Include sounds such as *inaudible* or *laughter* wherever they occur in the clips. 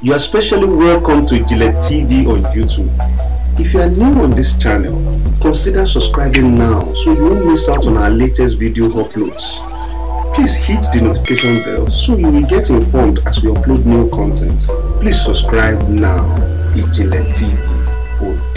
You are especially welcome to Gillette TV on YouTube. If you are new on this channel, consider subscribing now so you won't miss out on our latest video uploads. Please hit the notification bell so you will get informed as we upload new content. Please subscribe now. Gillette TV.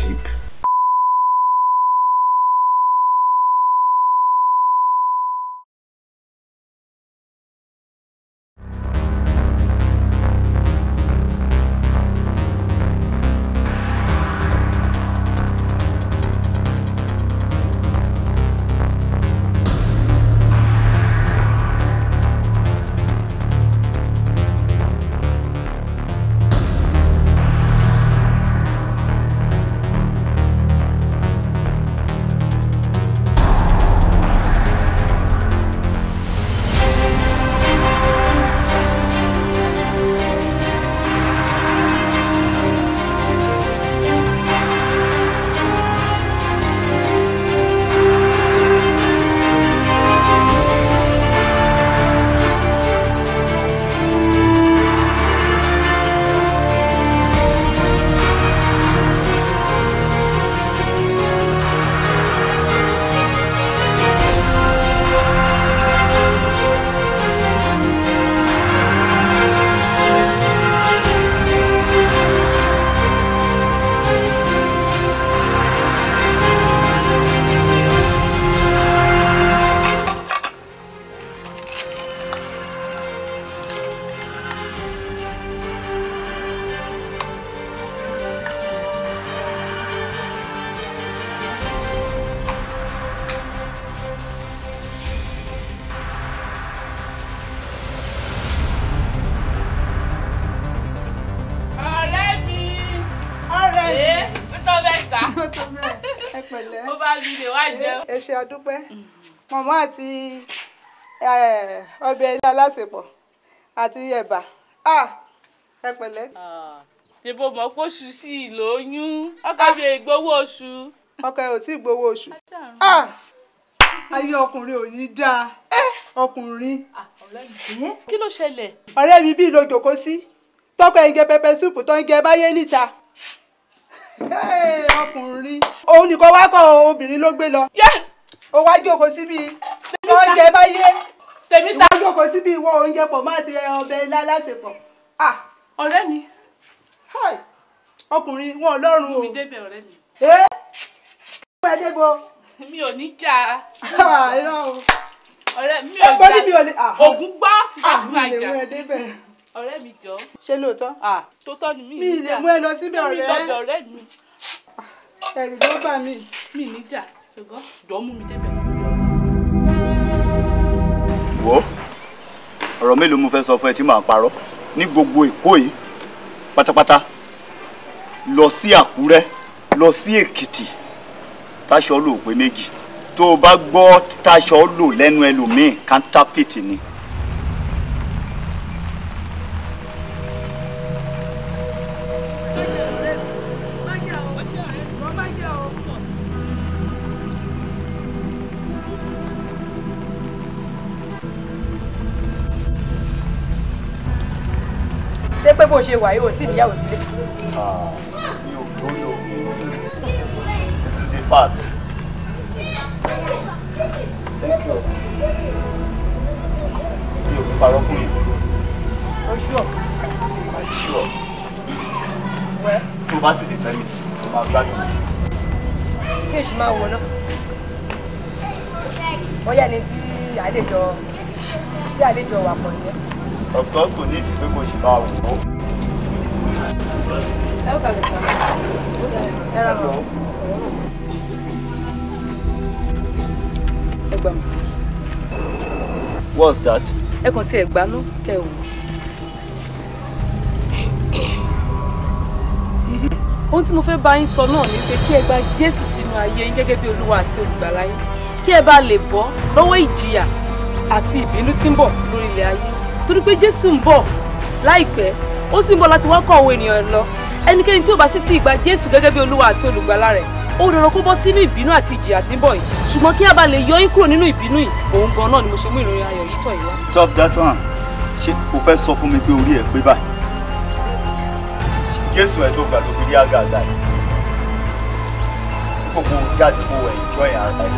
aláṣepọ̀ àti ẹ̀bà ẹ pẹ̀lẹ́. ṣèbó mọ̀ pé oṣù sí ìlóyún ọkọ ṣe ìgbowó oṣù. ọkọ ẹ ò tí ì gbowó oṣù. ayé ọkùnrin ò ní dáa ọkùnrin. kí ló ṣẹlẹ̀. ọ̀rẹ́ mi bí lo jòkó sí tọkọ ẹ̀ pẹpẹ súùpù tó ń jẹ báyé níta ọkùnrin òun nìkan wá kọ obìnrin ló gbé lọ ó wá jókòó síbi tó jẹ báyé tèmi ta. ìwọ jókòó síbi ìwọ oúnjẹ pọ̀ má ti ọbẹ̀ ilá lásìpọ̀. ọ̀rẹ́ mi. ọkùnrin wọn ọlọ́run o. mi débẹ̀ ọ̀rẹ́ mi. ẹ ẹ débò. mi ò ní jà. ọ̀rẹ́ mi ò jà ògùn gbọ́ ìgbà tí màá jà mi jọ. ṣé lóòótọ́. tó tọ́ ni mí níjà mi lè mú ẹ lọ síbẹ̀ ọ̀rẹ́. mi lọ́dọ̀ ọ̀rẹ́ mi. ẹ̀rù ló bà mí. mi níjà ṣùgbọ́n jọ mú mi débẹ̀ wọ́ ọ̀rọ̀ mélòó mo fẹ́ sọ fún ẹ tí màá parọ́ ní gbogbo Èkó yìí pátápátá lọ sí Àkúrẹ́ lọ sí Èkìtì táṣọ lò pé méjì tó o bá gbọ́ táṣọ lò lẹ́nu ẹlòmíì counterfeit ni. bó ṣe wà yìí tí ìyàwó sílé. Ah, mi ò lórí this is the fact. mi ò parọ́ fún yìí. o ṣùọ́. i ṣùọ́. tó bá sì lè fẹ́ mi tó máa gbádùn mi. kí èsì máa wọ náà bóyá ni tí àlejò tí àlejò wà pọ̀ nìyẹn. of course kò ní ìdí pé kò ṣì máa wò ó. What's that? I kàn ti ẹ̀gbá ló kẹ wò. Mm-hmm. Ohun tí mo fẹ́ bá yín sọ náà ni pé kí ẹ gba Jésù sínú ayé yín gẹ́gẹ́ bí Olúwa àti Olùgbàlà yín. Kí ẹ bá lè bọ́ lọ́wọ́ ìjìyà àti ìbínú tí ń bọ̀ lórí ilẹ̀ ayé. Torí pé Jésù ń ó sì ń bọ̀ láti wá kọ́ àwọn ènìyàn lọ ẹnikẹ́ni tí ó bá sì ti ìgbà jésù gẹ́gẹ́ bí olúwa àti olùgbàlà rẹ̀ ó dandan kó bọ́ sínú ìbínú àti ìjìyà tí ń bọ̀ yìí ṣùgbọ́n kí a bá lè yọ yín kúrò nínú ìbínú yìí òun gan náà ni mo ṣe mú ìròyìn ayọ̀ yìí tọ̀ yìí stop that one ṣé o fẹ́ sọ fún mi pé orí ẹ̀ pé báyìí jésù ẹ̀ tó gbà tó fi rí àgàgà yìí gbogbo jáde kó ẹ̀jọ́ ẹ̀ ara ẹ̀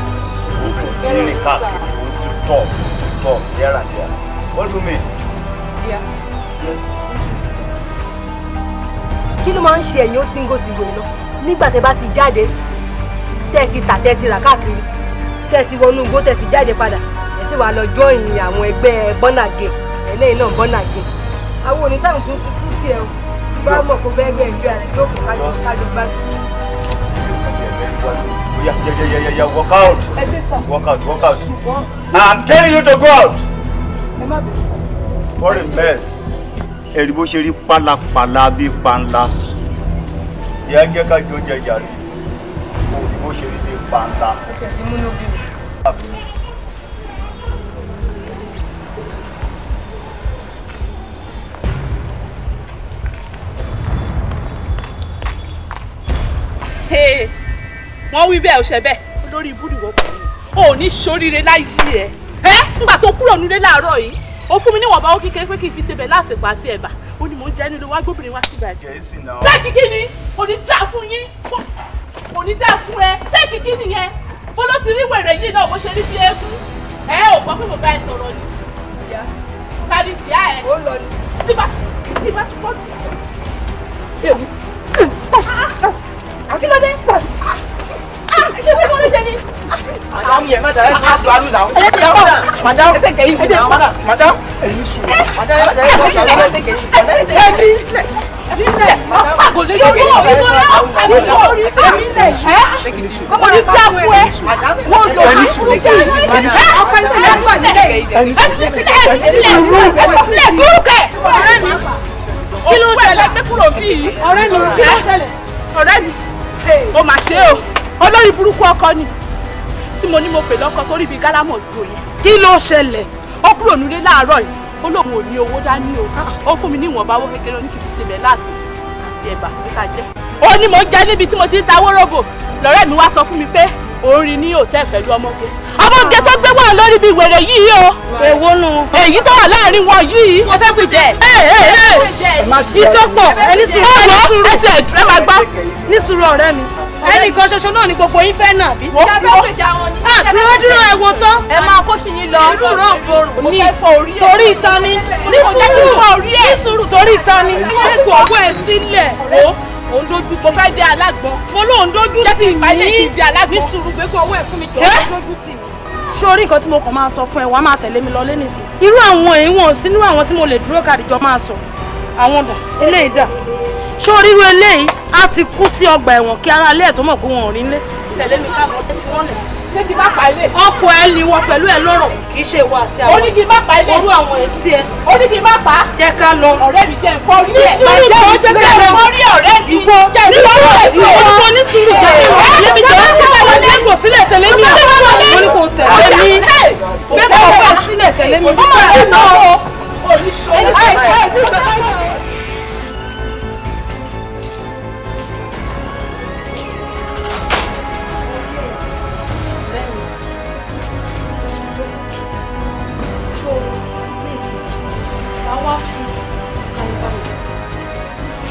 o sì rìn káàkiri o disturb disturb here and there what do you mean. Yeah. Yes kí ló máa ń ṣe ẹ̀yin ó ṣíngòṣìngò náà nígbà tẹ́ bá ti jáde tẹ́ ti tà tẹ́ ti rà káàkiri tẹ́ ti wọnú igbó tẹ́ ti jáde padà ẹ̀ ṣe wàá lọ jọ́ìn àwọn ẹgbẹ́ bọ́nàgé ẹlẹ́yìn náà bọ́nàgé àwọn onítàwọn tó ti kú tiẹ̀ o bá mọ̀ kó fẹ́ gbé ìjọ rẹ̀ yóò kó kájọ kájọ bá ti. Yeah, yeah, yeah, yeah, yeah, walk out. Walk out, walk out. I'm telling you to go out. What a mess ẹ̀rí bó ṣe rí pálapàla bíi panla ìyá jẹ́ ká jọ jẹ jàre òní bó ṣe rí bíi panla. ó tẹ̀ sí múnú bí mi. wọ́n wí bẹ́ẹ̀ ọ̀sẹ̀ bẹ́ẹ̀ olórí ibùdó wọ́pọ̀ ni ò ní ṣoríire láyé ẹ̀ ẹ́ nígbà tó kúrò nílé láàárọ̀ yìí ó fún mi ní wọ̀nba ó kékeré pé kí n fi ṣe bẹ̀ lásìkò àti ẹ̀bà ó ní mò ń jẹ́ nílò wá gbóbìnrin wá sí ìbàdàn. gẹ̀ẹ́sì náà. bẹ́ẹ̀ kíkí ni kò ní dá fún yín kò ní dá fún ẹ bẹ́ẹ̀ kíkí nìyẹn ti rí wèrè yìí náà bó ṣe rí bí eégún ẹ ò gbọ́ pé mo bá ẹ sọ̀rọ̀ ni. ta ni ìyá ẹ. ó lọ ni. tí bá tí bá ti pọ́ lù. ewu. Ah, ah, ah ṣe bí wọ́n ṣe ni. madam yẹn madam ẹ fẹ́ sanu náà. madam madam ẹ tẹ kẹ́ yìí sí náà madam madam ẹ ní sùn. madam ẹ tẹ kẹ́ yìí sí náà madam ẹ tẹ kẹ́ yìí sí olórí burúkú ọkọ ni tí mo ní mo pè lọ́kọ torí bíi gálámọ̀ ìgbò yẹn. kí ló ṣẹlẹ̀. ó kúrò nílé láàárọ̀ yìí ó lóun ò ní owó dání o ó fún mi ní ìwọ̀nba owó kékeré oníkìkì sílẹ̀ láti àti ẹ̀bà pé ká jẹ́. ó ní mo ń jẹ níbi tí mo ti ń ta wóróbò lọ́rẹ́ mi wá sọ fún mi pé òun rí ní òtẹ́ pẹ̀lú ọmọge. ọmọge tó gbé wà lórí bíi wèrè yìí o. èwo nù. èyí tó wà láàrin wọn yìí. mo fẹ́ gbìjẹ. ìjọpọ̀ ẹni sùúrù ọ̀rẹ́ mi ẹnìkan ṣoṣo náà ni gbogbo yín fẹ́ náà bí. ìjà fẹ́ gbèjà wọn ni. Ah, à dúró dúró ẹ̀wọ̀n tán. ẹ máa kó sí yín lọ. irú ràn borùn ni torí ìta ni ní sùúrù ní sùúrù torí ìta ni ẹ̀kọ́ ọwọ́ ẹ sílẹ̀ o òun dojú mo fẹ́ dé alágbọ̀n mo lóun dojú tì mí ní sùúrù gbé kó ọwọ́ ẹ̀ fún mi jọ dojú tì mí sórí nǹkan tí mo kàn máa sọ fún ẹ wàá máa tẹ̀lé mi lọ lé nìsín irú àwọn èèwọ̀n sínú àwọn tí mo lè dúró kàdìjọ máa sọ àwọn ọ̀dà eléyìí dà ṣó ríru eléyìí á ti kú sí ọgbà ẹ̀wọ̀n kí ara ilé ẹ̀ mọ̀ pé wọn ò rí nílé tẹ̀lé mi káàbọ̀ ẹ fi wọ́n lẹ̀. ṣé kí bá pa ilé. ọkọ ẹ ni wọn pẹ̀lú ẹ lọ́rọ̀ kì í ṣe ìwà àti àwọn. ó kí n má pa ilé. orú àwọn èsì ẹ. ó kí n má pa. jẹ́ ká lọ. ọ̀rẹ́ mi jẹ́ nǹkan orí ẹ̀. nísùúrù tó ń sẹ́kẹ̀ lọ. wọ́n rí ọ̀rẹ́ mi. ìwọ nísùúrù ìwọ níwọ jẹ́ mi jẹ́ mi sílẹ̀ mi. mo ní kò tẹ̀lé mi. bẹ́ẹ̀ kò fẹ́ sílẹ̀ mi. ọmọ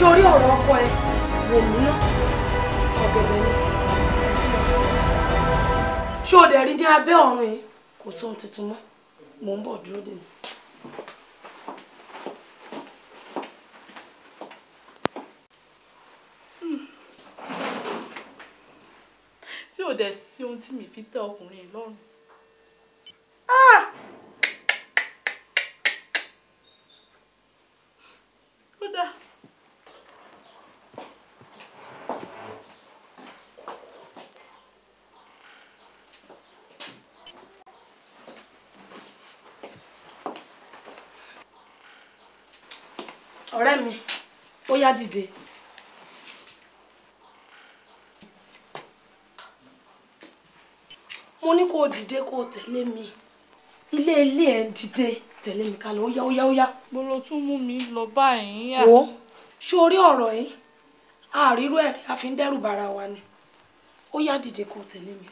sórí ọ̀rọ̀ ọkọ ẹ wò mí ná ọ̀gẹ̀dẹ̀ ni ṣé o dẹ̀ rí ní abẹ́ ọ̀run yìí kò sóhun tuntun mọ́ mò ń bọ̀ dúró dè mí. tí ò dẹ̀ sí ohun tí mi fi tẹ ọkùnrin lọ́rùn. Ah! ó ọ̀rẹ́ mi ó yá dìde. mo ní kó o dìde kó o tẹ̀lé mi ilé ilé ẹ̀ dìde tẹ̀lé mi kalẹ̀ ó yá ó yá ó yá. gbọ́dọ̀ tún mú mi lọ báyìí. wò ó ṣé orí ọ̀rọ̀ yìí àrírú ẹ̀rí àfi ń dẹ́rù bara wa ni ó yá dìde kó o tẹ̀lé mi.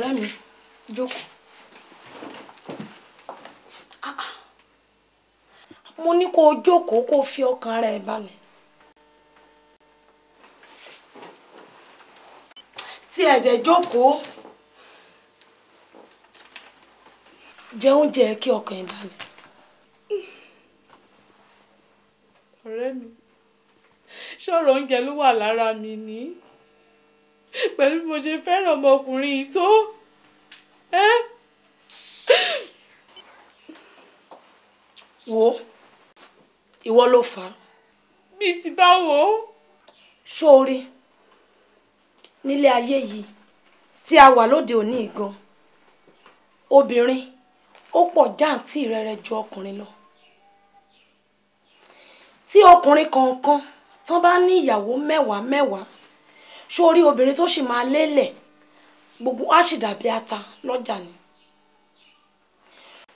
ọ̀rẹ́ mi jókòó. Ah, ah. mo ní kó o jókòó kó o fi ọkàn rẹ balẹ̀. tí ẹ̀jẹ̀ jókòó jẹ oúnjẹ kí ọkàn ẹ̀ balẹ̀. ọ̀rẹ́ mi ṣọ̀rọ̀ oúnjẹ ló wà lára mi ni. *laughs* pẹ̀lú bí mo ṣe fẹ́ràn ọmọkùnrin yìí tó wo ìwọ ló fà á. bíi ti báwo. sórí nílé ayé yìí tí a wà lóde òní gan obìnrin ó pọ̀ jáǹtì rẹ̀rẹ̀ ju ọkùnrin lọ tí ọkùnrin kọ̀ọ̀kan tán bá ní ìyàwó mẹ́wàá mẹ́wàá sórí obìnrin tó sì máa lélẹ̀ gbogbo á sì dàbí ata lọ́jà ni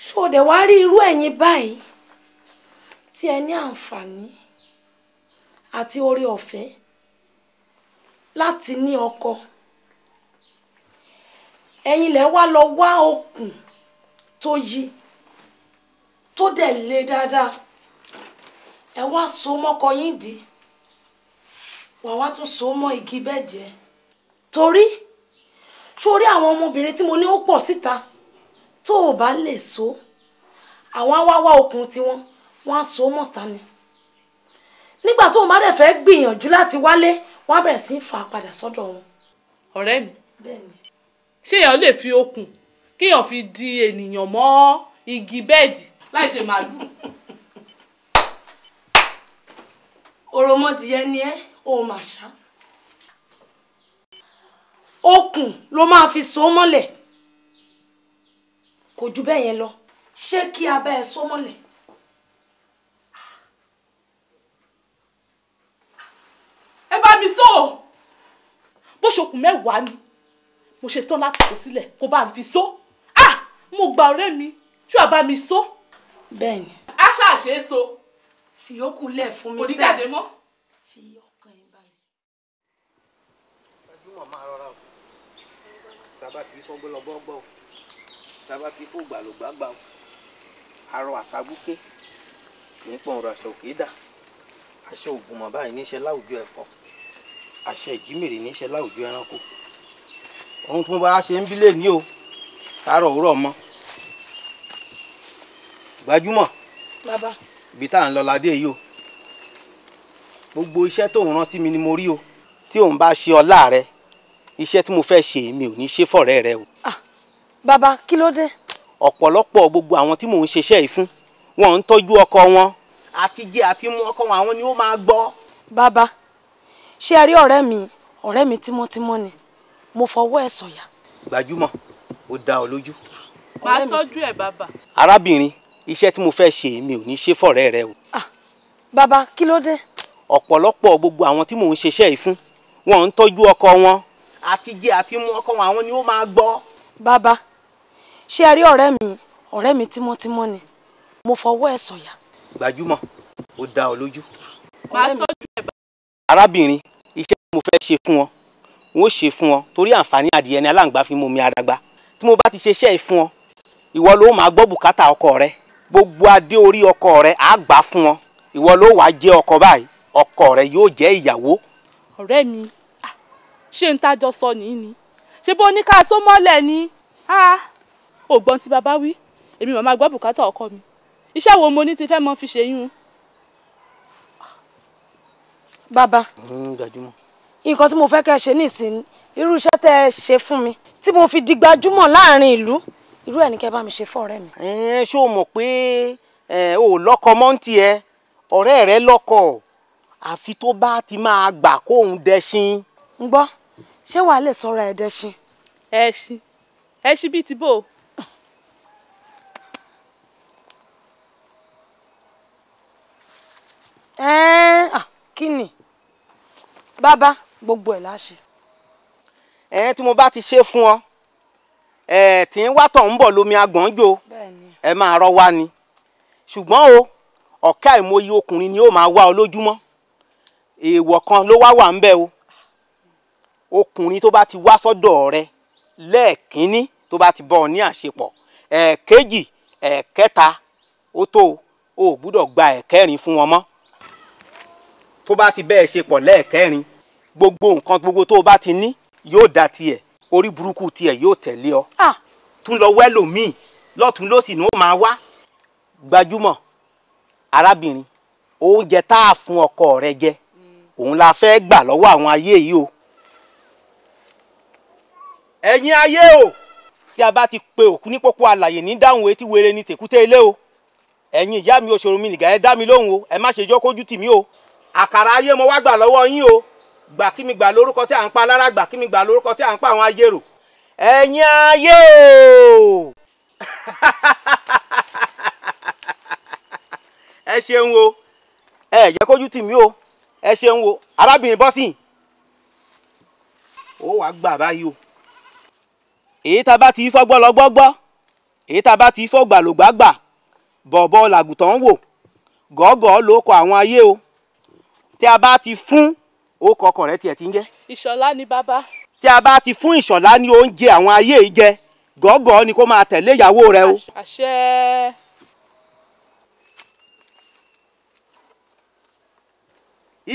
ṣòdẹ̀ wá rí irú ẹ̀yin báyìí tí ẹ ní àǹfààní àti oore ọ̀fẹ́ láti ní ọkọ ẹ̀yin lẹ wá lọ wá okùn tó yí tó dẹ̀ le dáadáa ẹ wá so mọ́kọ yín dìí wàá wá tún so mọ́ igi bẹ́ẹ̀dì ẹ̀ torí sórí àwọn ọmọbìnrin tí mo ní ó pọ̀ síta tó o bá lè so àwọn wá wá okùn tiwọn wọ́n á so mọ́ta ni nígbà tó o má dẹ̀ fẹ́ gbìyànjú láti wálé wọ́n á bẹ̀rẹ̀ sí í fà á padà sọ́dọ̀ wọn. ọ̀rẹ́ mi ṣé èèyàn lè fi okùn kéèyàn fi di ènìyàn mọ́ igi bẹ́ẹ̀dì láì ṣe màálù. òròmọdìyẹ ni ẹ́. Eh? o mà ṣá okùn ló máa fi so mọ́lẹ̀ kò ju bẹ́ẹ̀ yẹn lọ ṣé kí a bá ẹ so mọ́lẹ̀. ẹ bá mi so bó ṣokùn mẹ́wàá ni mo ṣe tán láti kó sílẹ̀ kó bá mi so ah mo gba ọ̀rẹ́ mi ṣé wàá bá mi so. bẹ́ẹ̀ a ṣáà ṣe é so. fìyókù lẹ̀ fún mi sẹ́ẹ̀. kò ní jáde máa rọra o tába ti fún gbọ́lọ́gbọ́gbọ́ o tába ti fún gbàlógbàgbà o arọ àtàbúké nípa ọ̀rọ̀ àṣà òkè dà àṣà ògùnmọ̀ báyìí níṣẹ́ láwùjọ ẹ̀fọ́ àṣà ìjímèrè níṣẹ́ láwùjọ ẹranko ohun tí mo bá ṣe ń bílẹ̀ ní o tààrọ̀ òwúrọ̀ mọ́ gbajúmọ̀ bàbá ibi tá à ń lọ ládé yìí o gbogbo iṣẹ́ tó ń rán sí mi ni mo rí o tí òun bá ṣe ọlá rẹ̀ iṣẹ́ tí mo fẹ́ ṣe mi ò ní ṣe fọ̀rẹ́ rẹ o. ah bàbá kí ló dé. ọ̀pọ̀lọpọ̀ gbogbo àwọn tí mò ń ṣiṣẹ́ yìí fún wọn ń tọ́jú ọkọ wọn àti jẹ àti mú ọkọ wọn àwọn ni ó máa gbọ́. bàbá ṣé ẹ rí ọ̀rẹ́ mi ọ̀rẹ́ mi tímọ́tímọ́ ni mo fọwọ́ ẹ̀ sọ̀yà. gbajúmọ̀ ó dá ọ lójú. máa tọ́jú ẹ̀ bàbá. arábìnrin iṣẹ́ tí mo fẹ́ ṣe mi ò ní ṣe fọ̀rẹ́ rẹ o. ah bàbá kí ló dé. ọ̀pọ̀lọpọ̀ gbogbo àwọn tí mò ń ṣiṣẹ́ yìí fún wọn ń tọ́jú ọkọ wọn àti jẹ àti mu ọkọ àwọn ni ó máa gbọ́. bàbá ṣé ẹ rí ọ̀rẹ́ mi ọ̀rẹ́ mi tímọ́tímọ́ ni mo fọwọ́ ẹ̀ sọ̀yà. gbajúmọ̀ ó dá ọ lójú. arábìnrin iṣẹ́ tí mo fẹ́ ṣe fún ọ n ó ṣe fún ọ torí àǹfààní adìyẹ ni aláǹgbá fi mú mi àdàgbà tí mo bá ti ṣe iṣẹ́ fún ọ ìwọ ló máa gbọ́ bùkátà ọkọ rẹ gbogbo adé orí ọkọ rẹ á gbà fún ọ ìwọ ló wàá jẹ ọkọ báyìí ọkọ rẹ yóò jẹ ìyàwó. ọ̀rẹ́ mi ṣé n tájọ sọ nìyí ni ṣé bó ní ká tó mọ́lẹ̀ ni ògbọ́n tí bàbá wí èmi màmá gbọ́ bùkátà ọkọ mi iṣẹ́ wo mo ní ti fẹ́ mọ́ fi ṣe yún un. bàbá hmm, nǹkan tí mo fẹ́ kẹ́ ṣe nísìnyí irú iṣẹ́ tẹ́ ẹ ṣe fún mi tí mo fi di gbajúmọ̀ láàrin ìlú irú ẹ̀ ní kẹ́ bá mi ṣe fún ọ̀rẹ́ mi. ẹ ṣó o mọ̀ pé o lọ́kọ mọ́ǹtì ẹ ọ̀rẹ́ rẹ lọ́kọ àfi tó bá ti máa gbà kóun dẹṣin. ń gbọ́ ṣé wàá lè sọ́ra ẹ̀dẹ́sìn. ẹṣin ẹṣin bíi ti bò ó. kí ni bàbá gbogbo ẹ̀ láṣẹ. ẹ tí mo bá ti ṣe fún ọ ẹ tí ń wá tọ̀ ń bọ̀ lómi agbọ̀njò ẹ máa rọ wá ni ṣùgbọ́n o ọ̀kẹ́ àìmọye ọkùnrin ni ó máa wá ọ lójúmọ́ èèwọ̀ kan ló wá wà ń bẹ o ọkùnrin tó bá ti wá sọ́dọ̀ rẹ lẹ́ẹ̀kínní tó bá ti bọ́ ọ ní àṣepọ̀ ẹ̀ẹ̀kejì ẹ̀ẹ̀kẹta ó tó o gbúdọ̀ gba ẹ̀ẹ̀kẹrin fún wọn mọ́ tó bá ti bẹ́ẹ̀ ṣe pọ̀ lẹ́ẹ̀kẹrin gbogbo nǹkan gbogbo tó o bá ti ní yóò da tiẹ̀ orí burúkú tiẹ̀ yóò tẹ̀lé ọ tún lọ wẹ́ lòmíì lọ́tún lọ́sì ni ó máa wá gbajúmọ̀ arábìnrin oúnjẹ tá a fún ọkọ rẹ jẹ mm. òun la fẹ́ gbà lọ́wọ́ àwọn ayé yìí o ẹ̀yin ayé o tí a bá ti pe òkú ní pópó alàyè ní dáhùn etí wèrè ní tèkúté ilé o ẹ̀yin ìyá mi òṣòro mi nìgà ẹ dá mi lóhùn o ẹ má ṣe jọ́ kójú tì o àkàrà ayé mo wá gbà lọ́wọ́ yín o gbà kí mi gbà lórúkọ tí à ń pa lára gbà kí mi gbà lórúkọ tí à ń pa àwọn ajérò ẹ̀yin ayé o *laughs* ẹ ṣeun o ẹ jẹ́ kójú tì o ẹ ṣeun o arábìnrin bọ́sìn ó wàá gbà báyìí o èyí tá a bá ti fọ́gbọ́ lọ gbọ́gbọ́ èyí tá a bá ti fọ́gbà ló gbàgbà bọ̀bọ̀ làgùtàn wò gọ́gọ́ ló kọ àwọn ayé o tí a bá ti fún okọ̀ ọkọ̀ rẹ tiẹ̀ ti ń jẹ́. ìṣọ̀lá ni bàbá. tí a bá ti fún ìṣọ̀lá ní oúnjẹ àwọn ayé yìí jẹ gọ́gọ́ ni kó máa tẹ̀lé ìyàwó rẹ o. àṣẹ.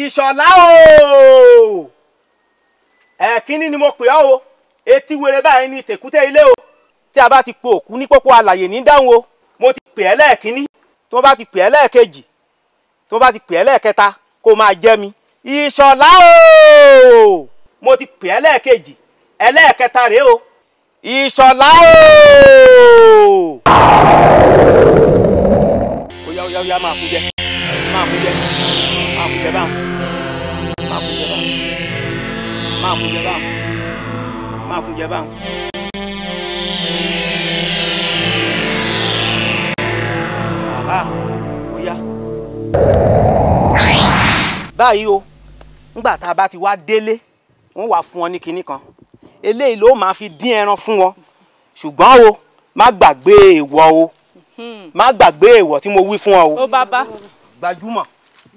ìṣọ̀lá o ẹ̀kínní ni mo pè ọ́ o etí wèrè báyìí ní tèkútẹ́ ilé o tí a bá ti po òkú ní pópó alàyè ní dáhùn o mo ti pè ẹ́ lẹ́ẹ̀kínní tí bá ti pè ẹ́ lẹ́ẹ̀kejì tí bá ti pè ẹ́ lẹ́ẹ̀kẹta kó máa jẹ́ mi ìṣọ̀lá o mo ti pè ẹ́ lẹ́ẹ̀kejì ẹlẹ́ẹ̀kẹta rèé o ìṣọ̀lá o. ó yá ó máa kú máa kú máa kú jẹ máa kú jẹ máa kú jẹ máa fún jẹ báwọn. báyìí o nígbà tá a bá ti wá délé wọn wà fún ọ ní kinní kan eléyìí ló máa fi dín ẹran fún wọn ṣùgbọ́n o má gbàgbé èèwọ̀ o hmm. má gbàgbé èèwọ̀ tí mo wí fún ọ o. ó bàbá. gbajúmọ̀.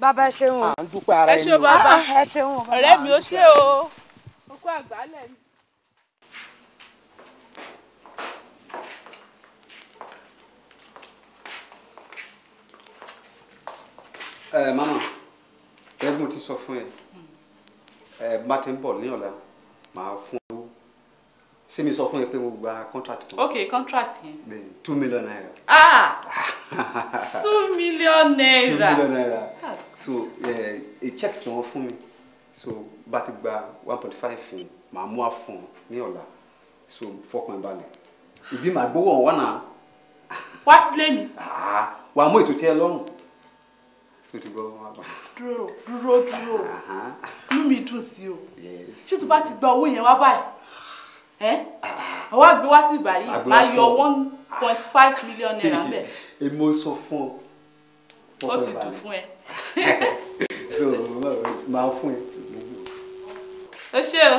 bàbá ẹ ṣeun o. à ń dúpẹ́ ara ẹni o. Ah, ah, ẹ ṣeun bàbá ẹ ṣeun o. ọ̀rẹ́ mi ó ṣe o. ó kó àgbálẹ̀ ń ẹ mama ẹ̀gbọ́n ti sọ fún ẹ ẹ bá ti ń bọ̀ ní ọ̀la màá fún ọ ṣé mi sọ fún ẹ pé mo contract kan. ok contract yẹn. bẹ́ẹ̀ two million ah *laughs* two million naira. two million naira ah. so ẹ check tí wọ́n fún mi so bá ti gba one point five fún màá mú àfún ní ọ̀la so fọkàn balẹ̀ ìbí màá gbowó ọ̀wọ́n náà. wá sílé mi. Ah, wàá mú ètò tí ẹ lọ́rùn sódìgbọ́ wọn àgbà. dúró dúró dúró inú mi dùn sí o ṣé tó bá ti gba owó yẹn wá báyìí ẹ àwa gbé wá sí ìbàyí a one point five million naira bẹ́ẹ̀. *laughs* èmo sọ fún ọ. ó ti dùn fún ẹ. *laughs* so máa fún ẹ ó ṣe o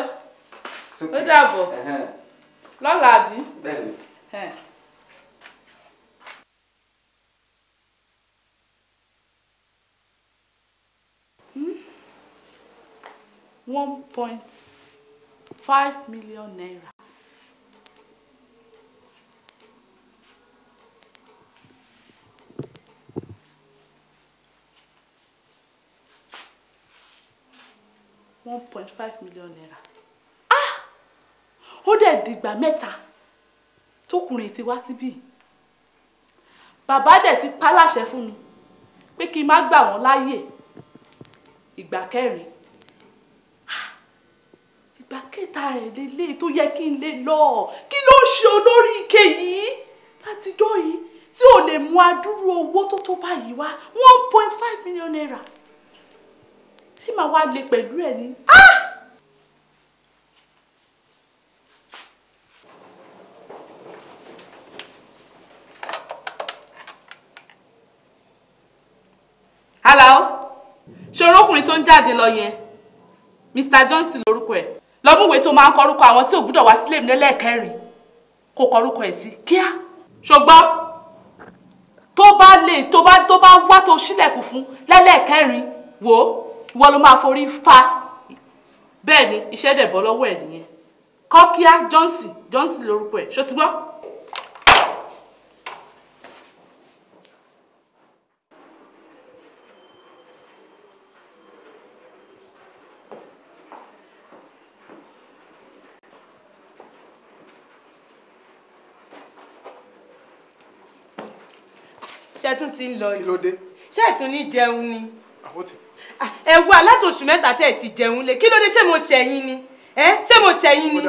ó dàbọ̀ lọ́la àbí. one point five million naira. one point five million naira ah ó dẹ̀ dìgbà mẹ́ta tókùnrin ti wá síbí bàbá dẹ̀ ti pa láṣẹ fún mi pé kí n má gbà wọ́n láàyè ìgbà kẹrin mẹ́ta ẹ̀ lélẹ̀ tó yẹ kí n lè lọ kí ló ṣe olórí ike yìí látijọ́ yìí tí ò lè mú adúrú owó tó tó báyìí wá one point five million naira ṣé màá wá lè pẹ̀lú ẹ̀ ní. ṣòro ọkùnrin tó ń jáde lọ yẹn Mr Johnson lórúkọ ẹ̀ lọ́múwèé tó máa ń kọrúkọ àwọn tí ò gbúdọ̀ wá sílé mi lẹ́lẹ́kẹrin kó kọrúkọ ẹ̀ sí kíá ṣùgbọ́n tó bá lè tó bá tó bá wá tó sílẹ̀kùn fún lẹ́lẹ́kẹrin wò ó ìwọ ló máa forí fa bẹ́ẹ̀ ni iṣẹ́ dẹ̀ bọ́ lọ́wọ́ ẹ̀ nìyẹn kọ́kíá Johnson Johnson lórúkọ ẹ̀ ṣó ti gbọ́. tẹ́ tún ti ń lọ yìí. kí ló dé. ṣé ẹ̀ tún ní jẹun ni. àwọ̀ tì. Ah, ẹ wo alátòṣù mẹ́ta tẹ́ ẹ̀ ti jẹun lé kí ló dé ṣé mo ṣẹ̀yìn ni ṣé mo ṣẹ̀yìn ni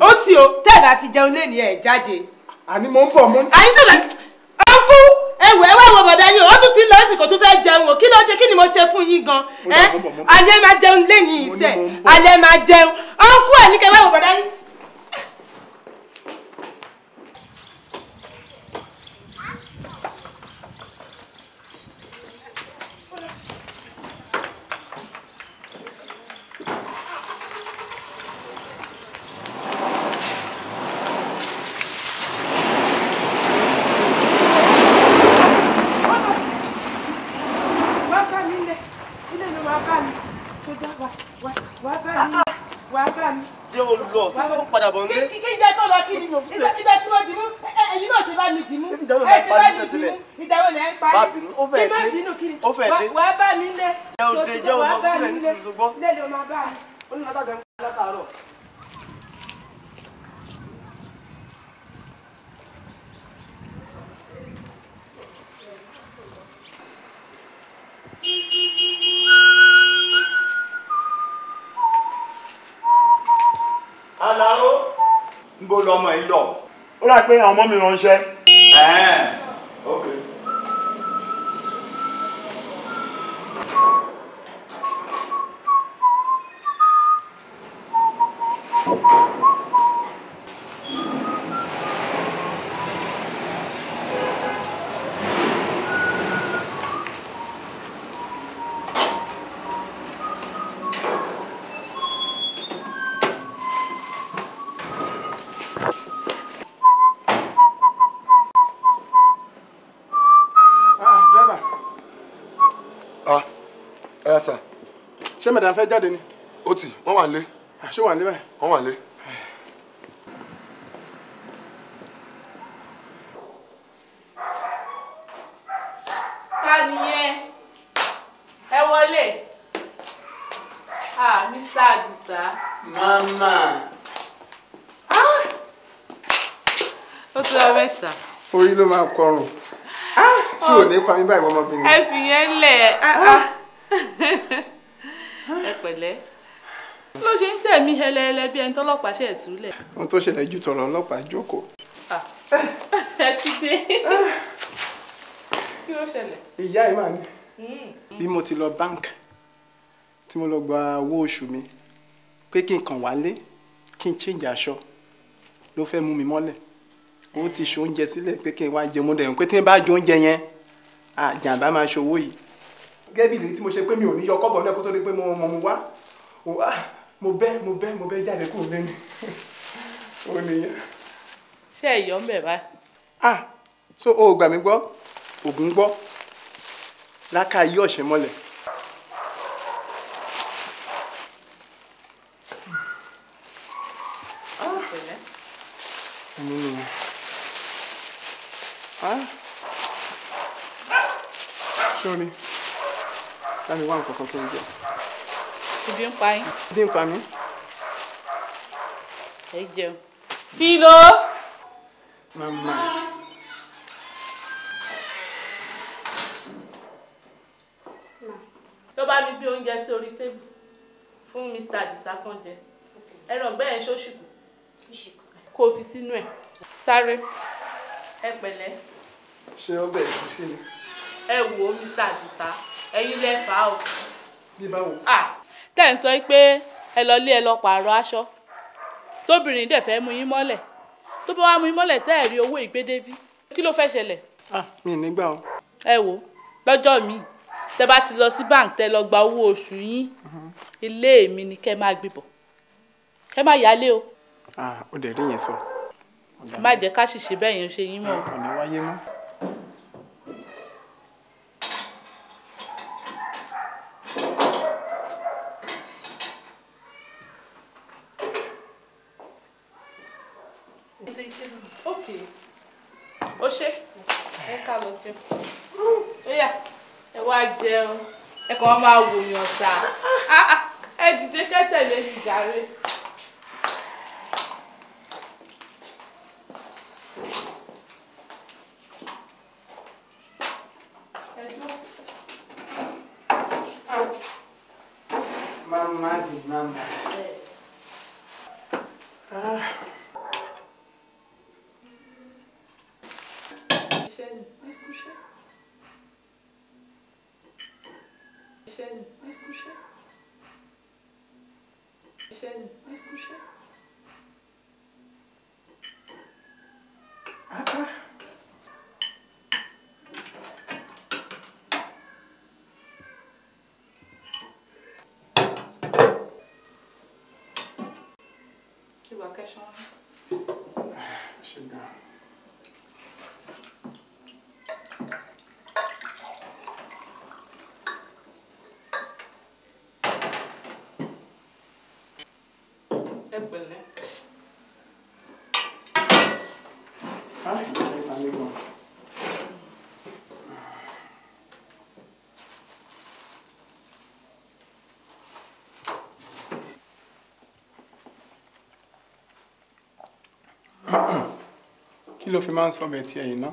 ó ti o tẹ́ ẹ̀ bá ti jẹun lé ni ẹ̀ jáde. àní mo ń bọ̀ mo. àyín ah, tó lọ ọkú ẹwẹ ẹwà wọ bọdà yín o tún ti lọ sí kò tún fẹ́ jẹun o kí ló dé kí ni mo ṣe fún yín gan ẹ alẹ́ máa jẹun lẹ́yìn iṣẹ́ alẹ́ máa jẹun ọkú ẹ̀ ní kẹwàá wọ bọdà yín milhões é fẹ́ jáde ni. ó ti wọ́n wà lé. àṣé wà lé báyìí. wọ́n wà lé. ká nìyẹn ẹ wọlé ah mr adisa. mama. Ah! ó ti wá mẹ́ta. orí ló máa kọrùn tí ah! ò ní pa mí báyìí ọmọbìnrin. ẹ fìyẹn lẹ̀. Ah, ẹ pẹ̀lẹ́ ló ṣe ń tẹ̀mí hẹlẹhẹlẹ bí ẹni tọ́lọ́pàá ṣe ẹ̀túlẹ̀. ohun tó ṣẹlẹ̀ ju tọ̀rọ̀ ọlọ́pàá jókòó. ẹ ti dé kí ló ṣẹlẹ̀. ìyá ẹ̀ máa ní hmm. bí mo ti lọ báńkì tí mo lọ gba owó oṣù mi pé kí n kàn wálé kí n change aṣọ ló fẹ́ mú mi mọ́lẹ̀ ó ti ṣoúnjẹ sílẹ̀ pé kí n wá jẹun mo dẹ̀ ń pé tí n bá jẹ oúnjẹ yẹn àjàǹbá máa ṣòwò yìí gẹ́gẹ́ bí ìlérí tí mo ṣe pé mi ò ní yọ kọ́bọ̀ náà kó tó di pé mo mọ̀ mo wá ah, mo bẹ́ mo bẹ́ mo bẹ́ jáde kúrò lẹ́nu *laughs* ò nìyẹn. ṣé ẹ yọ ń bẹ̀ báyìí. ah so o gbà mí gbọ́ ògùn gbọ́ láká yí ọ̀sẹ̀ mọ́lẹ̀. Sorry láti wá nǹkan kan tó ń jẹ. ibi ń pa yín. ibi ń pa mí. ẹ jẹun. kí ló. màmá. ló bá ní bí oúnjẹ sí orí tébù fún mr àdìsá kan jẹ ẹran ọgbẹ ẹ ṣóṣìkò kó o fi sínú ẹ sáré ẹ pẹ̀lẹ́. ṣé ọbẹ̀ ìgúsí ni. ẹ wò mr àdìsá ẹ̀yin lẹ fà á o. bí báwo. tẹ́ ẹ̀ ń sọ pé ẹ lọ lé ẹ lọ pààrọ̀ aṣọ tóbìnrin dẹ̀ fẹ́ mú yín mọ́lẹ̀ tó bá wá mú yín mọ́lẹ̀ tẹ́ ẹ̀ rí owó ìgbédébí kí ló fẹ́ ṣẹlẹ̀. mi ò ní gbà o. ẹ wo lọ́jọ́ mi tẹ́ bá ti lọ sí bank tẹ́ lọ gba owó oṣù yín ilé mi ni kẹ́ máa gbé bọ̀ kẹ́ máa yálé o. ó dẹ̀ rí yẹn sọ. má jẹ́ ká ṣìṣe bẹ́ẹ̀ yẹn ṣe yín mọ́. ọ̀nà wáyé mọ́. kan máa wòyàn sá *laughs* ẹ dìde kẹ́tẹ̀lé mi jàre. kí ló fi máa ń sọ bẹ́ẹ̀ tiẹ̀ yìí ná.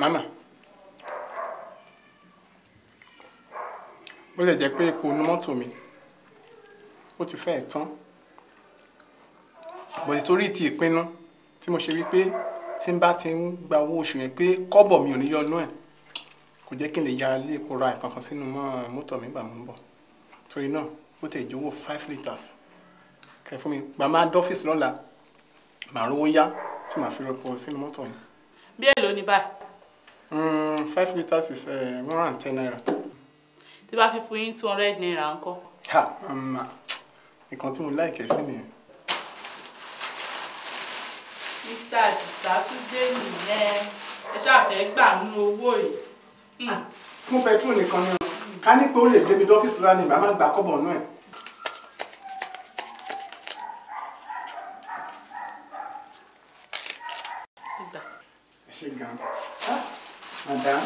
mama bó lè jẹ́ pé epo ní mọ́tò mi ó ti fẹ́ẹ̀ tán bọ̀dì torí ti ìpinnu tí mo ṣe wípé tí n bá ti ń gba owó oṣù yẹn pé kọ́bọ̀ mi ò ní yọnu ẹ̀ kò jẹ́ kí n lè yára lé epo ra nǹkan kan sínú mọ́tò mi gbà mú bọ̀ torí náà ó tẹ̀ ìjówó five litres kẹ́ fún mi gbà máa dọ́fíìsì lọ́la màá rówó yá tí màá fi rọpò sínú mọ́tò mi. bí èlò ni báyìí. Hmm, five litres is eh, one hundred and ten naira. tí bá fi fún yín two hundred naira ńkọ́. ha màá. Um, nǹkan tí mo láìkẹ́ sí nìyẹn. mr àtìsátúndé nìyẹn ẹ ṣàfẹ́ gbà nínú owó yìí. Hmm. Ah, fún petrol nìkan ni ká ní pé ó lè débi dọ́fíìsì lọ́la ni ìbá máa gbà kọ́bọ̀ náà ẹ̀. ṣe gan-an ah, madam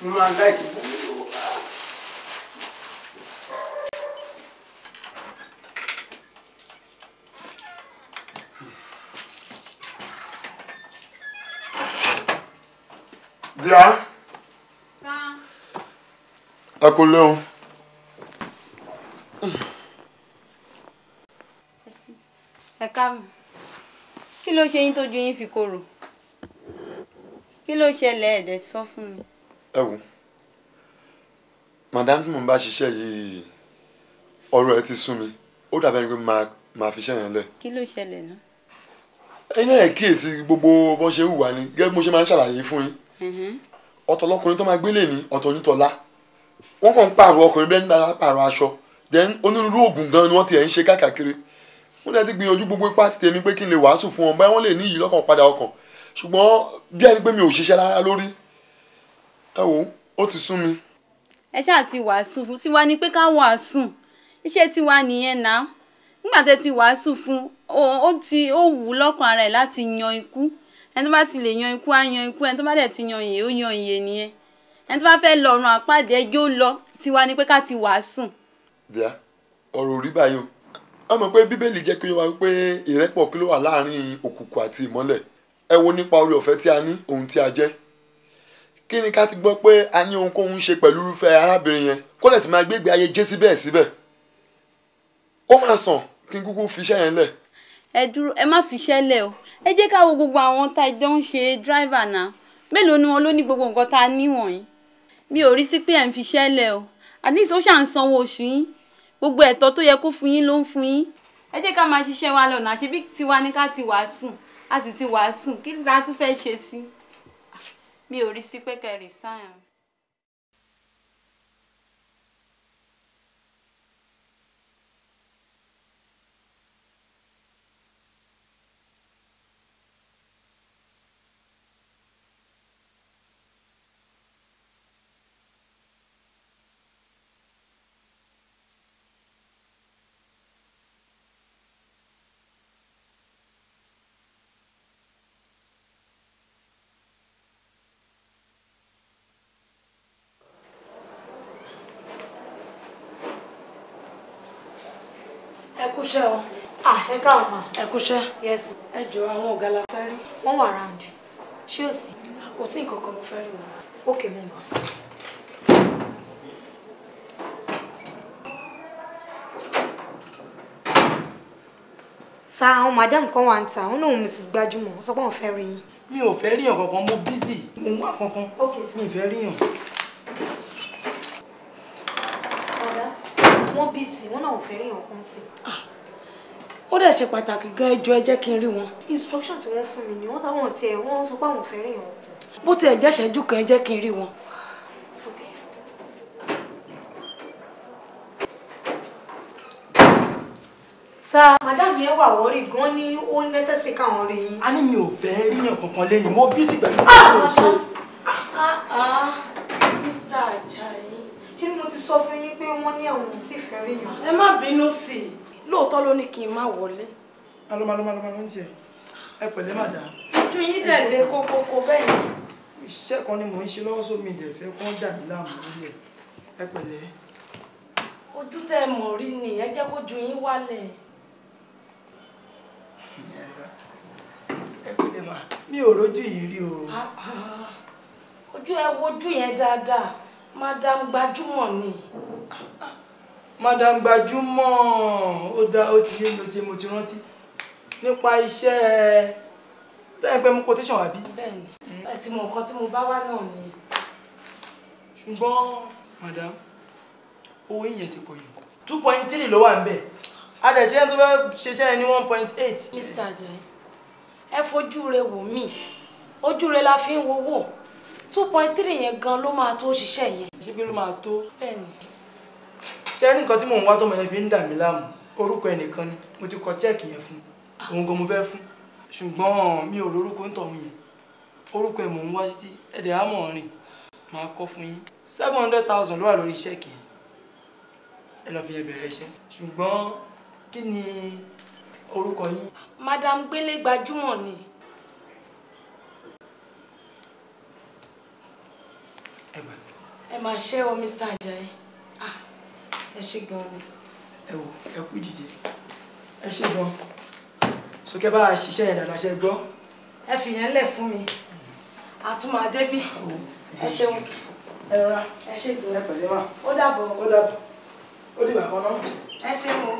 mo máa láìkí ẹ kò léun. ẹ káàmù kí ló ṣe yín tójú yín fi korò kí ló ṣẹlẹ̀ ẹ̀dẹ̀ sọ fún mi. ẹ wo madam tí mo bá ṣiṣẹ́ yìí ọ̀rọ̀ ẹ ti sún mi ó dàbí ẹni pé màá fi iṣẹ́ yẹn lẹ̀. kí ló ṣẹlẹ̀ náà. ẹyin náà kíyèsí gbogbo bó ṣe ń hùwà ni gẹ́gẹ́ bí mo ṣe máa ń ṣàlàyé fún yín ọ̀tọ̀ lọkùnrin tó máa gbélé ní ọ̀tọ̀ onítọ̀lá wọ́n kàn ń pààrọ̀ ọkùnrin bẹ́ẹ̀ nígbà pààrọ̀ aṣọ then onírúurú oògùn gan ni wọ́n ti ẹ̀ ń ṣe káàkiri wọ́n dẹ̀ ti gbìyànjú gbogbo ipá ti tèmi pé kí n lè wàásù fún wọn báyìí wọ́n lè ní ìyí lọ́kàn padà ọkàn ṣùgbọ́n bí ẹni pé mi ò ṣiṣẹ́ rárá lórí ẹ wò ó ti sún mi. ẹ ṣáà ti wàásù fún tiwa ni pé ká wàásù iṣẹ́ tiwa nìyẹn náà nígbà tẹ́ ti wàásù fún ó ti ó wù ú lọ́kàn ara ẹ̀ láti yan ikú ẹni tó bá ti lè yan ikú á yan ikú ẹni tó bá dẹ̀ ti yan ìyè ó yan ìyè nìyẹn ẹni tó bá fẹ́ lọ ọ̀run àpáàdé yóò lọ tiwa ni pé ká ti wàásùn. bíà ọ̀rọ̀ orí báyìí o a mọ̀ pé bíbélì jẹ́ kí ó wá pé ìrẹ́pọ̀ kí ló wà láàrin òkùnkùn àti ìmọ́lẹ̀ ẹ wo nípa orí ọ̀fẹ́ tí a ní ohun tí a jẹ́ kí ni ká ti gbọ́ pé a ní ohunkóhun ṣe pẹ̀lú irúfẹ́ arábìnrin yẹn kó dẹ̀ sì máa gbé ayé Jésíbẹ́ẹ̀ síbẹ̀ ó máa sàn kí n kúkú fiṣẹ́ yẹn lẹ̀. ẹ dúró ẹ má fiṣẹ́ lẹ̀ o ẹ jẹ́ ká wo gbogbo àwọn tá a jọ ń ṣe dráìvà ni wọn mi ò rí sí pé ẹ̀ ń fiṣẹ́ lẹ̀ o at least ó ṣà ń sanwó oṣù yín gbogbo ẹ̀tọ́ tó yẹ kó fún yín ló ń fún yín ẹ jẹ́ ká máa ṣiṣẹ́ wa lọ́nà àti bí tiwa ní ká ti wàásù a sì ti wàásù kí la tún fẹ́ ṣe sí mi ò rí sí pé kẹrì ẹkúṣẹ́ o. ah ẹ káwọn ma. ẹkúṣẹ́. yes ẹ jọ àwọn ọ̀gá la fẹ́ rí. wọ́n wà round ṣé ò sí. kò sí nǹkan kan mo fẹ́ rí wọn. ok mo mọ̀. sa àwọn madam kan wà ń ta àwọn náà mrs gbajúmọ̀ sọ pé wọ́n fẹ́ rí yín. mi ò fẹ́ ríyàn kankan mo busy mo ń wá kankan mi ì fẹ́ ríyàn. wọ́n busy wọ́n náà ò fẹ́ ríyàn kan sí ah, ó dẹ̀ ṣe pàtàkì gan ẹjọ́ ẹ jẹ́ kí n rí wọn. instruction tí wọ́n fún mi ni wọ́n táwọn tiẹ̀ wọ́n sọ pé àwọn fẹ́ rí wọn. bó tiẹ̀ jẹ́ ṣẹ́jú kan ẹ jẹ́ kí n rí wọn. sa madam yẹn wà wọ́rí gan ni ó necessary káwọn rí yín. a ní mi ò fẹ́ ríyàn kankan lẹ́yìn mo bí sí pẹ̀lú kí n ṣe. Mr. Ajayi ṣé mo ti sọ fún yín pé wọ́n ní àwọn ò tí ì fẹ́ ríyàn. ẹ má bínú sí i lóòótọ́ ló ní kí n má wọlé. alọ́malọ́malọ́malọ́ ń tiẹ̀ ẹ pẹ̀lẹ́ màdá. ojú yín dẹ̀ lé kókókó bẹ́ẹ̀ ni. iṣẹ́ kan ni mò ń ṣe lọ́wọ́ sómi ìdẹ̀ fẹ́ kó dà mí láàmú lórí ẹ̀ ẹ pẹ̀lẹ́. ojú tẹ ẹ mọ̀ rí ni ẹ jẹ́ kójú yín wálẹ̀. ẹ pẹ̀lẹ́ mà mi ò rójú yìí rí o. ojú ẹ wojú yẹn dáadáa madam gbajúmọ̀ ni. Ah, ah madam gbajúmọ̀ ó dá ó ti yé mi mo ti rántí nípa iṣẹ́ bẹ́ẹ̀ pé mú quotation àbí. bẹ́ẹ̀ni àti mọ nǹkan tí mo bá wá náà ni. ṣùgbọ́n madam owó yìnyẹn ti pọ̀ jù two point three ló wà ń bẹ̀ adẹ̀jẹ́ tó fẹ́ ṣiṣẹ́ ẹni one point eight. mr ajay ẹ fojú rẹ wò mí ojú rẹ la fi ń wowó two point three yẹn gan ló máa tó ṣiṣẹ́ yẹn. ṣé pé ló máa tó. bẹ́ẹ̀ni ṣé ní nǹkan tí mò ń wá tó mọ̀ yẹn fi ń dà mí láàmú orúkọ ẹnìkan ni mo ti kọ chẹ́ẹ̀kì yẹn fún òun ah. gan mo fẹ́ fún ṣùgbọ́n mi ò lórúkọ ń tọ̀ mí yẹn orúkọ ẹ̀ mò ń wá títí ẹ̀dẹ̀ àmọ̀ rìn máa kọ́ fún yín seven hundred thousand ló wà lórí chẹ́ẹ̀kì yẹn ẹ lọ́ọ́ fi yẹn bẹ̀rẹ̀ iṣẹ́ ṣùgbọ́n kí ni orúkọ yín. madam gbélé gbajúmọ̀ ni. ẹ máa ṣe omi sáàjà yìí ẹ ṣe gan ni. ẹ wò ẹ kú ìdíje ẹ ṣe gan sókè bá a ṣiṣẹ́ yẹn dáadáa ṣe gbọ́. ẹ fìyẹn lẹ̀ fún mi a tún máa débí ẹ ṣeun ẹ rọra ẹ ṣe gan ẹ pẹ̀lẹ́ mà ó dàbọ̀ ó dàbọ̀ ó dìbà kan náà ẹ ṣeun.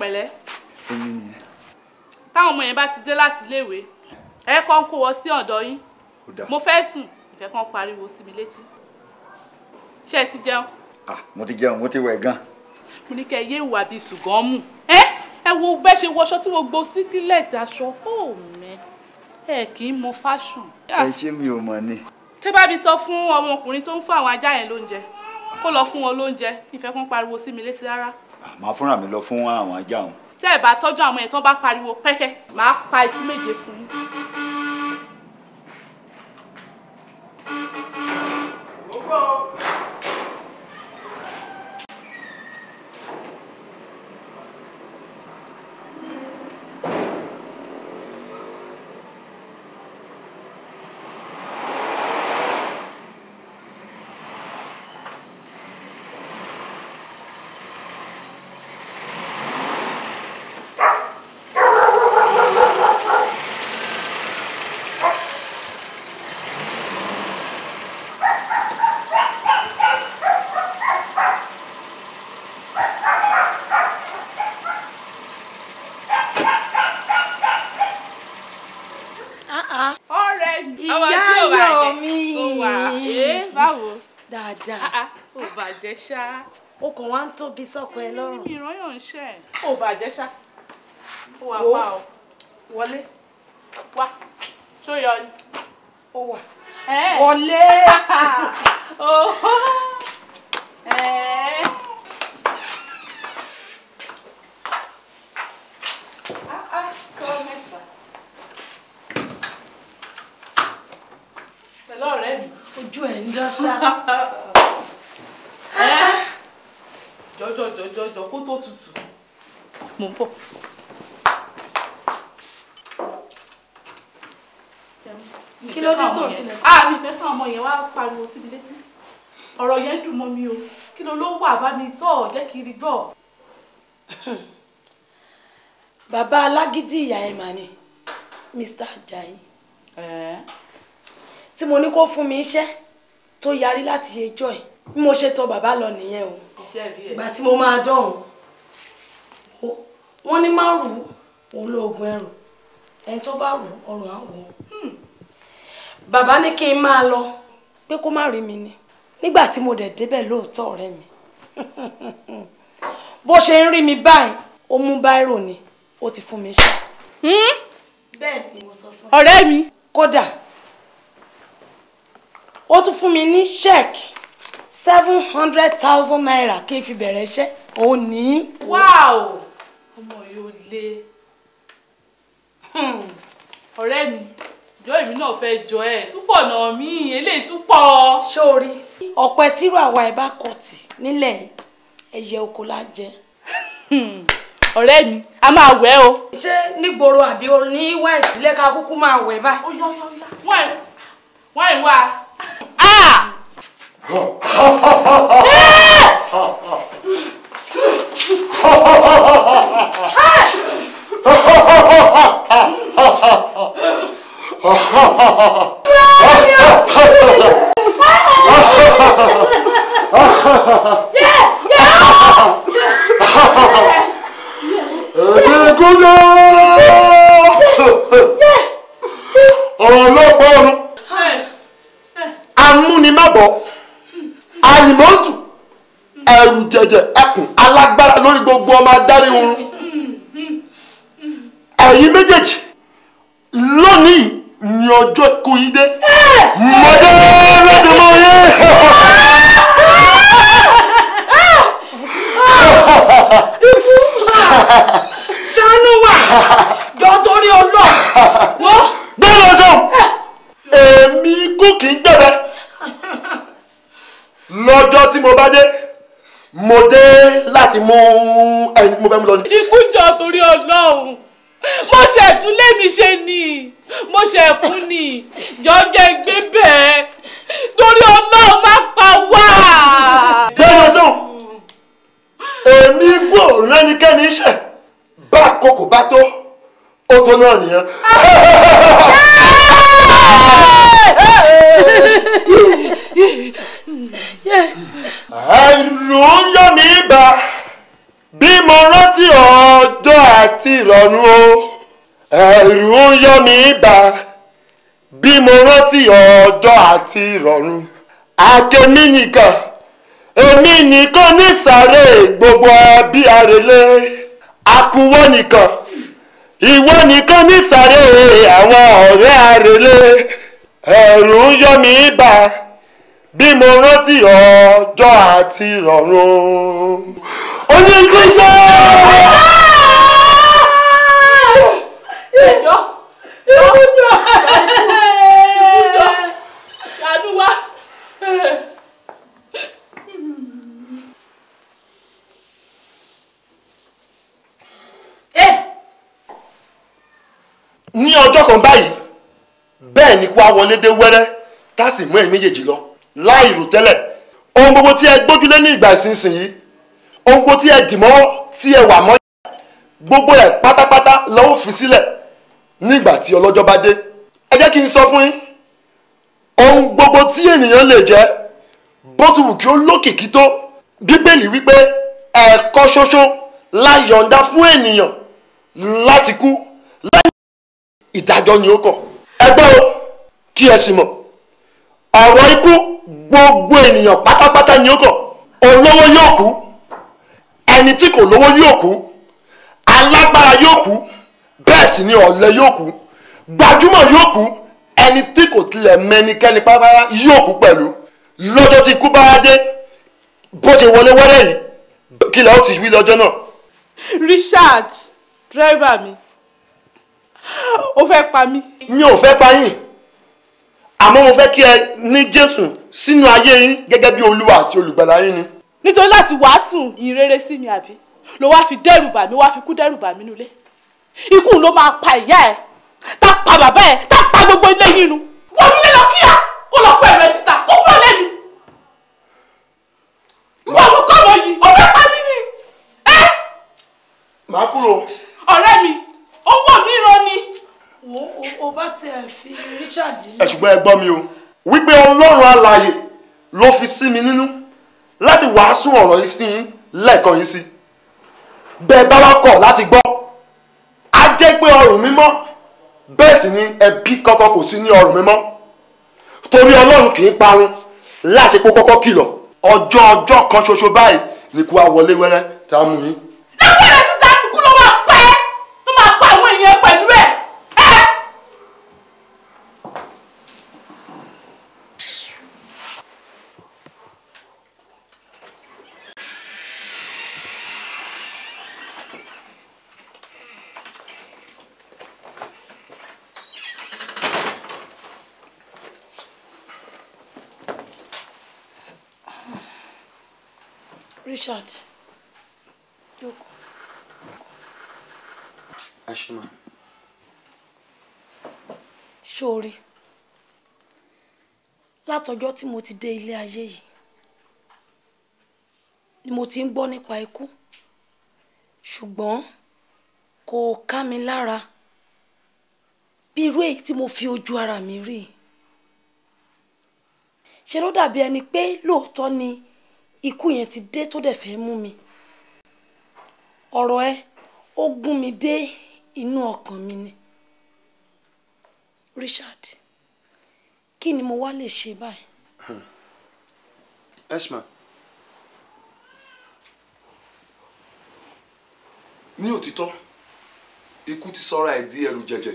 pẹ̀lẹ́. èmi nìyẹn. táwọn ọmọ yẹn bá ti dé láti iléèwé ẹ kàn kó wọ sí ọ̀dọ̀ yín mo fẹ́ sùn ìfẹ́ kan pariwo sí mi létí ṣé ẹ ti jẹun. ah mo ti jẹun mo ti wẹ̀ gan. mo ní kẹ́ ẹ yé ìwà bíi ṣùgbọ́n mù ẹ ẹ wo bẹ́ ṣe wọṣọ tí mo gbó síkílẹ̀tì aṣọ ó mẹ ẹ kì í mọ fashion. ẹ ṣé mi ò mọ̀ ni. tẹ́ bá mi sọ fún ọmọkùnrin tó ń fún àwọn ajá yẹn lóúnjẹ kó lọ fún wọn lóúnjẹ ìfẹ́ kan pariwo sí mi létí rárá màá fúnra mi lọ fún àwọn ajá wọn. tẹ́ ẹ bá tọ́jú àwọn ẹ̀ tán bá pariwo pẹ́kẹ́ màá pa ikú méje fún yín. kò wá ń tóbi sọ́kọ ẹ lọ́rùn. mi ìran yóò ń ṣe ẹ̀. ó bàjẹ́ ṣá ó wà pa o. wọlé. wá tó yọ ni. ó wà. wọlé. *laughs* Oh. Ah, ah, ojú ẹ̀ ń dán *laughs* jọjọ kó tó tutù mo bọ̀. kí ló dé tó ò tilẹ̀ kọ́. àmì ìfẹ́ fún ah, ọmọ yẹn wá pariwo síbi létí ọ̀rọ̀ yẹn dùn mọ́ mi o kí ló ló wà bá mi sọ ọ̀ jẹ́ kí n rí gbọ́. *coughs* bàbá alágídí ìyá ẹ̀ mà ni Mr. Ajayi tí mo ní kó fún mi iṣẹ́ tó yarí láti ẹjọ́ ẹ̀ bí mo ṣe tọ̀ bàbá lọ nìyẹn o ìgbà tí mo máa dọ̀hún ni ní má rù òun lóògùn ẹrù ẹni tó bá rù ọrùn àwọn hmm. bàbá ní kí n máa lọ pé kó má rí mi ni nígbà tí mo dẹ̀ débẹ̀ lóòótọ́ ọ̀rẹ́ mi *laughs* bó ṣe ń rí mi o ó mú báírò ni ó ti fún mi ṣe. Hmm? bẹ́ẹ̀ ni mo sọ fún ọ. mi. kódà ó tún fún mi ní ṣẹ́ẹ̀kì seven hundred thousand naira kí n fi bẹ̀rẹ̀ iṣẹ́ òun ní. wáò ọmọ yóò lé hmm. ọ̀rẹ́ mi ìjọ èmi náà fẹ́ jọ ẹ̀ túpọ̀ náà mí eléyìí túpọ̀. sórí ọ̀pẹ tírú àwa ẹ̀ bá kọ̀tì nílẹ̀ ẹyẹ oko la jẹ. Hmm. ọ̀rẹ́ mi a máa wẹ̀ o. ṣé nígboro àbí ní wẹ́ẹ̀sì lẹ́ka kúkú máa wẹ̀ báyìí. wọ́n ẹ̀ wọ́n ẹ̀ wá. Ah! ọlọ́pàá ọ̀run amúnimábọ̀. àyìnbóòtù ẹrù jẹjẹ ẹkùn alágbára lórí gbogbo ọmọ adarí oorun ẹ̀yin méjèèjì lónìí ni ọjọ́ kú yín dé mọdé lọdọmọ yẹn. ṣàánú wa jọ torí ọlọ wọ. bẹ́ẹ̀ lọ́jọ́ èmi kú kì í gbẹ̀bẹ̀ lọ́jọ́ tí mo bá dé mo dé láti mú ẹni tí mo fẹ́ mú lọ ni. ikú jọ torí ọlọ́run mo ṣe tún lémi ṣe ni mo ṣe kú ni jọjẹ gbé bẹ́ẹ̀ torí ọlọ́run má pa wá. bẹ́ẹ̀ sọ èmi kò rẹ́nikẹ́ni iṣẹ́ bá kókò bá tó ó tó náà nìyẹn. àìlóyún mi bá bí mo rántí ọjọ́ àti ìrọ̀nù o àìlóyún mi bá bí mo rántí ọjọ́ àti ìrọ̀rùn àkèmí nìkan èmi nìkan nísàárè gbogbo ẹbí arẹlẹ àkúwọ́ nìkan ìwọ nìkan nísàárè àwọn ọ̀rẹ́ arẹlẹ ẹ̀rù ń yọ mí bá bí mo rántí ọjọ́ àti ìrọ̀rùn onígbígbó. Eh! ní ọjọ́ kan báyìí bẹ́ẹ̀ ni kó a wọlé dé wẹ́rẹ́ tá a sì mú méjèèjì láì rò tẹ́lẹ̀ ohun gbogbo tí ẹ gbójúlé ní ìgbà ìsinsìnyí ohun gbogbo tí ẹ dìmọ́wọ́ tí ẹ wà mọ́ gbogbo ẹ̀ pátápátá lọ́wọ́ fi sílẹ̀ nígbà tí ọlọ́jọ́ bá dé ẹ jẹ́ kí n sọ fún yín ohun gbogbo tí ènìyàn lè jẹ́ bó kí ó lókìkí tó bíbélì wípé ẹ̀ẹ̀kan ṣoṣo la yọ̀ǹda fún ènìyàn láti kú láì ìdájọ́ ni ó kọ̀ ẹgbẹ́ o kí ẹ sì mọ̀ ọ̀rọ̀ ikú gbogbo ènìyàn pátápátá ni ó kọ̀ olówó yóò kú ẹni tí kò lówó yóò kú alágbára yóò kú bẹ́ẹ̀ sì ni ọ̀lẹ yóò kú gbajúmọ̀ yóò kú ẹni tí kò tilẹ̀ mẹ́nikẹ́ni pátápátá yóò kú pẹ̀lú lọ́jọ́ tí ikú bá dé bó ṣe wọlé wẹ́rẹ́ yìí kí lẹ́ ó ti wí lọ́jọ́ náà. Richard dírẹ́fà mi ó fẹ́ pa mí. mi ò fẹ́ pa yín àmọ́ mo fẹ́ kí ẹ ní Jésù sínú ayé yín gẹ́gẹ́ bí olúwa àti olùgbàlà yín ni. nítorí láti wàásù ìrere sí mi àbí ló wá fi dẹ́rù bà mí wá fi kú dẹ́rù bà mí nulẹ̀ ikú ló máa pa ìyá ẹ̀ tá pa bàbá ẹ̀ tá pa gbogbo ilé yín nu wọ́n nílé lọ kíá kó lọ pẹ́ rẹ síta kó kúrò lẹ́nu. wọ́n mú kọ́ lọ yìí ọ̀rẹ́ pa mí ni. màá kúrò. ọ̀rẹ́ mi owó mi rọ ni. wo o bá tẹ fi Richard. ẹ ṣùgbọ́n ẹ gbọ́ mi o wípé ọlọ́run alààyè ló fi sí mi nínú láti wàásù ọ̀rọ̀ yìí sí yín lẹ́ẹ̀kan yìí sí bẹ́ẹ̀ bá wá kọ̀ láti gbọ́ á jẹ́ pé ọrùn mímọ́ bẹ́ẹ̀ sì ni ẹbí kankan kò sí ní ọrùn mímọ́ torí ọlọ́run kì í parun láti pé kọ́kọ́ kìlọ̀ ọjọ́ ọjọ́ kan ṣoṣo báyìí nìkú àwọlé wẹ́rẹ́ tá a mú yín. lọ́pọ̀lọpọ̀ Richard jókòó. Ashima. Ṣoore, látọjọ́ tí mo ti dé ilé ayé yìí ni mo ti ń gbọ́ nípa ikú ṣùgbọ́n kò ká mi lára bí irú èyí tí mo fi ojú ara mi rí ṣe ló dàbí ẹni pé lóòótọ́ ni. Pe, ikú yẹn ti dé tó dẹ̀ fẹ́ mú mi ọ̀rọ̀ ẹ ó gún mi dé inú ọkàn mi ni Richard kí ni mo wá lè ṣe báyìí. Hmm. esma ní òtítọ́ ikú ti sọra ẹ̀ di ẹrù jẹjẹ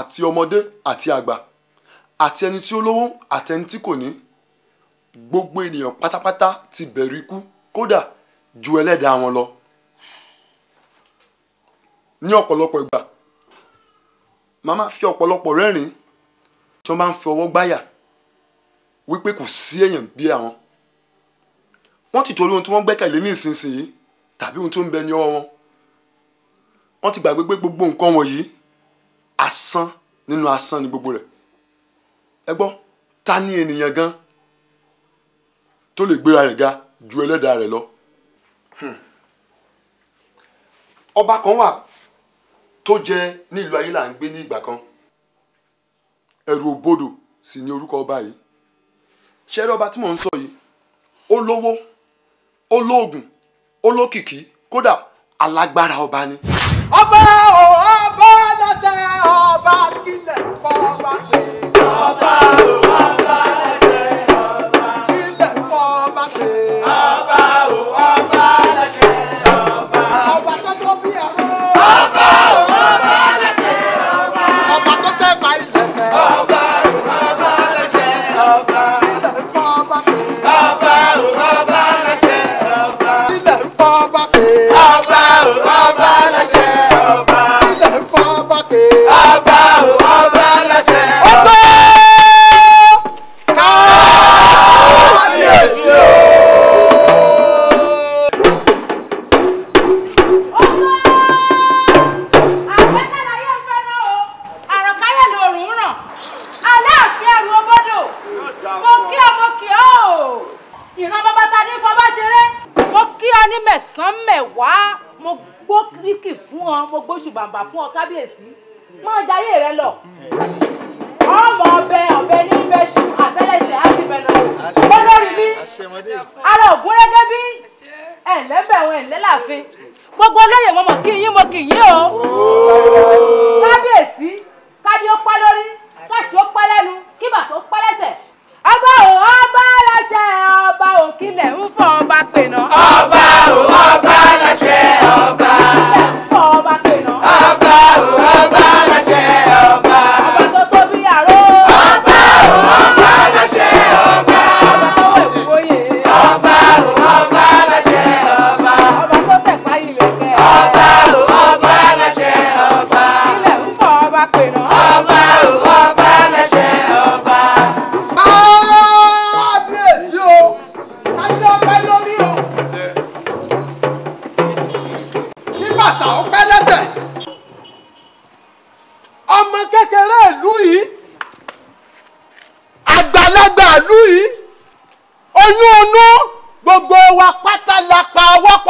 àti ọmọdé àti àgbà àti ẹni tí ó lówó àti tí kò ní gbogbo ènìyàn pátápátá ti bẹ̀rù ikú kódà ju ẹlẹ́dàá wọn lọ ní ọ̀pọ̀lọpọ̀ ìgbà màá máa fi ọ̀pọ̀lọpọ̀ rẹ́rìn-ín tí wọ́n bá ń fi ọwọ́ gbáyà wípé kò sí èèyàn bí àwọn wọ́n ti torí ohun tí wọ́n gbẹ́kẹ̀lé ní ìsinsìnyí tàbí ohun tó ń bẹ ní ọwọ́ wọn wọ́n ti gbàgbé pé gbogbo nǹkan wọ̀nyí asán nínú asán ni gbogbo rẹ̀ ẹ gbọ́ ta ni ènìyàn gan-an tó lè gbéra rẹ̀ ga ju ẹlẹ́dàá rẹ̀ lọ. Hmm. ọba kan wà tó jẹ ní ìlú ayé là ń gbé ní ìgbà kan ẹrù òbodò sì ni orúkọ ọba yìí ṣẹ́rí ọba tí mò ń sọ yìí ó lówó ó lóògùn ó lókìkí kódà alágbára ọba ni. ọba o ọba lọ́sẹ̀ ọba kílẹ̀ fọ́ ọba pé. ọba o ọba. fún ọ mo gbóṣù bàbà fún ọ kábíyèsí máa jayé rẹ lọ ọmọ ọbẹ ọbẹ ní ìbẹṣu àtẹlẹsẹ àti ìbẹnà olórí bí ara ògúnrégé bí ẹ̀ńlẹ́bẹ̀wọ̀n ẹ̀ńlẹ́láàfin gbogbo olóyè wọn mọ̀ kí yín mo kì yín o kábíyèsí kádìó pẹ́ lórí káṣí ó pẹ́ lẹ́nu ọba o, ọba aláṣẹ ọba òkìlẹ̀ ń fọ ọba pènà. ọba ò ọba aláṣẹ ọba. òkìlẹ̀ ń fọ ọba pènà. ọba ò ọba aláṣẹ ọba.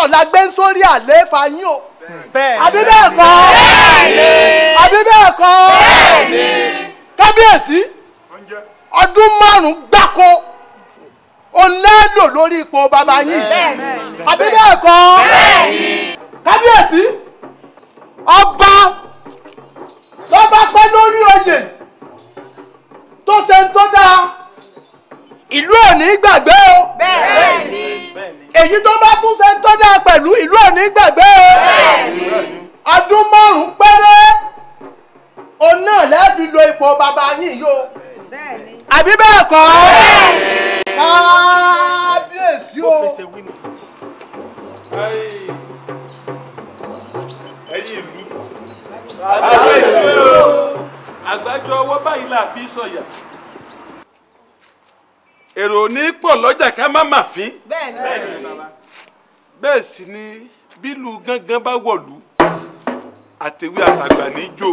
púpọ̀ la gbé sórí àlééfà yín o àbí bẹ́ẹ̀ kọ́ àbí bẹ́ẹ̀ kọ́ kábíyèsí ọdún márùn-ún gbáko o lẹ́lò lórí ipò bàbá yín àbí bẹ́ẹ̀ kọ́ kábíyèsí ọba tó bá pẹ́ lórí oyè tó ṣe tó dáa ìlú ò gbàgbé o. bẹ́ẹ̀ èyí tó bá tún ṣe ń tọ́jà pẹ̀lú ìlú òní gbàgbé ọdún márùn-ún péré òun náà lẹ́ẹ̀fi lo ipò bàbá yín yó àbí bẹ́ẹ̀ kọ́ kábíyèsí o. ẹ̀yin ìlú kábíyèsí o àgbájọ ọwọ́ báyìí là fi sọ̀yà èrò ní pọ̀ lọ́jà ká má má fín. bẹ́ẹ̀ ni bẹ́ẹ̀ sì ni bílù gángan bá wọ̀lú àtẹ̀wé àtàgbà níjó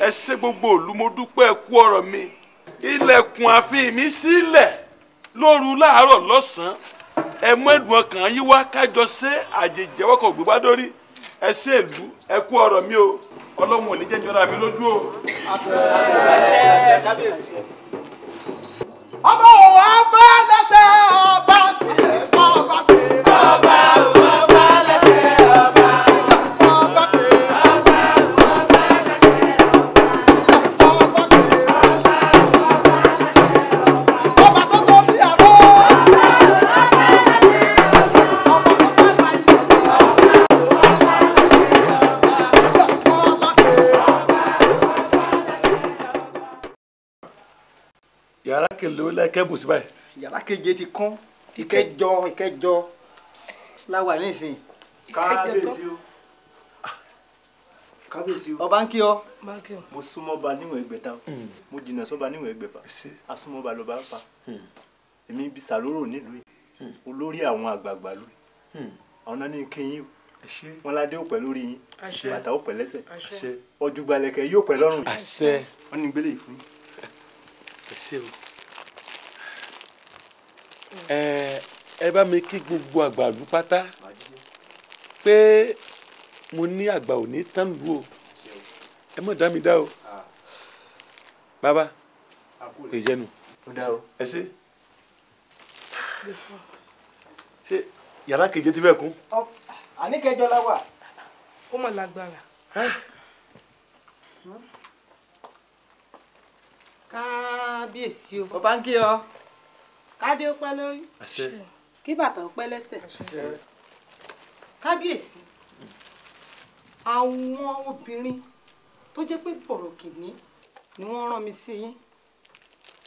ẹ ṣe gbogbo òlu mo dúpẹ́ ẹ kú ọ̀rọ̀ mi ilẹ̀kùn ààfin mi sílẹ̀ lóru láàárọ̀ lọ́sàn-án ẹ mú ẹ̀dùn ọkàn yín wá kájọ ṣe àjèjì ẹwọ́kọ̀ ògbógbá dórí ẹ ṣe ìlú ẹ ọ̀rọ̀ mi o ọlọ́run ò ní jẹ́ ìjọra mi lójú o. àṣẹ àṣẹ kábíyèsí ọmọ òun á bá lẹ́sẹ̀ ọba ọba. yàrá kele wọlé kẹbùn síbẹ̀. yàrá keje ti kán ìkẹjọ ìkẹjọ láwa nísìnyí. kábíyèsí o kábíyèsí o. ọba ń kí ọ. mo súnmọ́ níwọ̀n ẹgbẹ̀ta hmm. mo jìnnà sọ́ba níwọ̀n ẹgbẹ̀fà asúnmọ́ ba pa hmm. èmi bí sàlóró nílùú yìí hmm. olórí àwọn àgbààgbà lórí ọ̀nà ní kéyìn o wọn ládé òpẹ lórí yín bàtà òpẹ lẹ́sẹ̀ ọjùgbàlẹ̀kẹ̀ yóò pẹ́ lọ́rùn yìí wọn ní gbélé ìfún yín ẹ bá mi kí gbogbo àgbàdo pátá pé mo ní àgbà ò ní tán lù o ẹ mọ̀ dá mi dá o bàbá ìjẹnu ẹ ṣe ṣe yàrá keje ti bẹ kún. àní kẹjọ la wà. ó mọ̀ lágbára. kábíyèsí o. ọba ń kí ọ kádé ó pẹ́ lórí kí bàtà ó pẹ́ lẹ́sẹ̀ kábíyèsí àwọn obìnrin tó jẹ́ pé bọ̀rọ̀ kìíní ni wọ́n rán mi sí yín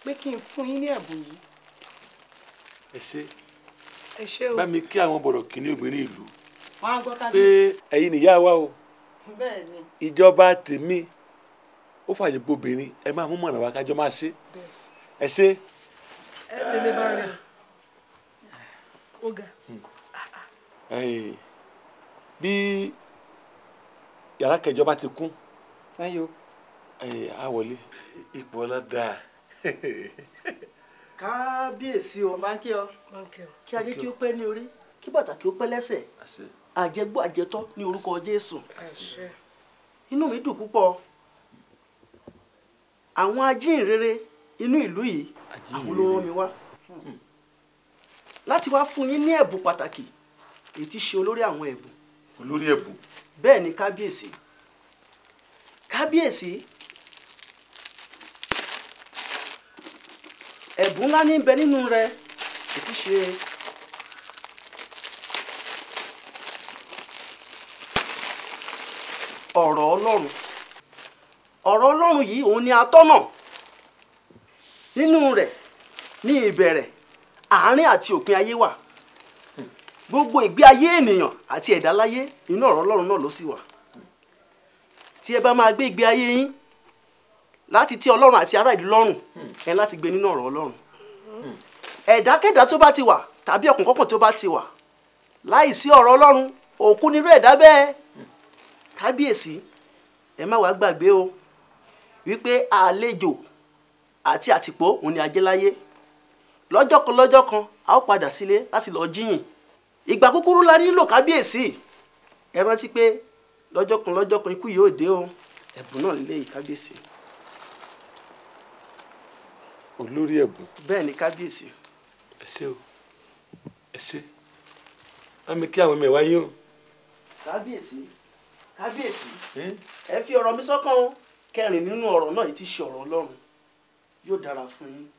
pé kí n fún yín ní ẹ̀bùn yìí. ẹ ṣé ẹ ṣé o bá mi kí àwọn bọ̀rọ̀ kìíní obìnrin ìlú pé ẹ̀yin nìyá wa o ìjọba tèmi ó fàyè gbobìnrin ẹ máa mú mọ̀nà wa kájọ máa ṣe ẹ ṣé ẹ tẹ̀lé bá rẹ̀ ọ̀gá. bí yàrá kẹjọ bá ti kún a wọlé. ipò ọlá dáa. *laughs* kábíyèsí o máa ń kí ọ kí adé kí ó pẹ́ ní orí kí bàtà kí ó pẹ́ lẹ́sẹ̀ àjẹgbó àjẹtọ́ ní orúkọ Jésù inú mi dùn púpọ̀ àwọn ajínrere inú ìlú yìí àwọn olówó mi wá hmm. láti wá fún yín ní ẹ̀bùn pàtàkì èyí tí ṣe olórí àwọn ẹ̀bùn. olórí ẹ̀bùn. bẹ́ẹ̀ ni kábíyèsí kábíyèsí ẹ̀bùn ńlá ní bẹ nínú rẹ èyí tí ṣe ọ̀rọ̀ ọlọ́run ọ̀rọ̀ ọlọ́run yìí òun ni atọ́nà nínú rẹ̀ ní ìbẹ̀rẹ̀ àárín àti òpin ayé wà gbogbo ìgbé ayé ènìyàn àti ẹ̀dá láyé inú ọ̀rọ̀ ọlọ́run náà ló sì wà tí ẹ bá máa gbé ìgbé ayé yín láti tí ọlọ́run àti ará ìlú lọ́rùn ẹ láti gbé nínú ọ̀rọ̀ ọlọ́run ẹ̀dákẹ́dá tó bá ti wà tàbí ọ̀kùnkọ́kùn tó bá ti wà láìsí ọ̀rọ̀ ọlọ́run òkú nírú ẹ̀dá bẹ́ẹ̀ kábíyèsí ẹ má wàá gbàgbé o wípé àlejò àti àtìpó òun ni ajé láyé lọ́jọ́ kan lọ́jọ́ kan a ó padà sílé láti lọ́ọ́ jíyìn ìgbà kúkúrú la nílò kábíyèsí ẹ rántí pé lọ́jọ́ kan lọ́jọ́ kan ikú yóò dé o ẹ̀bùn náà lè yí kábíyèsí. olórí ẹ̀bùn. bẹ́ẹ̀ ni kábíyèsí. ẹ o ẹ ṣé kí àwọn mẹ́wàá yín o. kábíyèsí kábíyèsí ẹ fi ọ̀rọ̀ mi sọ́kàn kẹrin nínú ọ̀rọ̀ náà yìí ti ṣe ọ̀rọ̀ ọlọ́run yóò dára fún yín.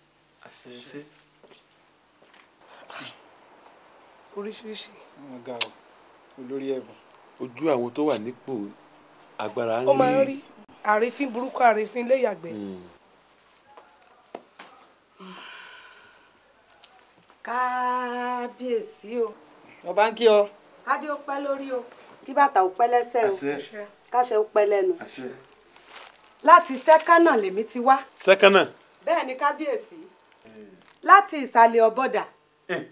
àṣeyẹsẹ. oríṣiríṣi. wọn ga ọ olórí ẹbùn. ojú àwọn tó wà nípò agbára ń rí. ó máa ń rí àrífín burúkú àrífín ilé ìyàgbẹ́. Hmm. kábíyèsí o. ọba ń kí ọ. adé ó pẹ́ lórí o kí bàtà ó pẹ́ lẹ́sẹ̀ o káṣẹ ó pẹ́ lẹ́nu. láti sẹ́kánà lèmi ti wá. sẹ́kánà bẹ́ẹ̀ ni kábíyèsí hmm. láti ìsàlẹ̀ ọ̀bọ̀dà hmm.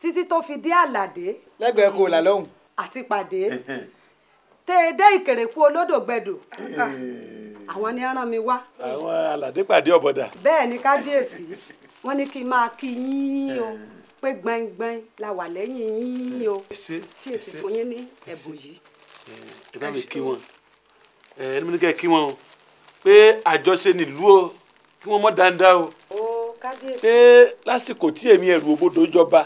títí tó fi dé àlàdé. lẹ́gbẹ̀ẹ́ kò là lọ́hùn. àti pàdé hmm. tẹ ẹ dé ìkèrèkú olódògbẹdò àwọn ni rán mi wá. àwọn àlàdé pàdé ọ̀bọ̀dà. bẹ́ẹ̀ ni kábíyèsí wọ́n ní kí n máa kí yín o pé gbẹ̀ngbẹ̀ng la wà lẹ́yìn yín o kí èsì fún yín ní ẹ̀bùn yìí. ẹ bá mi kí wọn ẹ ẹ ní kí wọn o pé àjọṣe nílùú o kí wọ́n mọ̀ dáadáa o. o kábíyèsí. pé lásìkò tí èmi ẹ̀rù òbodò jọba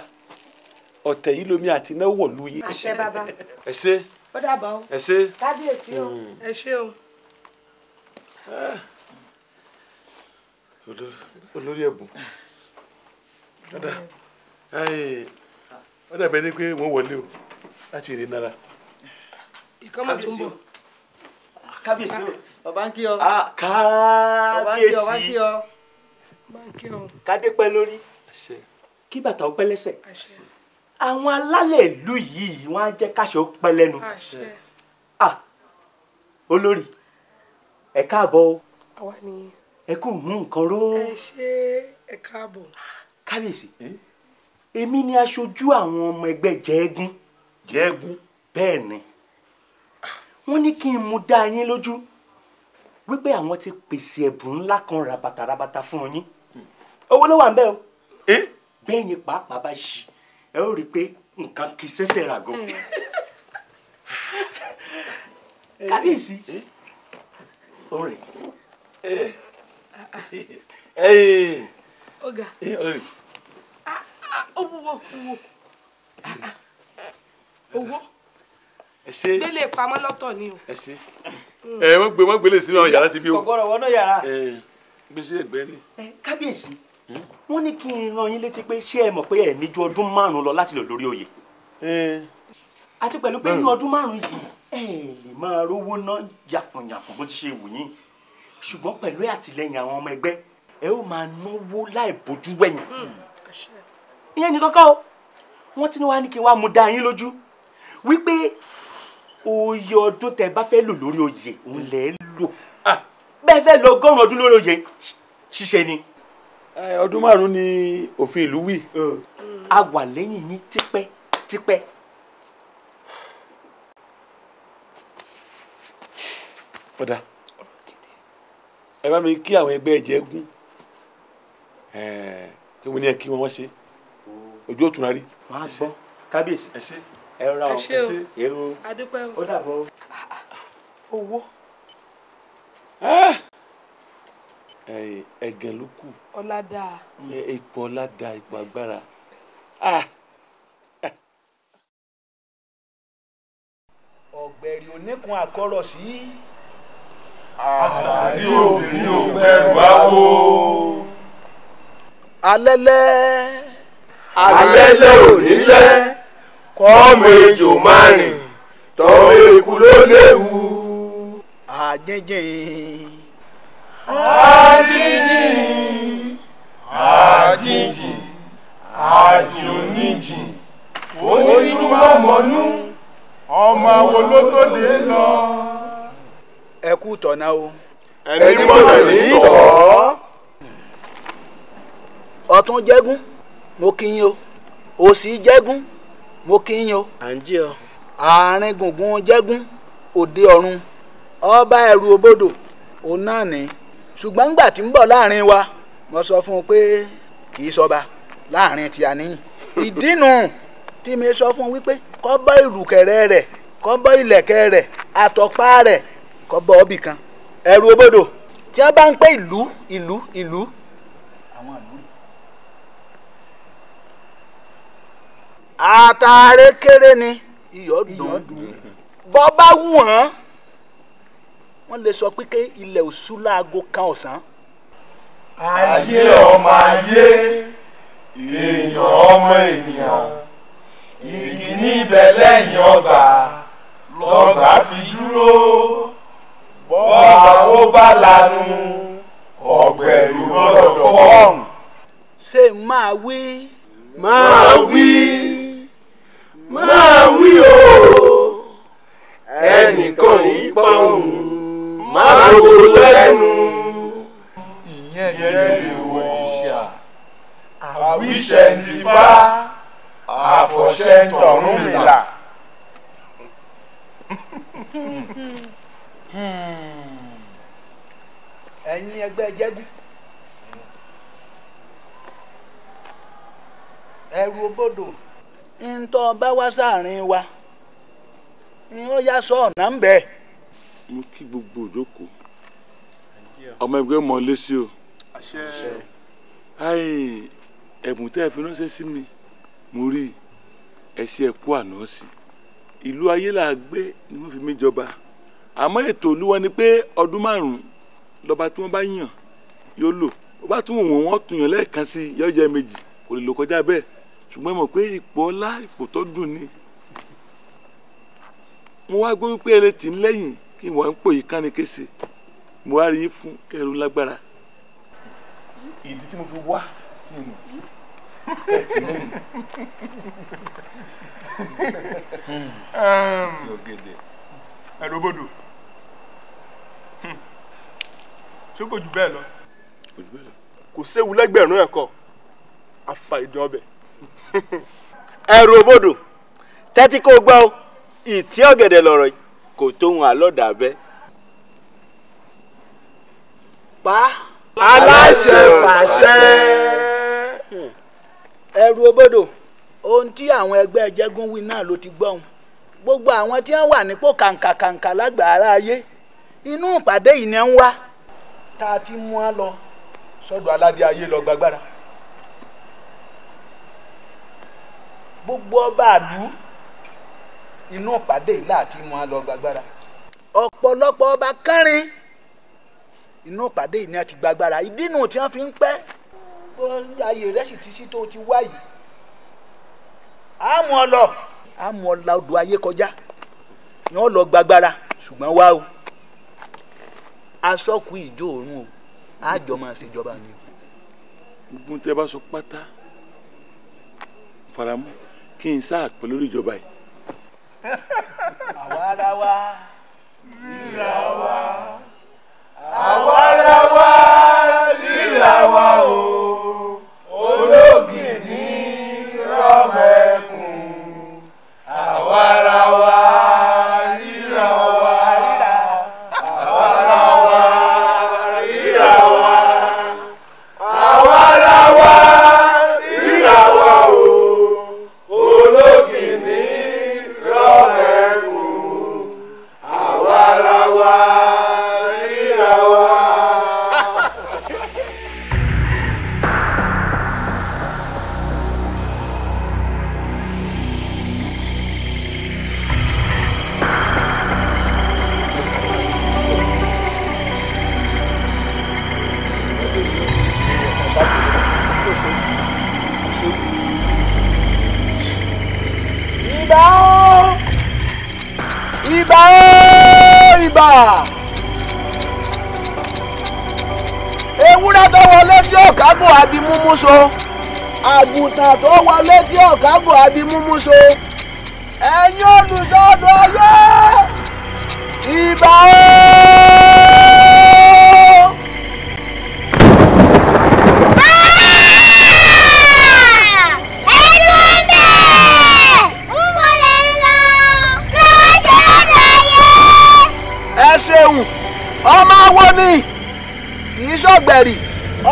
ọ̀tẹ̀ yìí lomi àti náà lu yín. àṣẹ bàbá. ẹ ṣe. ó dàbọ̀ o. ẹ ṣe. kábíyèsí o. Hmm. ẹ ṣe o. Ah. olórí ẹ̀bùn ó dàbẹ̀ ni pé wọ́n wọlé o láti ìrìn nára. ìkọ́mọ̀ bọ̀. kábíyèsí o ọba ń kí ọ. kábíyèsí kádé pẹ́ lórí kí bàtà ó pẹ́ lẹ́sẹ̀ àwọn alálẹ̀ ìlú yìí wọ́n á jẹ́ káṣọ pẹ́ lẹ́nu olórí ẹ káàbọ̀ o ẹ kú mú nǹkan ró. ẹ ṣe ẹ káàbọ̀. kábíyèsí èmi ni aṣojú àwọn ọmọ ẹgbẹ́ jẹ́ẹ́gún. jẹ́ẹ́gún. bẹ́ẹ̀ ni wọ́n ní kí n mú dá yín lójú wípé àwọn ti pèsè ẹ̀bùn ńlá kan rabata rabata fún yín owó ló wà ń bẹ o eh? bẹ́ẹ̀ yẹn pàápàá bá ṣì ẹ ó rí i pé nǹkan kì í ṣẹ̀ṣẹ̀ rà gan. Eh. *laughs* kábíyèsí eh? orin. ọ̀gá ah, ah, owó owó owó délé pamọ́ lọ́tọ̀ ni o ẹ wọ́n gbé wọ́n gbélé sínú àwọn yàrá ti bí o. kọ̀gọ́rọ̀ wọnú yàrá. gbèsè ẹgbẹ́ ni. kábíyèsí hmm? wọ́n ní kí n rán yín létí pé ṣé ẹ mọ̀ pé ẹ ní ju ọdún márùn-ún lọ láti lò lórí oyè. àti pẹ̀lú pé inú ọdún márùn-ún yìí ẹ lè máa rówó ná yàfùnyàfùn bó ti ṣe wù yín ṣùgbọ́n pẹ̀lú àtìlẹyìn àwọn ọmọ ẹgbẹ́ ẹ ó máa náwó láì bójú wẹ̀yìn. Hmm. Hmm. ìyẹn nìkan kọ́ wọ́n ti ní wá ní kí n wá mú dá yín lójú wípé oyè ọdún tẹ bá fẹ́ lò lórí oyè òun lẹ̀ ń lò ah, bẹ́ẹ̀ fẹ́ lọ ọgọ́rùn ọdún lórí oyè ṣiṣẹ́ ni. ọdún márùn-ún ni òfin ìlú wí. a wà lẹ́yìn yín tipẹ́ tipẹ́. ọ̀dà ẹ bá mi kí àwọn ẹgbẹ́ ẹ̀jẹ̀ gún ẹ̀ ẹ̀ wọ́n ní ẹ kí wọ́n wọ́n ṣe ojú òtún rárí. wàá gbọ́ kábíyèsí. ẹ ṣe ẹ rọra o ẹ ṣe èrò ó dàbọ̀ owó ẹ̀gẹ̀ ló kù ọ̀làdà ipò ọ̀làdà ipò agbára. ọ̀gbẹ̀rì oníkun àkọ́rọ̀ sí. àtàrí obìnrin ò bẹ̀rù àwo. alẹ́lẹ́ alẹ́lẹ́ ò nílẹ̀ kọ́ọ̀mù ejò máa rìn tọ́wọ́ eku ló léwu. àjíǹjìn àjíǹjìn àjíǹjìn àjìn oníjìn onírú ọmọnú ọmọ àwọn olótòdè lọ. ẹ kú tọ̀nà o. ẹni mọ̀nà ní tọ̀. ọ̀tún jẹ́gún mo kí yín o òsì jẹ́gún mo kí yín o. à ń jí ọ. àárín gbùngbùn jẹ́gún òde ọ̀run ọba ẹ̀rù obodò òun náà ní ṣùgbọ́n ńgbà tí ń bọ̀ láàrin wa mo sọ fún un pé kì í sọba láàrin tí a níyìn. ìdínú tí mi sọ fún un wípé kọ́ bọ́ ìrùkẹ̀rẹ́ rẹ̀ kọ́ bọ́ ìlẹ̀kẹ̀ rẹ̀ àtọ̀pá rẹ̀ kọ́ bọ́ ọbì kan ẹ̀rù obodò tí wọ́n bá ń pẹ́ ìlú ìlú ìlú àtàrẹ kéré ni iyọ̀ dùn bọ́ bá wù wọ́n wọ́n lè sọ pé ilẹ̀ òṣù láago kan ọ̀sán. ayé ọmọ ayé èèyàn ọmọ ènìyàn igi níbẹ̀ lẹ́yìn ọgbà lọ́gbà fi dúró bọ́ọ̀bà ó bá lanu ọ̀gbẹ̀rù gbọ́dọ̀ fọ́ọ̀mù. ṣé máa wí. máa wí máa wí o ẹnìkan yìí pa òun máa lò lẹ́nu. ìyẹn yẹn èèwọ̀ ìṣà àwíṣẹ́ ti bá àfọ̀ṣẹ́ tọ̀run mi là. ẹ̀yin ẹgbẹ́ jẹ́bí. ẹrù obodò ntọ́ bá wá sáàrin wa ni wọ́n yá sọ ọ̀nà ń bẹ̀. mo kí gbogbo òjòkó ọmọ ẹgbẹ́ mọ̀ lé sí o ẹ̀bùn tẹ́ ẹ fi ránṣẹ́ sí mi mo rí ẹ̀sìn ẹ̀kú àná sí ìlú ayé là á gbé ni wọ́n fi mí jọba àmọ́ ètò olúwa ni pé ọdún márùn-ún lọ́ba tí wọ́n bá yàn yóò lò bó bá tún wọ́n tún yàn lẹ́ẹ̀kan sí yọ̀ọ́ jẹ́ méjì kò lè lò kọjá bẹ́ẹ̀ ṣùgbọ́n mọ̀ pé ipò ọlá ipò tó dùn ni mo wá gbé wípé ẹlẹ́ tì ń lẹ́yìn kí wọ́n ń pò yìí kánni kése mo wá rí i fún ẹrù lágbára. ìdí tí mo fi wá sí mi ẹ̀rọ bodò ṣé kò jù bẹ́ẹ̀ lọ kò séwu lẹ́gbẹ̀rún ẹ̀kọ́ àfàìdán ọbẹ̀ ẹrù òbodò tẹ́tí kó gbọ́ ìtí ọ̀gẹ̀dẹ̀ lọ̀rọ̀ kò tóun àlọ́dà bẹ́ẹ̀. pa aláṣẹ pàṣẹ. ẹrù òbodò ohun tí àwọn ẹgbẹ́ jẹ́gún wí náà ló ti gbọ́n gbogbo àwọn tí wọ́n wà nípò kàǹkàkàǹkà lágbàára ayé inú ìpàdé yìí ni wọ́n wá tá a ti mú wọn lọ sọ́dọ̀ aládé ayé lọ gbàgbára. gbogbo ọba àlú inú ìpàdé yìí láti mú wọn lọ gbàgbára ọ̀pọ̀lọpọ̀ ọba kẹrin inú ìpàdé yìí ni a ti gbàgbára ìdínú tí wọ́n fi ń pẹ́ ayé rẹ̀ sì ti sí tó ti wá yìí àmú ọlọ àmú ọlọ odò ayé kọjá ni wọ́n lọ gbàgbára ṣùgbọ́n wá o asọ́kù ìjọ òórùn o àjọ máa ṣèjọba ni gbogbo tí a bá sọ pátá faramọ́ kí n sáà pé lórí ìjọba yìí. àwárá wa ríra wa o. ibà ó oh, ibà ewúrẹ́ tó wọlé tí ọ̀kágbò adimúmúso àgùntàn tó wọlé tí ọ̀kágbò adimúmúso ẹ̀yin olùsọ̀dọ̀ ọyẹ́ ibà ó. Oh, ṣeun ọmọ obodo ni kì í ṣọ̀gbẹ̀rì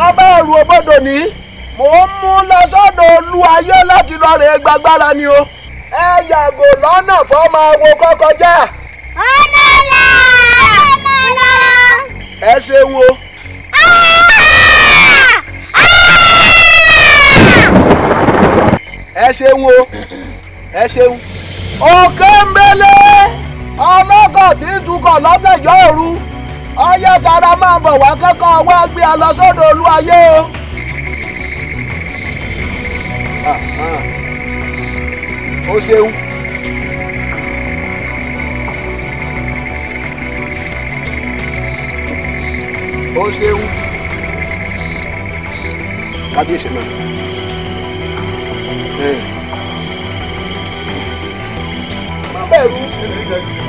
ọba ẹ̀rù òbodò ní mò ń mú lọ sọ́dọ̀ olú ayé láti lọ rè gbàgbára ni o ẹ yàgò lọ́nà fọ́mọ awo kọ́kọ́ já. ọ̀nà là ẹ ṣeun o. ẹ ṣeun o ẹ ṣeun. òkè ń bẹ́lẹ̀. ọlọ́kọ̀ tí ń tukọ̀ lọ́gànjọ́ òru ọyẹ tara máa bọ̀ wá kẹ́kọ̀ọ́ wá gbé a lọ sọ́dọ̀ olú ayé o. o ṣeun. o ṣeun. kábíyèsí náà. bàbá ẹ̀rú.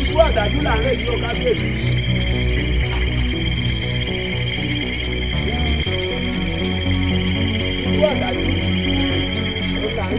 Ìlú àdájú làárẹ̀ yìí ó kábíyèsí.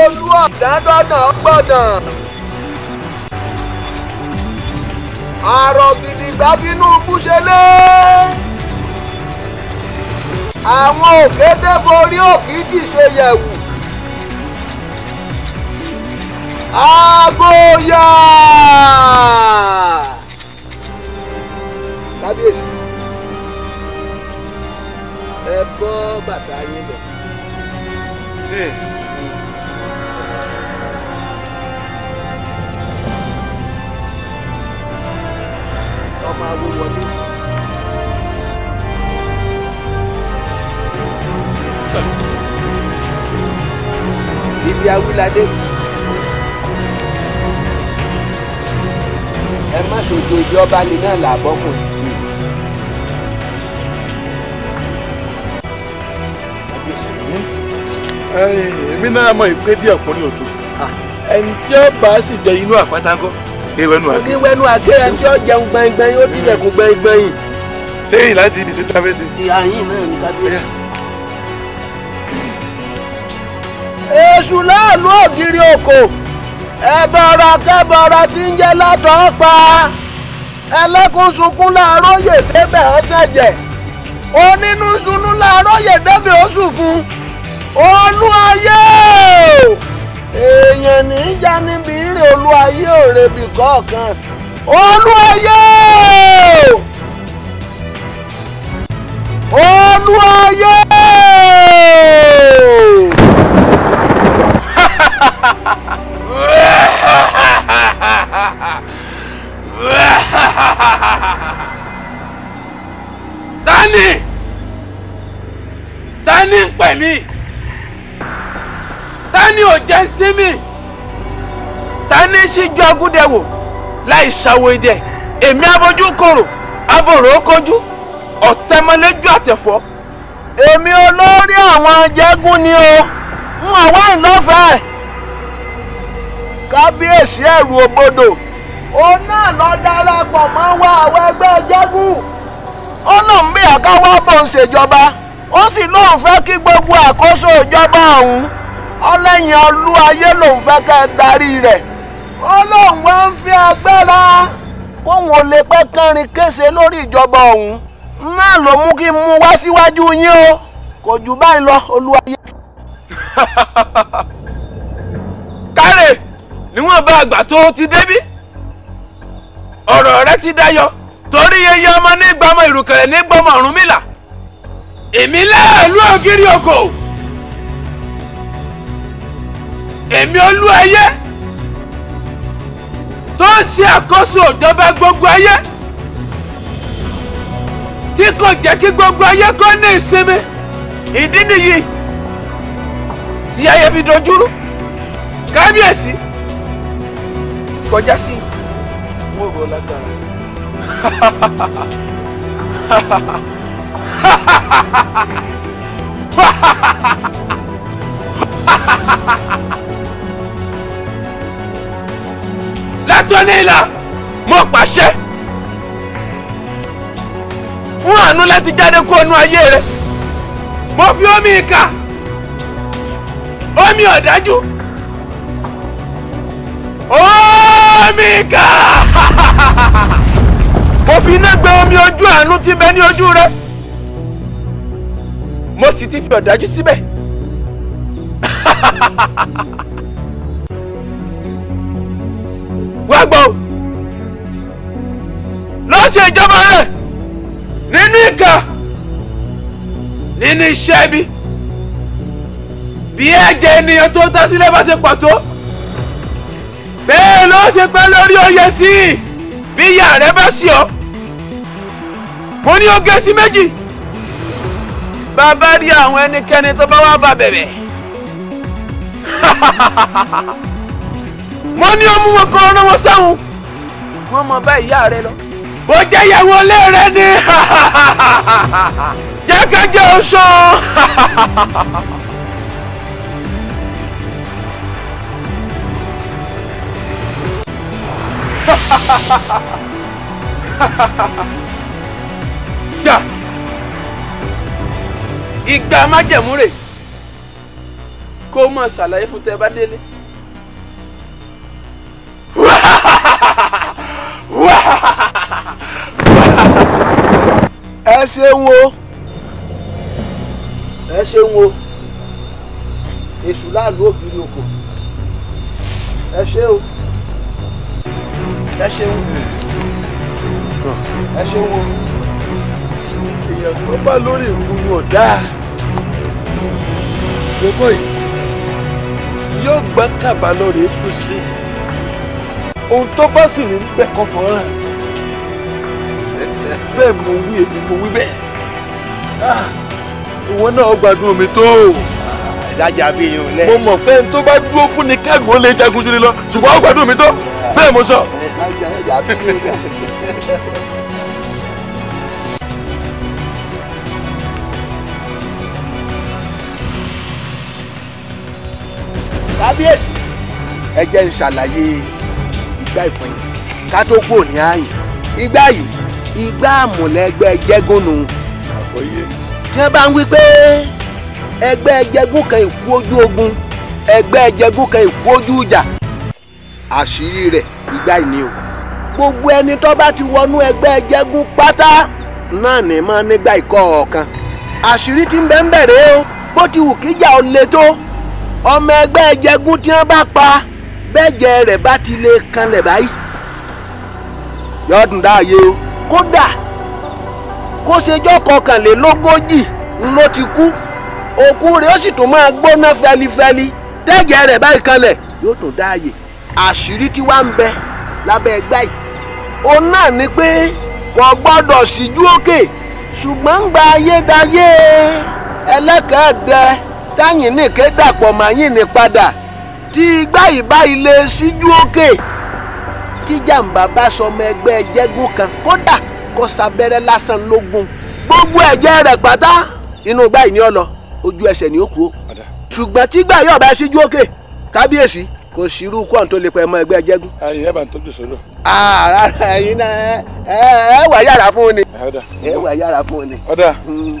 olú ọ̀dẹ́dọ́nà gbọ̀dàn. àrò gidigba Tinubu ṣe lé. àwọn òkété borí òkìkí ṣe yẹ̀wù. agbóyà. kábíyèsí ẹ bọ́ bàtà yín lọ. máa wó wọlé. ibi awíladé ẹ má ṣojo ìjọba ni náà làbọ́kùnrin. èmi náà mọ̀ ìpè díẹ̀ ọkùnrin òtún ẹni tí ó bá sì jẹ inú àpáta ńkọ́ kéwẹnu àgé kéwẹnu àgé ẹni tí ó jẹun gbẹngbẹng ó tilẹ̀kùn gbẹngbẹng. sẹ́yìn láti di sí kábíyèsí. ìhà yín náà ní kábíyèsí. èṣù náà ló ògiri oko ẹbọra kẹbọra tí ń jẹ látọ̀ pa ẹlẹ́kùn sunkún láàárọ̀ yè débẹ̀ ọ̀sẹ̀ jẹ̀ onínú sunú láàárọ̀ yè débẹ̀ oṣù fún olú ayé èèyàn ní í já níbi olúwayé òrèbì kọ̀ọ̀kan olúwayé olúwayé. Tani Tani ń pè mí Tani ò jẹ́ sí mi. sàtánì síjú agúdẹ wò láì ṣàwo idẹ èmi abojú àtẹ̀fọ́. Emi olori àwọn ajẹ́gún ni o ń àwa ìlọ́fẹ̀ẹ́ wa bí àkáwá bò ń ṣèjọba O si lóun fẹ́ ki gbogbo ọlẹ́yìn ayé lòun fẹ́ kẹ́ darí rẹ̀. ọlọ́run wá ń fi agbára kóun ò lè pẹ́ kánrin kése lórí ìjọba ọ̀hún náà ló mú kí mú wá síwájú yín o kò jù báyìí lọ olúwa yẹ. *laughs* káre níwọ̀n bá àgbà tó ti débí ọ̀rọ̀ rẹ ti dayọ torí yeye ọmọ ní gbọmọ ìrùkẹ̀rẹ̀ ní gbọmọ Ọ̀rúnmìlà èmi láàlú ògiri oko èmi olú ayé tó ń ṣe àkóso ìjọba gbogbo ayé tí kò jẹ́ kí gbogbo ayé kó ní ìsinmi ìdí nìyí tí ayé fi dojúrú kábíyèsí kọjá sí wọn rọ lágbára ha ha ha ha ha ha ha ha ha ha ha ha ha ha Antonella mo pàṣẹ fún àánú láti jáde kó onú ayé rẹ mo fi omi ìka omi ọ̀dájú omi ìka *laughs* mo fi iná gbẹ omi ojú àánú tí bẹ ní ojú rẹ mo sì ti fi ọ̀dájú síbẹ̀. Ha ha ha ha ha! wá gbọ́ lọ́ọ́ ṣe ìjọba rẹ̀ nínú ìka nínú iṣẹ́ bí bí ẹ̀jẹ̀ ènìyàn tó ta sílẹ̀ bá ṣe pàtó bẹ́ẹ̀ ló ṣe pẹ́ lórí oyè sí i bí ìyá rẹ bá sí ọ mo ní oge sí méjì bàbá rí àwọn ẹnikẹ́ni tó bá wá bá bẹ̀bẹ̀. *laughs* mo ní ó mú wọn kọ́ ọ́nà wọn sáwọn wọn mọ bá ìyá rẹ lọ bó jẹ́ ìyàwó ilé rẹ ni *laughs* jẹ́ ká jẹ́ oṣó. gbà *laughs* ìgbà májẹ̀mú rẹ̀ kó mọ̀ ṣàlàyé fún tẹ bá délé ẹ ṣeun o ẹ ṣeun o èṣù láàlú ògiri oko ẹ ṣe o ẹ ṣeun ẹ ṣeun o èèyàn tó bá lórí ìkúrú ọ̀dà gbogbo yìí yóò gbọ́ kàbá lórí kù ohun tó bá sì rí bẹ́ẹ̀ kọ́ fọ́nrán bẹ́ẹ̀ mo wí èmi mo wí bẹ́ẹ̀ ah, ìwọ náà gbádùn mi tó ìdájà bí yín lẹ. mo mọ̀ fẹ́ tó bá dúró fún ni kẹ́gùn ó lè jagun jùlọ ṣùgbọ́n ó gbádùn mi tó bẹ́ẹ̀ mo sọ. kábíyèsí ẹ jẹ́ n ṣàlàyé gbá ìfún yìí ká tó kúrò ní ààyè igbá yìí igbá àmọ̀lẹ́gbẹ́ jẹ́gúnnu. tí wọ́n bá ń wí pé ẹgbẹ́ jẹ́gún kan ìkú ojú ogun ẹgbẹ́ jẹ́gún kan ìkú ojú ìjà àṣírí rẹ̀ igbá yìí ni o gbogbo ẹni tó bá ti wọnú ẹgbẹ́ jẹ́gún pátá náà ní mọ́ nígbà ìkọ́ ọ̀kan àṣírí ti ń bẹ́ẹ̀ bẹ̀rẹ̀ o bó ti wù kíjà ó ọmọ ẹgbẹ́ jẹ́gún tí wọ́n bá pa bẹ́jẹ̀ rẹ̀ bá ti lè kanlẹ̀ báyìí yọ̀ọ́dún dáàyè o kódà kó ṣejọ́ kọkànlélógójì ló ti kú òkú rẹ̀ ó sì tún máa gbóná fẹlifẹli tẹ́jẹ̀ rẹ̀ báyìí kanlẹ̀ yóò tún dáàyè àṣírí tí wàá ń bẹ lábẹ́ ẹgbẹ́ yìí òun náà ni pé kò gbọ́dọ̀ síjú tí igbá ìbá ilé síjú òkè tí jàǹbá bá sọmọ ẹgbẹ́ jẹ́gùn kan kódà kó sabẹ́rẹ́ lásán lógún gbogbo ẹ̀jẹ̀ rẹ̀ pátá inú igbá yìí ni ó lọ ojú ẹsẹ̀ ni ó kú o ṣùgbọ́n tí igbá yóò bá síjú òkè kábíyèsí kò sí irú kọ́ọ̀n tó lè pẹ́ mọ́ ẹgbẹ́ jẹ́gùn. ayé ẹ bá ń tọ́jú sọ́dọ̀. rárá ẹyin náà ẹ wà yàrá fún un ni. ẹ wà yàrá fún un ni. ọ̀dà mm.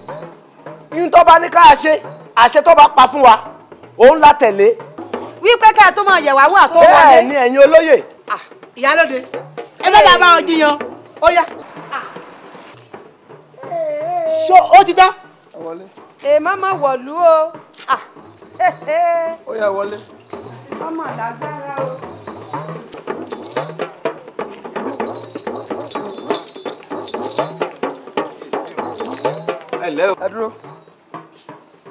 yín tó bá ní ká ṣe àṣẹ tó bá pa fún wa òun la tẹ̀lé. wípé ká ẹ tó máa yẹ̀wò àwọn àtọ́ wọlé. bẹ́ẹ̀ ni ẹ̀yin olóyè. ìyálóde ẹ bẹ́ẹ̀ bá wọn jiyàn ó yá. ṣó ó ti tán. èèmọ́ máa wọ̀lú o. *laughs* ó yá wọlé. ọmọ lágbára o. ẹ lẹ́ o. ẹ dúró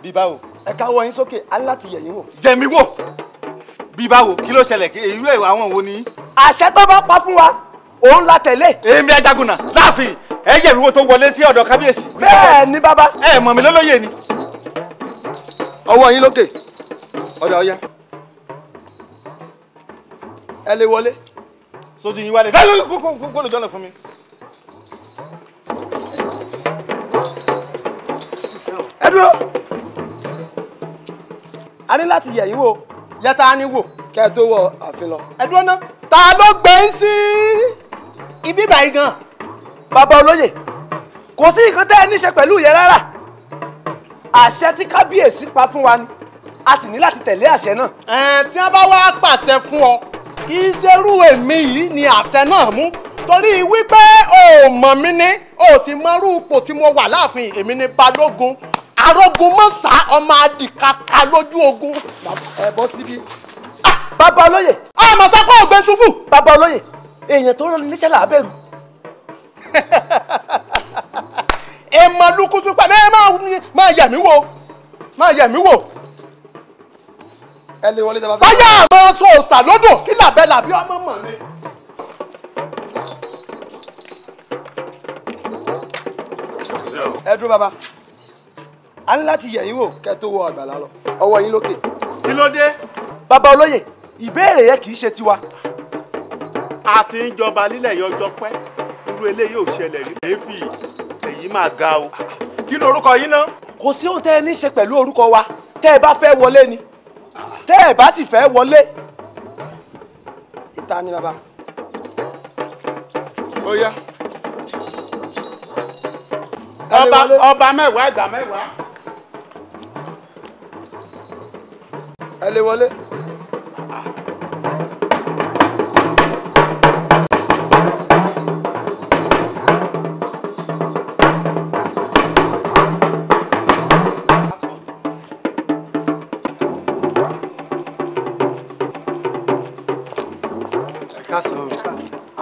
bí báwo. ẹ káwọ́ yín sókè aláti yẹ̀ yín wò. jẹ̀mí wò bí báwo kí ló ṣẹlẹ̀ kí irú ẹ̀ àwọn wo ni. àṣẹ tó bá pa fún wa òun la tẹ̀lé. èmi ajagunà láàfin ẹ yẹ̀ mí wò tó wọlé sí ọ̀dọ̀ kábíyèsí. bẹ́ẹ̀ ni bàbá. ẹ mọ̀ mí lólóyè ni. ọwọ́ yín lókè ọ̀dà ọ̀yá ẹ lè wọlé. sojú yín wálé. bẹ́ẹ̀ ló kó fún mi. ẹ dúró a ní láti yẹ̀yìn wò yẹta ni wò kẹ́ ẹ tó wọ ààfin lọ. ẹ dúró ná ta ló gbé ń sí ibi báyìí gan. bàbá olóyè kò sí nǹkan tẹ́ ẹ níṣe pẹ̀lú ìyẹn rárá àṣẹ tí kábíyèsí pa fún wa ni a sì ní láti tẹ̀lé àṣẹ náà. ẹ tí wọn bá wá pàṣẹ fún ọ kì í ṣerú èmi yìí ni àṣẹ náà mú torí wípé o mọ̀ mí ní o sì mọrú ipò tí mo wà láàfin èmi ní balógun arógun mọ́sá ọmọ adìkaka lójú ogun. ẹ bọ́ síbi. Ah! bàbá olóyè. ọmọ sápá ògbẹ́ ṣubú. bàbá olóyè èèyàn tó rán níṣẹ́ làbẹ̀rù. èèmọ̀ *laughs* lukutu pẹ̀lú ẹ máa yà mí wò máa yà mí wò ẹ lè wọlé dábàá. báyà máa sọ òòsà lódò kí làbẹ́ làbí ọmọ mọ̀ mi. ẹ dúró bàbá a ní láti yẹ̀yìn wò kẹ́ tó wọ àgbàlá lọ ọwọ́ yín lókè. kí ló dé. bàbá olóyè ìbéèrè yẹn kì í ṣe tiwa. a ti ń jọba nílẹ̀ yọjọ́ pẹ́ irú eléyìí ò ṣẹlẹ̀ rí. èéfì èyí máa ga o. kí ni orúkọ yín náà. kò sí ohun tẹ́ ẹ ní ṣe pẹ̀lú orúkọ wa tẹ́ ẹ bá fẹ́ wọlé ni tẹ́ ẹ bá sì fẹ́ wọlé. ìta ni bàbá. ó Oh, yeah ọba ọba mẹ́wàá ìgbà mẹ́wàá. ẹ lè wọlé.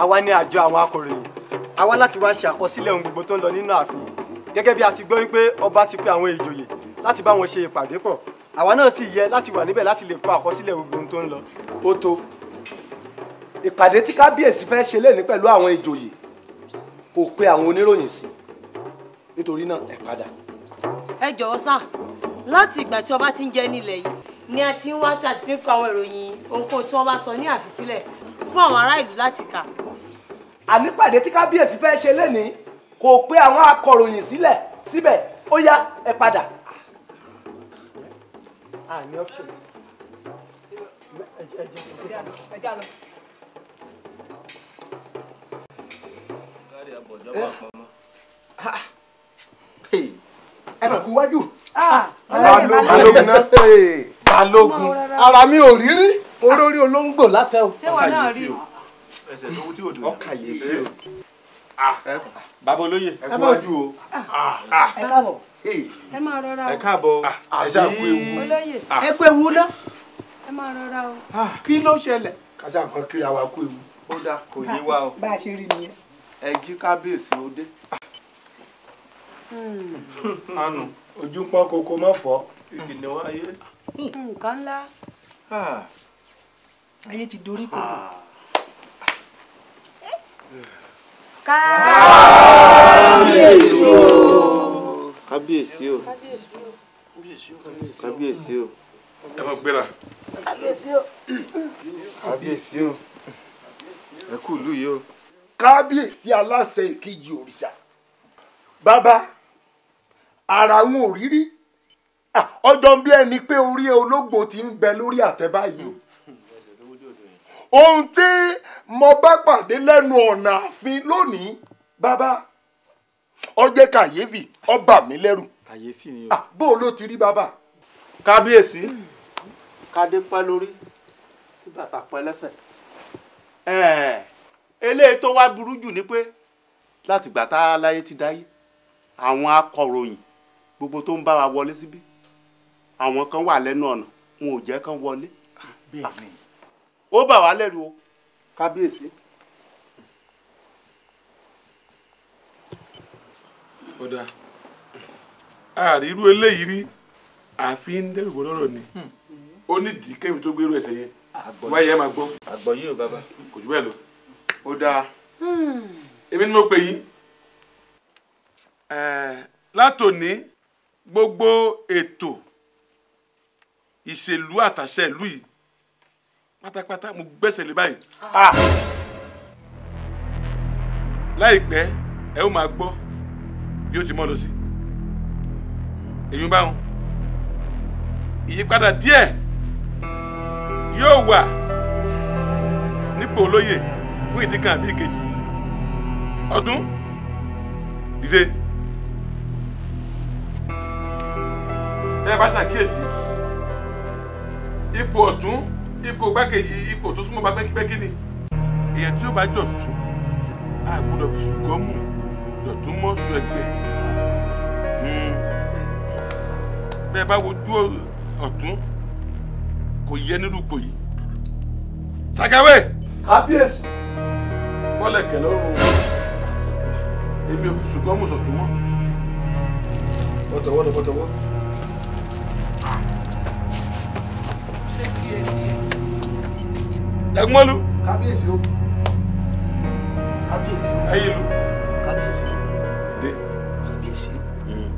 àwa ni àjọ àwọn akọ̀ròyìn àwa láti wá ṣe àkọsílẹ̀ ohun gbogbo tó ń lọ nínú ààfin gẹ́gẹ́ bí a ti gbọ́ wípé ọba ti pe àwọn ìjòyè láti bá wọn ṣe ìpàdé pọ̀ àwa náà sì yẹ láti wà níbẹ̀ láti lè kọ àkọsílẹ̀ gbogbo ohun tó ń lọ. ó tó ìpàdé tí kábíyèsí fẹ́ ṣe lẹ́ni pẹ̀lú àwọn ìjòyè kò pe àwọn oníròyìn sí nítorí náà ẹ padà. ẹ jọ̀wọ́ sá láti ìgbà tí ọba ti ń jẹ nílẹ̀ yìí ni a ti ń wá tà sí ní kọ àwọn ìròyìn ohunkóhun tí wọ́n bá sọ ní àfisílẹ̀ fún àwọn ará ìlú láti kà. ànípàdé tí kábíyèsí fẹ́ ṣe lẹ́ni kò pé àwọn akọ̀ròyìn sílẹ̀ síbẹ̀ ó yá ẹ padà. àní option ẹ já lọ. ẹ mà kú wájú. Ah, balógun náà balógun ara mi ò rí rí olórí olóńgbò látẹ o. ṣé wàá náà rí o. Ah. ẹsẹ̀ tó wú tí òjò yẹn. ọkà yèéfì o bàbá olóyè ẹ kú wájú o ẹ káàbọ̀ ẹ máa rọra o ẹ káàbọ̀ ah, àbí olóyè ah. ẹ kú ewu ná ẹ máa rọra o. Ah, kí ló ṣẹlẹ̀. kásá kan kiri àwa kú ewu. ó dà kò yé wa o. bá a ṣe rí nìyẹn. ẹ jí kábíyèsí ó dé. Hmm. àánú. ojú pọ́n koko mọ́ fọ́. ìdìnnà wáyé. nǹkan ńlá. ayé ti dorí kodò kábíyèsí o kábíyèsí o kábíyèsí o ẹ máa gbéra kábíyèsí o kábíyèsí o ẹ kú ìlú yìí o. kábíyèsí aláṣẹ ìkejì òrìṣà bàbá ara wọn ò rírí ah, ọjọ́ bí ẹni pé orí ológbò ti ń bẹ lórí àtẹ báyìí o. Mm ohun tí mo bá pàdé lẹ́nu ọ̀nà àfin lónìí bàbá ó jẹ́ kàyéfì ó bà lẹ́rù. kàyéfì ni o. Ah, bó o ló ti rí bàbá. kábíyèsí kádé pẹ́ lórí kí bàtà pẹ́ lẹ́sẹ̀. eléyìí tó wá burú jù ni pé látìgbà tá a láyé ti dáyé àwọn akọ̀ròyìn gbogbo tó ń bá wa wọlé síbí àwọn kan wà lẹ́nu ọ̀nà wọn ò jẹ́ kán wọlé. Ah, bẹ́ẹ̀ ni ó bà wá lẹ́rù o. kábíyèsí. ó dáa àrírú eléyìí rí àfi ń dẹ́rù bọ́ lọ́rọ̀ ni hmm. ó nídìí kẹ́mi tó gbérú ẹsẹ̀ yẹn wáyé ẹ máa gbọ́. àgbọ̀ yìí ò bàbá. kò jù bẹ́ẹ̀ lọ. ó dáa hmm. èmi ni mo pè yín eh, látòní gbogbo ètò ìṣèlú àtàṣe ìlú yìí pátápátá mo gbẹ́sẹ̀ lé báyìí láìpẹ́ ẹ ó máa gbọ́ bí ó ti mọ́ lọ sí èyí báwọn ìyípadà díẹ̀ yóò wà nípò olóyè fún ìdí kan àbí ìkejì ọdún dìde ẹ bá ṣàkíyèsí ipò ọ̀tún ipò gbákejì ipò tó súnmọ́ bá pẹ́kípẹ́kí ni èèyàn tí ó bá jọ̀ tún á gbọ́dọ̀ fi ṣùgbọ́n mú dọ̀tún mọ́ sùn ẹgbẹ́ hmm. bẹ́ẹ̀ bá wojú ọ̀tún kò yẹ nírúkọ yìí Sàkáwé. kábíyèsí. bọ́lẹ̀ kẹlẹ́ ọ̀run èmi ò fi ṣùgbọ́n mú sọ̀tún mọ́. bọ́tọ̀wọ́ bọ́tọ̀wọ́. ṣé kí ẹgbọ́nlu. kábíyèsí o kábíyèsí o. ẹyin lu. kábíyèsí de. kábíyèsí. Hmm.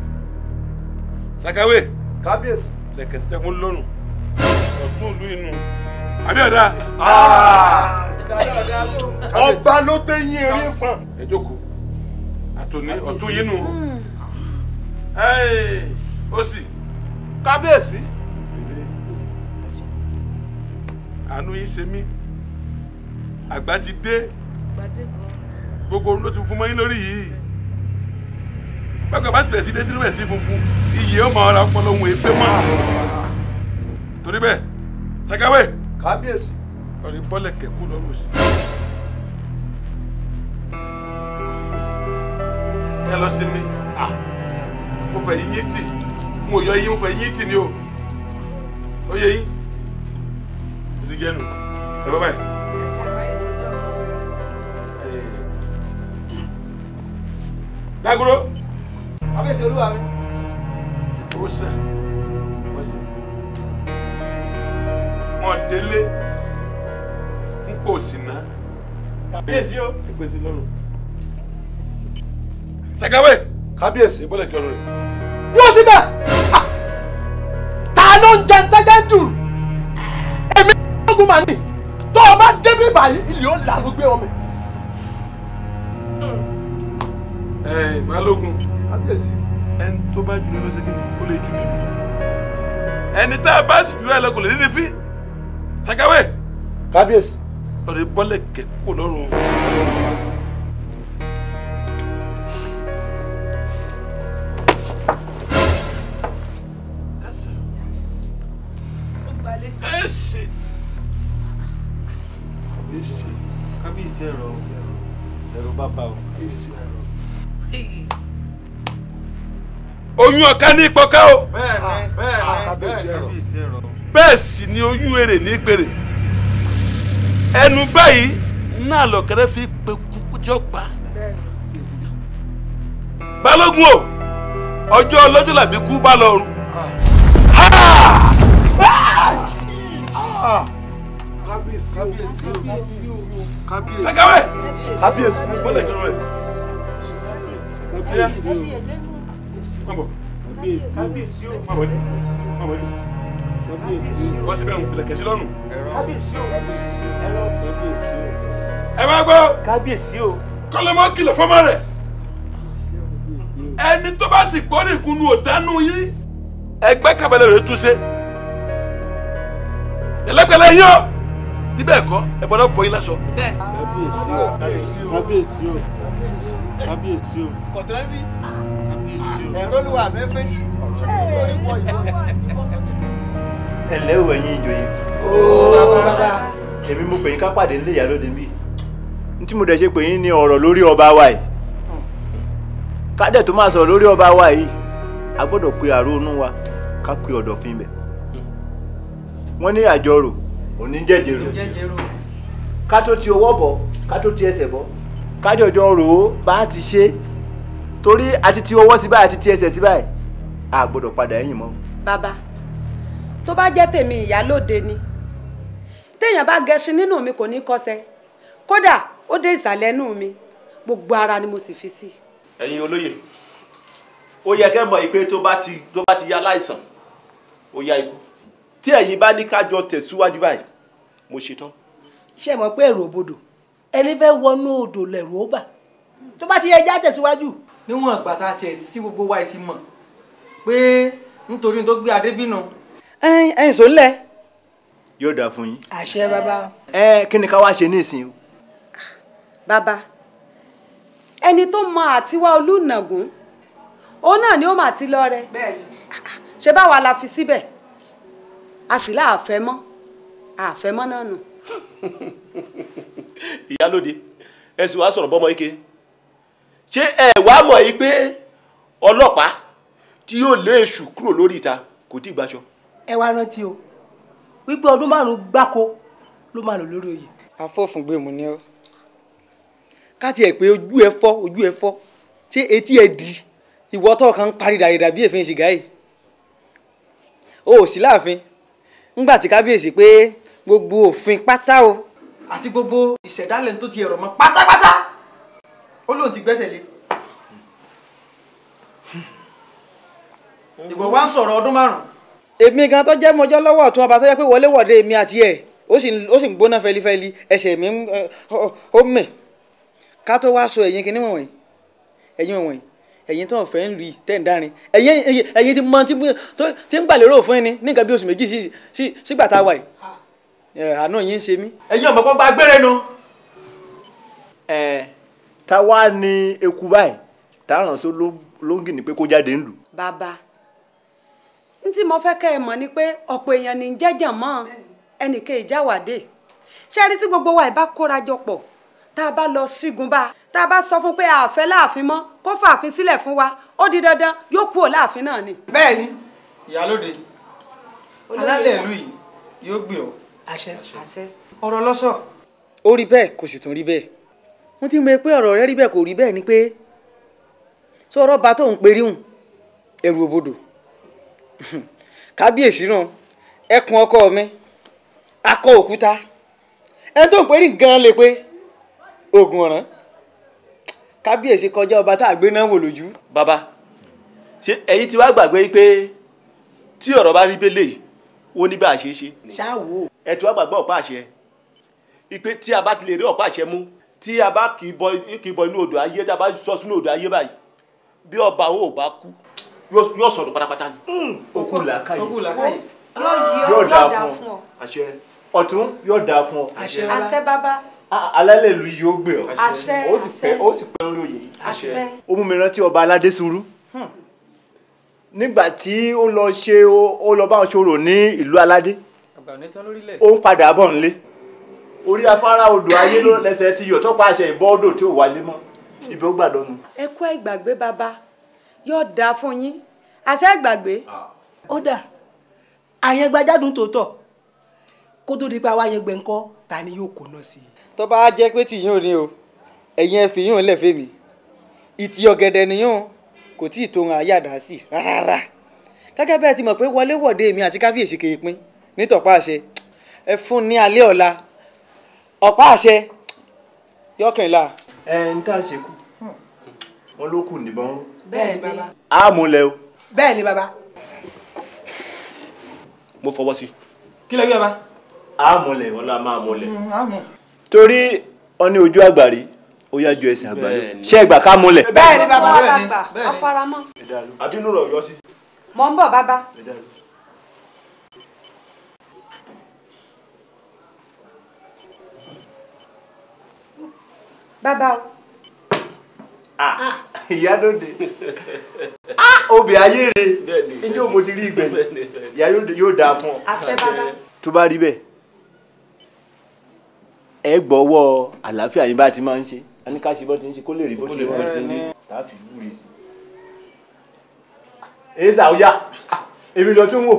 sakawe. kábíyèsí. lẹkẹsí tẹ kún lónù ọtún ìlú inú abíọ́dá. Ah! ọba ló tẹ yín eré pọn. ẹ jókòó àtòní ọtún yín nù ah! ó sì. kábíyèsí. àánú yín ṣe mí àgbà ti dé gbogbo ló ti fún mọ́ yín lórí yìí gbàgbà bá sì bẹ̀ sí létí rẹ̀ sí funfun iyì ó máa ra ọpọlọ ohun èpè mọ́ torí bẹ́ẹ̀ sàgáwé kábíyèsí lọ́ọ̀rì bọ́lẹ̀ kẹ́kù lọ́rùn sí ẹ lọ sí mi mo fẹ́ yín yín tì mo yọ yín mo fẹ́ yín tì ni o ó yẹ yín mo ti gẹnu ẹ bá báyìí. dagoro. kábíyèsí olúwa mi. ó sàn ó sàn. wọn délé fún kò sí ná. kábíyèsí o. ẹ pèsè lọ́rùn. sẹ̀gáwé. kábíyèsí bọ́lẹ̀ kí ọ̀rọ̀ rẹ̀. dúró síbẹ̀ ta ló ń jẹ ntẹ́jẹ́ jù èmi ló ń gbọ́n mà ní tó o bá débi báyìí ilé ẹ balógun kábíyèsí ẹni tó bá jùlọ ló ṣe kí ó lè jù mí lù ẹni tá a bá sì jùlọ ẹ lè nídìí fín sàkáwé. kábíyèsí. lọ́ọ̀rẹ́ bọ́lẹ̀ kẹ́kọ̀ọ́ lọ́rùn. oyún ọ̀ká ní ìpọ́ká o. bẹ́ẹ̀ sì ni oyún èrè ní ìpèrè ẹnu báyìí náà lọ̀kẹ́rẹ́ fi pe kúkújọ́ pa. balógun o ọjọ́ ọlọ́jọ́ làbí kú bá lọ́rùn. sakawe kábíyèsí wọlé kẹrọ ẹ kábíyèsí má bọ̀ kábíyèsí o má bọ̀dé má bọ̀dé wọ́n ti bẹ̀ ń pilẹ̀ kẹ̀sí lọ́rùn. kábíyèsí o ẹ̀rọ kábíyèsí o. ẹ wá gbọ́ kábíyèsí o. kọ́lọ́mọ́ kìlọ̀ fọ́mọ rẹ̀ ẹni tó bá sì gbọ́dọ̀ ìkunu ọ̀dánù yìí ẹgbẹ́ kábàlẹ̀ rẹ̀ tún ṣe ẹlẹ́gbẹ̀lẹ́ yín o níbẹ̀ ẹ̀kọ́ ẹ gbọ́dọ̀ bọ́ yín láṣọ. kábíyèsí o kábíyèsí o kábíyèsí o kọ̀tẹ́rì. ẹ̀rọ ló wà mẹ́fẹ́ èmi mo ká pàdé nílé ìyálóde mi n mo dẹ̀ ṣe ní ọ̀rọ̀ lórí ọba wa yìí tó máa sọ̀rọ̀ lórí ọba wa yìí a gbọ́dọ̀ pe àrònú wa ká pe bẹ̀ wọ́n ní àjọrò òní ká tó ti bọ̀ ká tó ti ti ṣe torí àti ti ọwọ́ sí báyìí àti ti ẹsẹ̀ sí báyìí a gbọ́dọ̀ padà ẹ̀yìn mọ́. bàbá tó bá jẹ́ tèmi ìyálòde ni téèyàn bá gẹṣin nínú mi kò ní kọsẹ̀ kódà ó dé ìsàlẹ̀ nù mi gbogbo ara ni mo sì fi sí. ẹ̀yin olóye ó yẹ kẹ́ mọ̀ pé tó bá ti tó bá ti ya láìsàn ó ya ikú tí ẹ̀yin bá ní kájọ tẹ̀síwájú báyìí mo ṣetán. ṣé mọ̀ pé èrò òbodò ẹni fẹ́ wọnú odò lẹ̀rù ó bà tó bá ti yẹ já tẹ̀síwájú níwọ̀n ìgbà tá a tiẹ̀ sí gbogbo wa ti mọ̀ pé nítorí tó gbé adébínú. ẹyin ẹyin sọ lẹ. yóò dáa fún yín. àṣẹ bàbá. ẹ kí ni ká wá ṣe ní ìsìn o. bàbá ẹni tó mọ àtiwá olùnàgún òun náà ni ó mà ti lọ rẹ ṣe báwa la fi síbẹ̀ a sì láàfẹ́ mọ́ àfẹ́ náà nù. ìyálóde ẹ sì wá sọ̀rọ̀ bọ́mọ ike ṣé ẹ wá mọ̀ yìí pé ọlọ́pàá tí yóò lé èṣù kúrò lórí ìta kò tí ì gbaṣọ. ẹ wá rántí o wípé ọdún márùn-ún gbáko ló máa lò lórí oyè. afọ́fúngbé mu ni ó ká tiẹ̀ pé ojú ẹ fọ́ ojú ẹ fọ́ ṣé etí ẹ di ìwọ tó kàn ń parí dàrídà bí èéfín sìgá yìí o ò sí láàfin ńgbà tí kábíyèsí pé gbogbo òfin pátá o àti gbogbo ìṣẹ̀dálẹ̀ tó ti ẹ̀rọ mọ́ pátápátá ó lóun ti gbẹ́sẹ̀ lé ìwọ wá ń sọ̀rọ̀ ọdún márùn-ún. èmi gan tó jẹ́ mọjọ́ lọ́wọ́ ọ̀tún ọba tó jẹ́ pé wọlé wọ̀de èmi àti ẹ̀ ó sì ń gbóná fẹlifẹli ẹsẹ̀ mi ó mẹ̀ ká tó wá so ẹ̀yin kìíní wọ̀nyí ẹ̀yin wọ̀nyí ẹ̀yin tó ń fẹ́ ń lu yìí tẹ́ ń dárin ẹ̀yin ẹ̀yin ti mọ tí ń gbàlérò fún ẹni ní nǹkan bí oṣù méjì sígbà tá a wà yìí àánú yín ń ṣe mí. ẹ̀yin ọ̀mọ̀kọ́ gba gbére nu ta wá ní eku báyìí tá ràn so lóńgì ni pé kó jáde ńlù. bàbá n tí mo fẹ́ kẹ́ ẹ mọ̀ ni pé ọ̀pọ̀ èèyàn ní jẹ́jàn mọ́ ẹnìkan ìjáwádé ṣe rí tí gbogbo wa ìbá kóra jọ pọ̀ tá a bá lọ sígun bá tá a bá sọ fún pé àfẹ́ láàfin mọ́ kó fàáfin sílẹ̀ fún wa ó di dandan yóò kúrò láàfin náà ni. bẹ́ẹ̀ni ìyálóde alálẹ̀ ìlú yìí yóò gbé àṣẹ ọ̀rọ̀ lọ́sọ̀. ó rí bẹ́ẹ̀ kò sì tún rí bẹ́ẹ̀ wọ́n ti mọ̀ pé ọ̀rọ̀ rẹ rí bẹ́ẹ̀ kò rí bẹ́ẹ̀ ni pé sọ̀rọ̀ bá tóun períhùn ẹ̀rù òbodò *laughs* kábíyèsí náà ẹkùn ọkọ mi akọ òkúta ẹ tó ń perí gan-an lè pé oògùn ọ̀ràn kábíyèsí kọjá ọba tá a gbé náà wò lójú. bàbá ṣé ẹ̀yin ti wá gbàgbé pé tí ọ̀rọ̀ bá rí bẹ́lẹ̀ yìí ó ní bá a ṣe é ṣe. ṣáà wò. ẹ ti wá gbàgbé ọ̀pá àṣẹ ipe tí a bá ti lè rí ọ̀pá àṣẹ mú tí a bá kì í bọ kì í bọ inú odò ayé tí a bá sọ sínú odò ayé báyìí bí ọba ò bá kú yóò sọnù pátápátá ni. okú làákàyè okú làákàyè yóò dáa fún ọ àṣẹ ọ̀tún yóò dáa fún ọ àṣẹ àṣẹ bàbá alálẹ̀lú yìí ó gbé ọ àṣẹ àṣẹ ó sì pẹ́ lórí òye àṣẹ. ó mú mi rántí ọba aládé sùúrù hmm. nígbà tí ó lọ bá wọn ní ìlú aládé ó ń padà bọ̀ nílé orí afárá odò ayé ló lẹ́sẹ̀ ti yọ tó pàṣẹ ìbọ odò tí ò wálé mọ́ ibi ó gbàdọ nu. ẹ kú ìgbàgbé bàbá yóò dáa fún yín àṣẹ ìgbàgbé. ó dà àyẹn gbajádùn tòótọ́ kó tó di pé àwa yẹn gbẹ̀ǹkọ́ ta ni yóò kó náà sí i. tó bá jẹ́ pé tìyún ni o ẹ̀yin ẹ yún lẹ̀ fèmí ìtì ọ̀gẹ̀dẹ̀ nìyún kò tí ì tó hàn ayáàdá sí rárá gẹ́gẹ́ bẹ́ẹ̀ ti mọ̀ pé wọléwọ̀de mi àti káfíyèsí kì í pín nítọ̀pá àṣẹ ẹ fún ní alẹ́ ọ̀la ọ̀pá àṣẹ yọkànlá. ẹ n tá a ṣe kú wọn ló kù níbọn. bẹ́ẹ̀ ni bàbá. a mú lẹ o. bẹ́ẹ̀ ni bàbá. mo fọwọ́ sí. kí lè rí bàbá. a mú lẹ wọn la máa mú lẹ. Mm, torí ọ ní ojú àgbàrí ó yá ju ẹsẹ̀ àgbà lọ ṣé ẹgbà ká múlẹ̀. bẹ́ẹ̀ ni bàbá bẹ́ẹ̀ ni bẹ́ẹ̀ ni àfaramọ́. àbínú yọ sí. mò ń bọ̀ bàbá. bàbá o. Ah, ah. ìyálóde ah. obì ayére ijó mo ti rí ìgbẹ̀yìn ìyálóde yóò dáa fún ọ. àṣẹ bàbá. tó bá rí bẹ́ẹ̀ ẹ gbọ́wọ́ àlàáfíà yín bá ti máa ń ṣe a ní ká ṣe bọ́ ti ń ṣe kó lè rí bó ti rọrùn sí ní èyí sàwùyà èmi lọ tún wò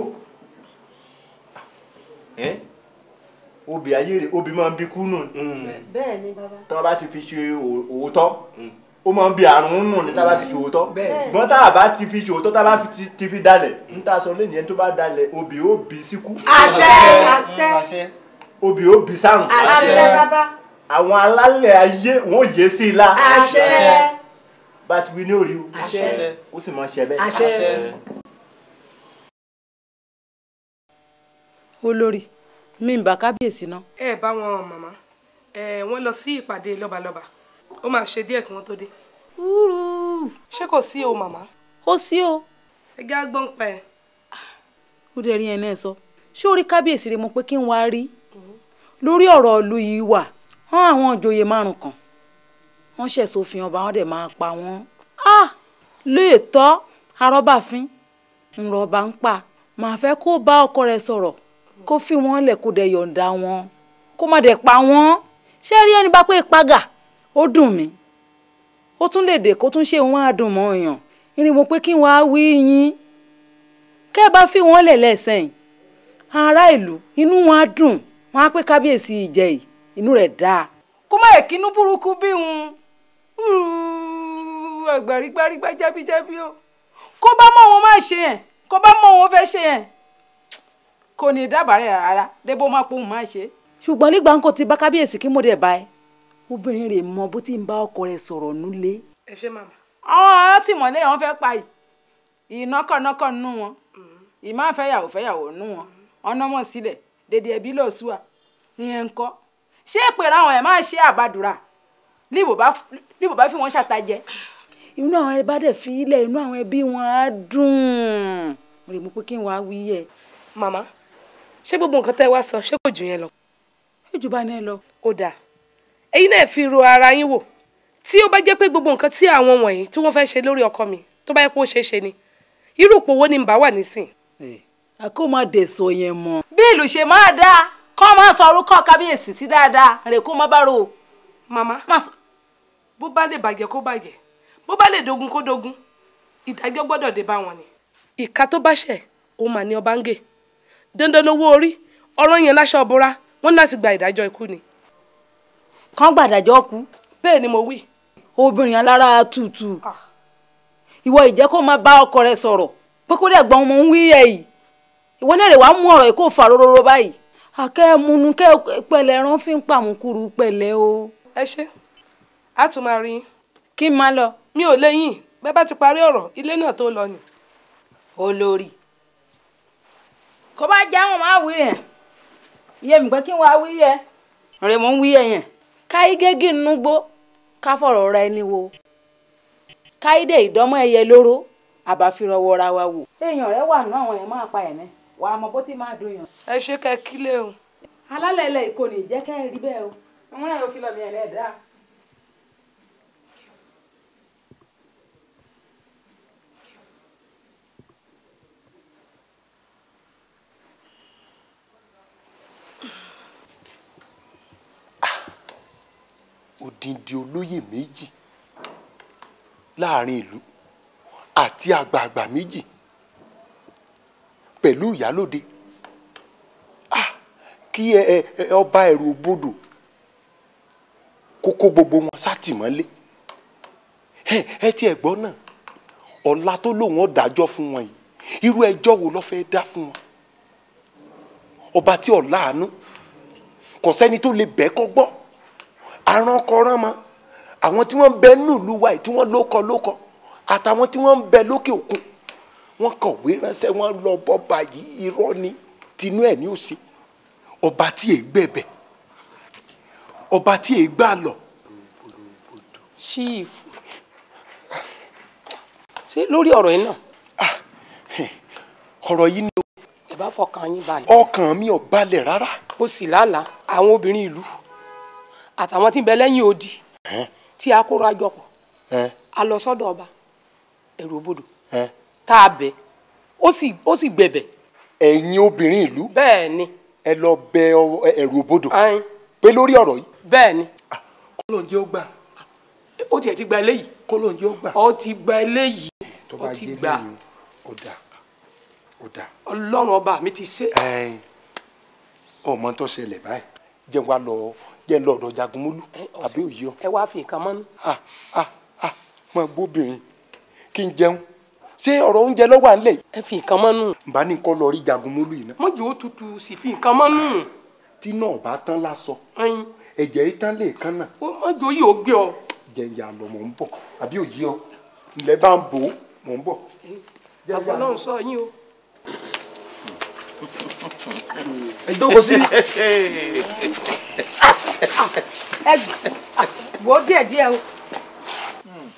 obì ayére obì máa ń bí kú nù mm. bẹ́ẹ̀ ni bàbá tí wọ́n bá ti fi ṣe òótọ́ mm. ó máa ń bi àrùn nù ní tá a bá fi ṣòwò tọ́ ṣùgbọ́n tá a bá ti fi ṣòwò tọ́ tá a bá ti fi dalẹ̀ ń mm. tá a sọ lé nìyẹn tó bá dalẹ̀ obì ó bì síkú. àṣẹ obì ó bì í àwọn alálẹ̀ ayé wọn ò yé sí i la. bá a ti wí ní òrí o. ó sì máa ṣẹlẹ̀. olórí mi ń bá kábíyèsí ná. ẹ bá wọn màmá ẹ wọn lọ sí ìpàdé lọ́balọ́ba ó máa ṣe díẹ̀ kí wọ́n tó dé. ṣé kò sí o màmá. ó sí o. ẹgẹ agbọ́n pa ẹ. ó dẹ̀ rí ẹ náà sọ ṣé orí kábíyèsí rẹ mo pé kí n wá rí mhm. lórí ọ̀rọ̀ ìlú yìí wà hàn àwọn òjòyè márùn kan wọ́n ṣẹ̀ sófin ọba wọn dẹ̀ máa pa wọ́n. lóòótọ́ arọ́bàfin ń rọ̀ ọba ń pa màá fẹ́ kó bá ọkọ rẹ̀ sọ̀rọ̀ kó fi wọ́n lẹ̀ kó dẹ̀ yọ̀ǹda wọn kó má dẹ̀ pa wọ́n ṣé rí ẹni bá pé ìpagà ó dùn mí ó tún lè dè kó tún ṣe wọn àdùn èèyàn irin mo pé kí wọ́n á wí yín kẹ́ bá fi wọ́n lẹ̀ lẹ́sẹ̀yìn ará ìlú inú wọn á dùn wọn á pé kábíyèsí ìjẹ yìí inú rẹ̀ dáa kó má yẹ kí inú burúkú bí òun àgbàrígbárígbá jábíjábí o kó bá mọ̀ wọn má ṣe yẹn kó bá mọ̀ wọn fẹ́ ṣe yẹn kò ní dábàá rẹ̀ rárá débó má pòun má ṣe. ṣùgbọ́n nígbà ńkọ ti bá kábíyèsí kí mo dẹ̀ bá ẹ obìnrin rẹ̀ mọ bó ti ń bá ọkọ rẹ̀ sọ̀rọ̀ nulẹ̀. ẹ ṣe màmá. àwọn ọ̀rọ̀ tí mọ̀lẹ́ wọn fẹ́ pa yìí ìnákọ̀nákọ̀ nú wọn mm. ìmá fẹ́yàwó fẹ́yàwó nú wọn mm. ọ̀nà mọ̀ sílẹ̀ dèdè ẹbí ló sùà ìyẹn ń kọ́ ṣé èpè ráwọn ẹ̀ máa ṣe àbádùrà líbò bá fi wọn ṣàtàjẹ. inú àwọn ẹ bá dẹ̀ fi ilẹ̀ inú àwọn ẹbí wọn á dùn rèmú pé kí n wá wí yẹ. màmá ṣé gbogbo nǹkan tẹ́ wá sọ ṣé kò jù yẹn lọ. ó jù bá ní ẹ lọ. ó dáa ẹ̀yin náà fi ro ara yín wò tí ó bá jẹ́ pé gbogbo nǹkan tí àwọn wọ̀nyí tí wọ́n fẹ́ ṣe lórí ọkọ mi tó bá yẹ kó ṣeé ṣe ni irú ipò wo ni n bá wà nísìn. Eh. a kò má dẹ̀sọ̀ yẹn mọ́. bí ìlú ṣe máa dáa kọ́ máa sọ orúkọ kábíyèsí sí dáadáa rè kó má bá ro. màmá bó bá lè bàjẹ́ kó bàjẹ́ bó bá lè dogun kó dogun ìdájọ́ gbọ́dọ̀ dé bá wọn ni. ìka tó bá ṣẹ̀ ó mà ní ọba dandan lówó orí ọ̀rọ̀ yẹn láṣọ ọ̀bọ̀ra wọ́n láti gba ìdájọ́ ikú ni. kán gbàdájọ́ kú. bẹ́ẹ̀ ni mo wí. obìnrin alára tutù ah. ìwọ ìjẹ́ kó máa bá ọkọ rẹ sọ̀rọ̀ pé kó dẹ̀ gbọ́n mo ń wí ẹ̀ yìí ìwọ náà lè wàá mú ọ̀rọ̀ yìí kó fà róróró báyìí àkẹ́múnú kẹ́ pẹ̀lẹ́ rán fi ń pàmùkúrú pẹ̀lẹ́ o. ẹ ṣe á tún máa rí yín. kí n máa lọ. mi ò lẹ́yìn bẹ́ẹ̀ bá ti parí ọ̀rọ̀ ilé náà tó lọ ni. olórí kó bá jẹ́ àwọn máa wí yẹn iye mi pé kí wọ́n á wí yẹ rè mò ń wí yẹ yẹn. káyígégé nugbó ká fọ̀rọ̀ ra ẹni wo káyídé ìdánmọ́ ẹyẹ lóró àbáfirọwọ́ ra wa wò. èèyàn rẹ wà nù àwọn yẹn máa pa ẹ̀ ní wà á mọ bó ti máa dùn yàn. ẹ ṣe kẹ kílẹ̀ o. alálẹ̀ ilẹ̀ ìkọ́ni ìjẹ́kẹ́ rí bẹ́ẹ̀ o. àwọn náà yóò fi lọ mi ẹ̀ lẹ́ẹ̀dá. odindi olóyè méjì láàrin ìlú àti àgbààgbà méjì pẹ̀lú ìyálóde ah kí ẹ ẹ ọba ẹ̀rù bodò kókó gbogbo wọn sátìmọ́lé ẹ ẹ tí ẹ gbọ́ náà ọ̀la tó lóun ó dájọ́ fún wọn yìí irú ẹjọ́ wo ló fẹ́ dá fún wọn ọba tí ọ̀la àánú kò sẹ́ni tó lè bẹ́ẹ̀ kọ́ gbọ́ arankọran mọ àwọn tí wọ́n bẹ nílùú wa tí wọ́n lókọ lókọ àtàwọn tí wọ́n bẹ lókè òkun wọ́n kọ̀wé ránṣẹ́ wọ́n lọ bọ́ba yìí irọ́ ni tinú ẹ̀ ní òsì ọba tí èé gbẹ̀bẹ̀ ọba tí èé gbà lọ. chief ṣé lórí ọ̀rọ̀ yìí náà. Ah, ọ̀rọ̀ yìí ni. ẹ bá fọkàn yín balẹ̀. ọkàn mi ò balẹ̀ rárá. mo sì lálàá àwọn obìnrin ìlú àtàwọn tí ń bẹ lẹ́yìn odi tí a kóra jọ pọ̀ a lọ sọ́dọ̀ ọba ẹ̀rù òbodò tá a bẹ̀ ó sì gbẹ̀bẹ̀. ẹ̀yin obìnrin ìlú bẹ́ẹ̀ ni ẹ lọ bẹ ẹ̀rù òbodò pé lórí ọ̀rọ̀ yìí. bẹ́ẹ̀ ni. Ah, kó ló ń jẹ́ ó gbà. ó tiẹ̀ ti gba eléyìí. kó ló ń jẹ́ ó gbà. ó ti gba eléyìí. tó bá jẹ́ lẹ́yìn ó dà ó dà. ọlọ́run ọba mi ti ṣe. ọmọ tó ṣẹlẹ̀ báyìí jẹ́ wá lọ jẹ́ ń lọ ọ̀dọ̀ jagunmólú àbí òye ọ. ẹ wá fi nǹkan mọ́nú. a a a máa gbóbìnrin kí n jẹun ṣé ọ̀rọ̀ oúnjẹ lọ́wọ́ à ń lẹ̀. ẹ fi nǹkan mọ́nú. bá ní kọ́ lọ rí jagunmólú yìí náà. mo jò ó tutù sì fi nǹkan mọ́nú. tí náà bá tán lásọ ẹ̀jẹ̀ yìí tán lè kán náà. mo jò yìí ó gbé ọ. jẹ ìyá lọ mò ń bọ̀ àbí òye ọ ilẹ̀ bá ń bò ó mò ń bọ̀. àfọlọ́run sọ yín o ẹ jókòó sí. ẹ wò díẹ̀ díẹ̀ o.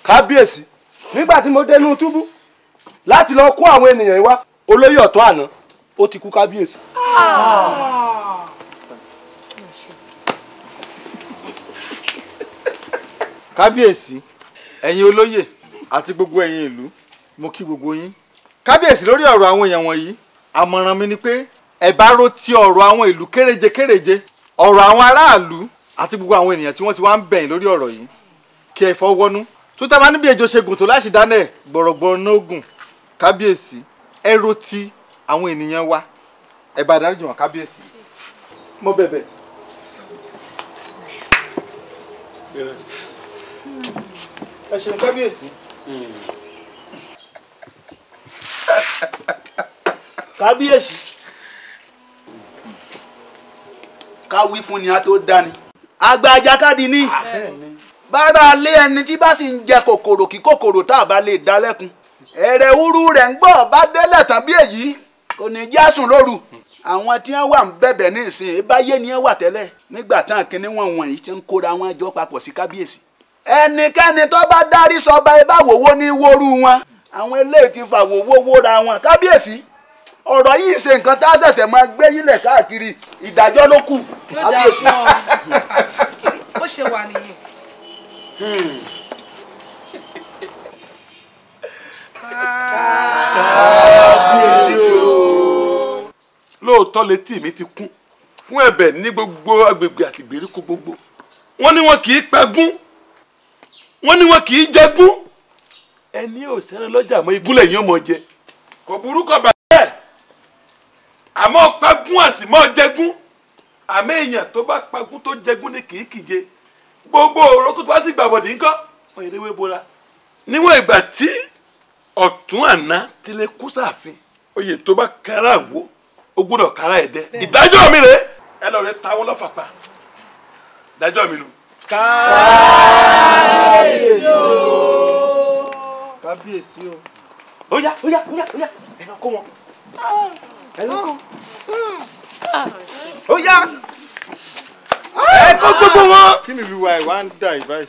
kábíyèsí nígbà tí mo dénú túbú láti lọ kó àwọn ènìyàn wá olóyè ọ̀tọ́ àná ó ti kú kábíyèsí. kábíyèsí ẹ̀yin olóyè àti gbogbo ẹ̀yin ìlú mo kí gbogbo yín kábíyèsí lórí ọ̀rọ̀ àwọn èèyàn wọ̀nyí àmọ̀ràn mi ni pé ẹ bá rò ti ọ̀rọ̀ àwọn ìlú kéréje kéréje ọ̀rọ̀ àwọn aráàlú àti gbogbo àwọn ènìyàn tí wọ́n ti wá ń bẹ̀yìn lórí ọ̀rọ̀ yìí kí ẹ fọwọ́nú tó tá a bá níbi èjò ṣe gùn tó láṣì dáná ẹ̀ gbọ̀rọ̀gbọ̀rọ̀ náà gùn kábíyèsí ẹ rò ti àwọn ènìyàn wa ẹ bá dáríjì wọn kábíyèsí mo bẹ̀bẹ̀. ẹ ṣeun kábíyèsí. Hmm. *laughs* kábíyèsí ká wí fún ni a tó dání agbájá káàdì ní bára lé ẹni tí bá sì ń jẹ kòkòrò kí kòkòrò tá a bá lè dá lẹ́kun ẹ̀rẹ̀ wúrú rẹ̀ ń gbọ́ bá délẹ̀ tán bí èyí kò ní já sùn lóru àwọn tí wọn wà ń bẹ̀bẹ̀ ní ìsìn ìbáyé ni wọn wà tẹ́lẹ̀ nígbà tán kíní wọn wọ̀nyí ti ń kóra wọn jọ papọ̀ sí kábíyèsí ẹnikẹ́ni tó bá dárí sọba ibà wòwó ní wóoru wọn àwọn eléyìí ti fà wòwó wóra wọn kábíyèsí ọ̀rọ̀ yìí ṣe nǹkan tá a ṣẹ̀ṣẹ̀ máa gbé yílẹ̀ káàkiri ìdájọ́ ló kù abíyèsí. ó ṣe wà nìyẹn. Hmm. lóòótọ́ létí mi ti kún fún ẹ̀bẹ̀ ní gbogbo agbègbè àti ìgbèríko gbogbo wọ́n ní wọn kì í pẹ́gún wọ́n ní wọn kì í jẹ́gún ẹni ò sẹ́ran lọ́jà mọ́ igúnlẹ̀ yín ó mọ jẹ kò burúkọ bá àmọ́ pagún àsìmọ́ jẹgún àmọ́ èèyàn tó bá pagún tó jẹgún ní kì í kìje gbogbo òró tó bá sì gbàbọ̀dì ńkọ́ wọ́n yẹn léwé bora. níwọ̀n ìgbà tí ọ̀tún àná ti lè kú sáàfin oyè tó bá kára wo ó gbọ́dọ̀ kára ẹ̀ dẹ́ ìdájọ́ mi rèé ẹ lọ rẹ ta wọn lọ́fà pa ìdájọ́ mi lu. kábíyèsí o kábíyèsí o. ó yá ó yá ó yá ó yá ẹ̀ lọ kó wọn ó ah. oh, yá ẹ kó gbogbo wọn. kí ni ìlú wa ẹ wá ń dà ìbáyìí.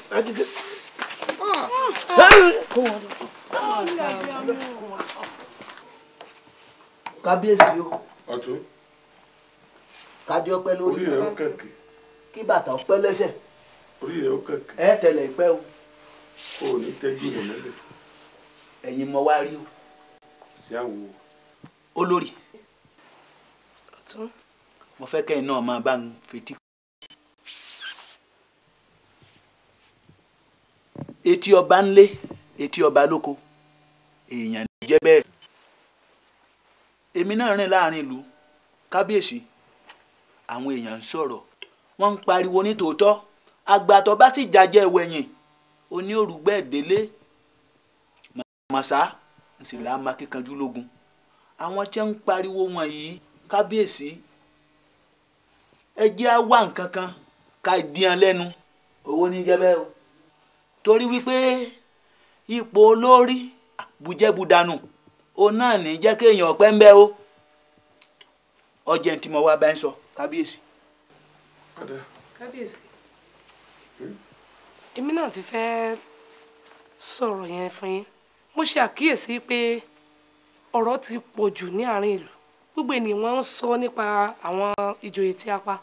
kábíyèsí o kádé ọpẹ́ lórí rẹ ó kẹkẹ kí bàtà ọpẹ́ lẹ́sẹ̀ orí rẹ ó kẹkẹ ẹ tẹlẹ ìpẹ o. o ò ní tẹ́jú rẹ mọ́lẹ̀. ẹ̀yin mo wá rí o. ṣé àwọn o. olórí ọ̀tún. mo fẹ́ kẹ́yìn náà máa bá ń fetí. etí ọba ńlé etí ọba lóko èèyàn ló jẹ́ bẹ́ẹ̀. èmi náà rìn láàrin ìlú kábíyèsí àwọn èèyàn ń sọ̀rọ̀ wọ́n ń pariwo ní tòótọ́ àgbàtọ́ bá sì jàjẹ́ ìwẹ̀yìn oní òrùgbẹ́ ìdélé màmá sá ń sì láá máa kíkanjú lógun àwọn tí ń pariwo wọ̀nyí kábíyèsí ẹ jẹ́ á wá nǹkan kan ká dín lẹ́nu owó ní jẹ́bẹ́ o torí wípé ipò olórí bùjẹ́bùdànù òun náà ní jẹ́ kéèyàn ọ̀pẹ́ ń bẹ́ o ọjẹ́ tí mo wá bá ń sọ kábíyèsí. kábíyèsí hmm? èmi náà ti fẹ́ sọ̀rọ̀ yẹn fún yín mo ṣe àkíyèsí pé ọ̀rọ̀ ti pọ̀ jù ní àárín ìlú gbogbo ènìyàn wọn ń sọ nípa àwọn ìjòyè tí a pa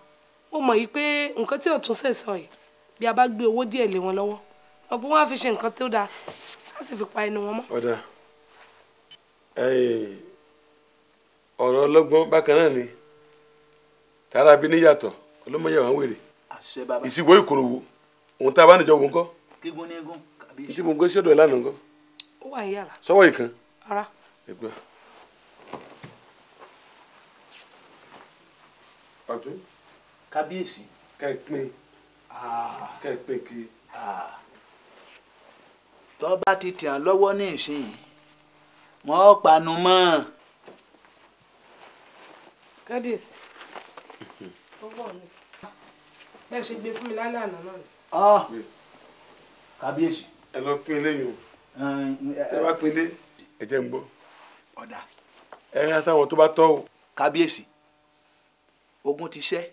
ó mọ̀ yìí pé nǹkan tí ọ̀tún sẹ̀sọ yìí bí a bá gbé owó díẹ̀ lé wọn lọ́wọ́ ọ̀pọ̀ wọn á fi ṣe nǹkan tó dáa á sì fi pa ẹnu wọn mọ́. ọ̀dà ọ̀rọ̀ ọlọ́gbọ́n bákan náà ni tààrà bí níyàtọ̀ ọlọ́mọye àwọn wèrè ìsìnkú ìkòròwò òun tá a bá nìjọ wò ń kọ́ kíkún ní egun kàbí. ìtí mo gbé sódò ẹ̀ lánàá ń ó wà ń yàrá. sọ́wọ́ ìkan. ọdún. kábíyèsí. kẹ́ẹ̀pin ah. kẹ́ẹ̀pin kiri. Ah. tó bá ti tì á lọ́wọ́ ní ìsìn wọ́n panu mọ́. kábíyèsí owó mi bẹ́ẹ̀ ṣe gbé fún mi lálẹ́ àná náà ni. Ah. kábíyèsí. ẹ lọ pín eléyìí o eh, ẹ wá pín ilé eh, ẹ jẹ́ ń gbọ́. ọ̀dà. ẹ aṣáwọn tó bá tọ́ o. kábíyèsí ogun ti ṣẹ́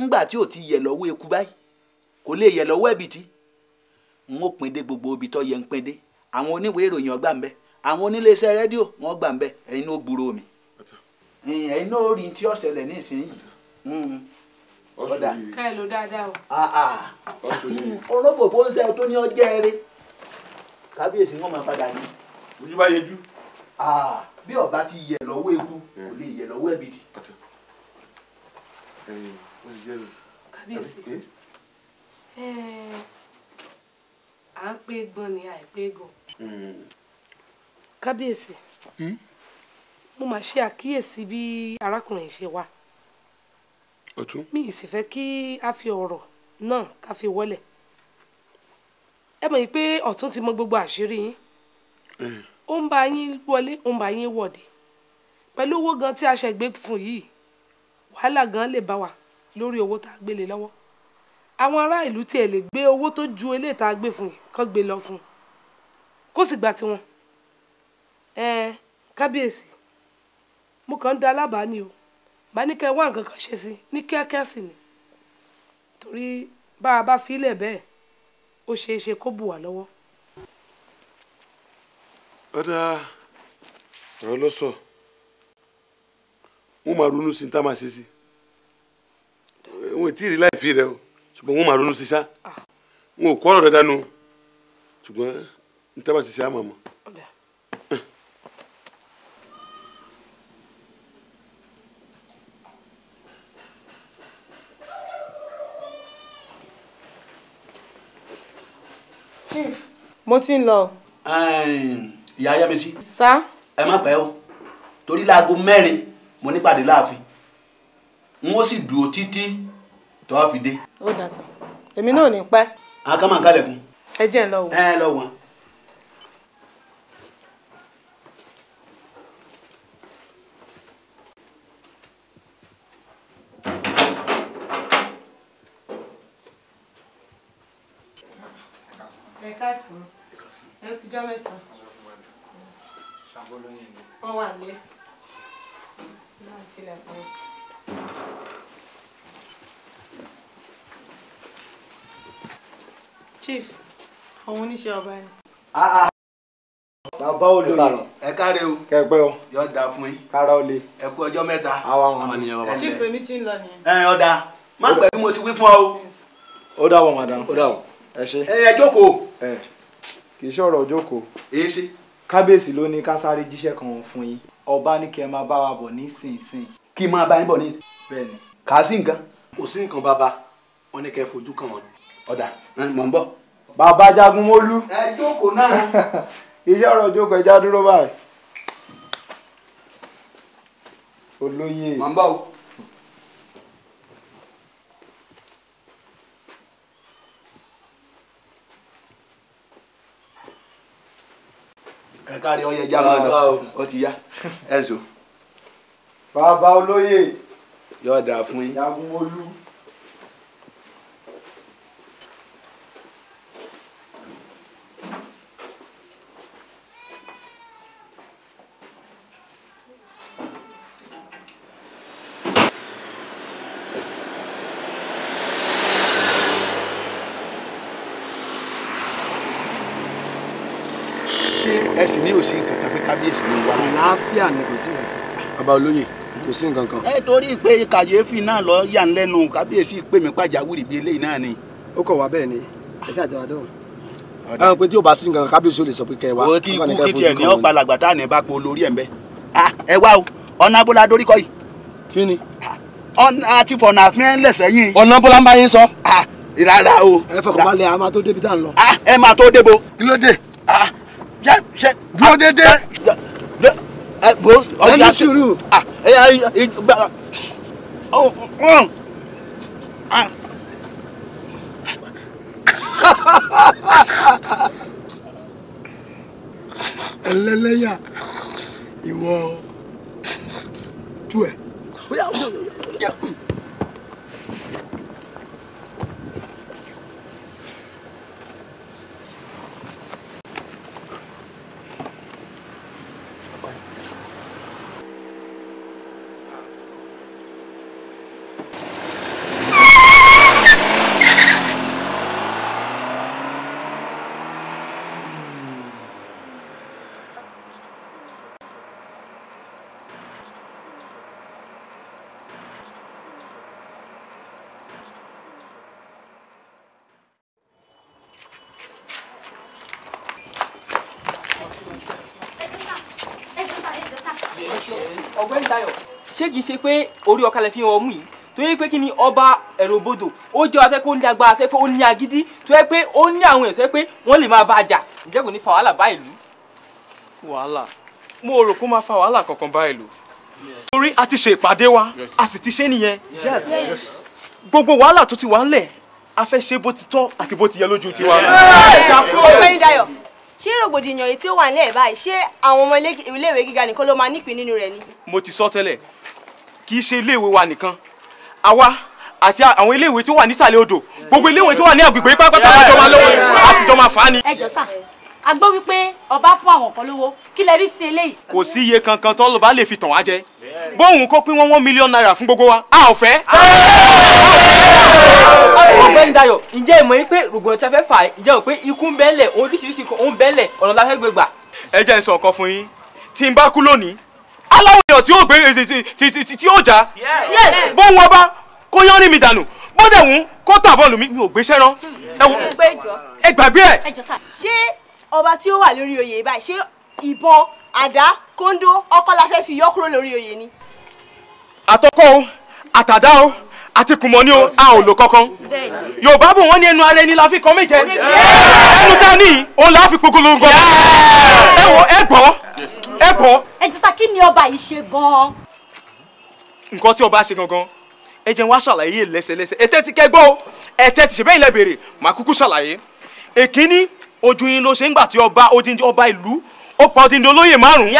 ńgbà tí ò ti yẹ lọ́wọ́ eku báyìí kò lè yẹ lọ́wọ́ ẹ̀bìtì n ó pin dé gbogbo ibi tó yẹ ń pin dé àwọn oníwèé ìròyìn ọgbà ń bẹ àwọn oníléeṣẹ́ rédíò wọn gbà ń bẹ ẹ̀yin ló gbúrò mi ẹ̀yin náà rí tí ó ní ìsinyìí hmm. ọ̀dà ká ẹ dáadáa o. Ah, ah. olófòfó ń sẹ́ tó ní ọjẹ́ eré kábíyèsí wọn máa padà ní. ojú bá ah, bí ọba ti yẹ lọ́wọ́ eku kò lè yẹ lọ́wọ́ ẹ̀bìtì kábíyèsí eh, à ń pé gbọ́n ni àìpé gàn hmm. kábíyèsí hmm? mo máa ṣe àkíyèsí bí arákùnrin ṣe wà mi ì sì fẹ́ kí a fi ọ̀rọ̀ náà ká fi wọlẹ̀ ẹ mọ̀ yìí pé ọ̀tún ti mọ gbogbo àṣírí yín eh. ó ń bá yín wọlé ó ń bá yín wọ̀de pẹ̀lú owó gan tí a ṣẹ̀gbẹ́ fún yìí wàhálà gan lè bá wa lórí owó tá a gbé lé lọ́wọ́ àwọn ará ìlú tiẹ̀ lè gbé owó tó ju eléyìí tá a gbé fún yìí kán gbé lọ fún un kó sì gba tiwọn ẹ kábíyèsí mo kàn ń da alábàá ni o bá ní kẹ́ wá nǹkan kan ṣe sí ní kíákíá sì ni torí bá a bá filẹ̀ bẹ́ẹ̀ ó ṣeé ṣe kó bù wá lọ́wọ́. ọ̀dà rọ lọ́sọ̀ọ́ wọn máa ronú sí ní tá a máa ṣe sí wọn ò tí ì rí láìfi rẹ o ṣùgbọ́n wọn máa ronú sí sá wọn ò kọ́ ọ̀rọ̀ dandan nu ṣùgbọ́n ní tá a máa ṣe sí àmọ́ mọ́. mo ti ń lọ. ìyá ayámẹsí. sá. ẹ má pẹ́ o torí láago mẹ́rin mo nípàdé láàfin n ó sì dúró títí tó a fi dé. ó dà sọ èmi náà ní pẹ́. àwọn máa ń kálẹ̀kùn. ẹ jẹ́ ẹ lọ wò. ẹ lọ wò wọn. ẹ káàsán ẹ kíjọ oníṣẹ́ ọba ni. bàbá ah, ah. olóyè ẹ káre o kẹgbẹ o yọ da fún yín kára o ẹ kú ọjọ́ mẹ́ta àwa wọn ni ẹ ti ń lọ nìyẹn. ẹ ọ̀dà má bí mo ti wí fún ọ ó dà madam ó dà ẹ ṣe. ẹ jókòó. ẹ kì í jókòó. èyí ṣe. kábíyèsí ló ní ká sáré jíṣẹ́ kan fún yín ọba ní kí ẹ máa bá wa bọ̀ nísinsìnyí. kí máa bá yín bọ̀ nísinsìnyí. bẹ́ẹ̀ni. kà bàbá Jagunmólú. ẹ jókòó náà. *laughs* iṣẹ́ ọ̀rọ̀ jókòó ẹja dúró báyìí. olóyè. màá o. ẹ kárí ọyẹ já máa lọ ọ ti yá ẹ n so. bàbá olóyè. yóò dáa fún yín. Jagunmólú. bàbá olóyè kò sí nǹkan kan. ẹ torí pé kàyéfì náà lọ yà ń lẹ́nu kábíyèsí pè mí pàjáwìrì bíi eléyìí náà ni. ó kọ̀ wá bẹ́ẹ̀ ni ẹ ṣe àjọ àdó. ẹ pé tí o bá sí nǹkan kábíyèsí ò lè sọ pé kẹ wá. o ti kú kí tiẹ̀ ní ọ̀pá làgbà tá à ní bá po olórí ẹ̀ ń bẹ́. ẹ wá o ọ̀nà abúlá dorí kọ́ yìí. kí ni. ọ̀nà àti fọ̀nà fẹ́ lẹ̀sẹ̀ yín. ọ̀nà abúlá ń bá yín sọ. ìrara o. ẹ fọkàn balẹ̀ a máa tó débi tá à ń lọ. ẹ máa ẹ bo ọjà sí sùúrù ah, ẹ ẹ gba ọ oh, ọ ah. *laughs* ẹlẹ́lẹ́yà ìwọ tú ẹ. ṣé kìí ṣe pé orí ọkà lè fi hàn ọmú yìí tó yẹ pé kí ni ọba ẹ̀rọ bodò ó jẹ́ ọtẹ́ pé ó ní agbára tẹ́ pé ó ní agídí tó yẹ pé ó ní àwọn èèyàn tó yẹ pé wọ́n lè máa bá a jà ǹjẹ́ kò ní fa wàhálà bá ìlú. wàhálà mo rò kó máa fa wàhálà kankan bá ìlú. torí a ti ṣe ìpàdé wa a sì ti ṣe nìyẹn. gbogbo wàhálà tó ti wà ńlẹ̀ a fẹ́ ṣe bó ti tọ́ àti bó ti yẹ lójú tiwa. ṣé rògbòdìyàn èyí tí ó wà nílẹ̀ báyìí ṣé àwọn ọmọ iléèwé kì í ṣe iléèwé wa nìkan àwa àti àwọn iléèwé tí ó wà nísàlẹ̀ odò gbogbo iléèwé tí ó wà ní agbègbè pápátá àjọ máa lówó àtijọ́ máa fà á ni. ẹ jọ sà a gbọ́ wípé ọba fún àwọn kan lówó kí lẹ rí sí eléyìí. kò sí iye kankan tó lọ́ba lè fi tàn wá jẹ bóun kó pín wọ́n wọ́n mílíọ̀nù náírà fún gbogbo wa a ò fẹ́. ọ̀gbẹ́ni Dayọ̀ ǹjẹ́ ìmọ̀ yín pé rògbòn tí a fẹ́ fà á ǹjẹ́ ò pé ikú ń bẹ́ẹ̀lẹ̀ òun oríṣiríṣi kan òun bẹ́ẹ̀lẹ̀ ọ̀nà la fẹ́ gbé gbà. ẹ jẹ́ n sọ ọ̀kan fún yín tí n bá kú lónìí aláwọ̀ ayọ̀ tí yóò gbé tí yóò já bó ń wọ bá kó yán ní mi dànù bó dẹ̀ wù kó tà bọ́ọ̀lù mi mi ò gbéṣẹ́ rán hmm. ẹ gbàgbé ẹ. ṣé ọba tí ó wà lórí oyè báyìí ṣé ìbọn àdá kóńdó ọkọ la fẹ́ fi yọ kúrò lórí oyè ni. àtọkọ o àtàdá o àti kùmọ̀ ni o a ò lò kankan yorùbá bò wọ́n ní ẹnu ara ẹni la fi kan méje ẹnu tá a ní òun là á fi pogolo ń gbọ́ ẹ wọ ẹ gbọ́ ẹ gbọ́. ẹ jẹ́ sá kí ni ọba yìí ṣe gan-an. nǹkan tí ọba ṣe gangan ẹ jẹ́ wá ṣàlàyé lẹ́sẹ̀lẹ́sẹ̀ ẹ tẹ́tí kẹ́gbọ́ ẹ tẹ́tí ṣe bẹ́ẹ̀ ilẹ̀ béèrè màá kúkú ṣàlàyé. èkínní ojú yín ló ṣe ń gbà tí ọba odindi ọba ìlú ó pa odindi olóyè márùn.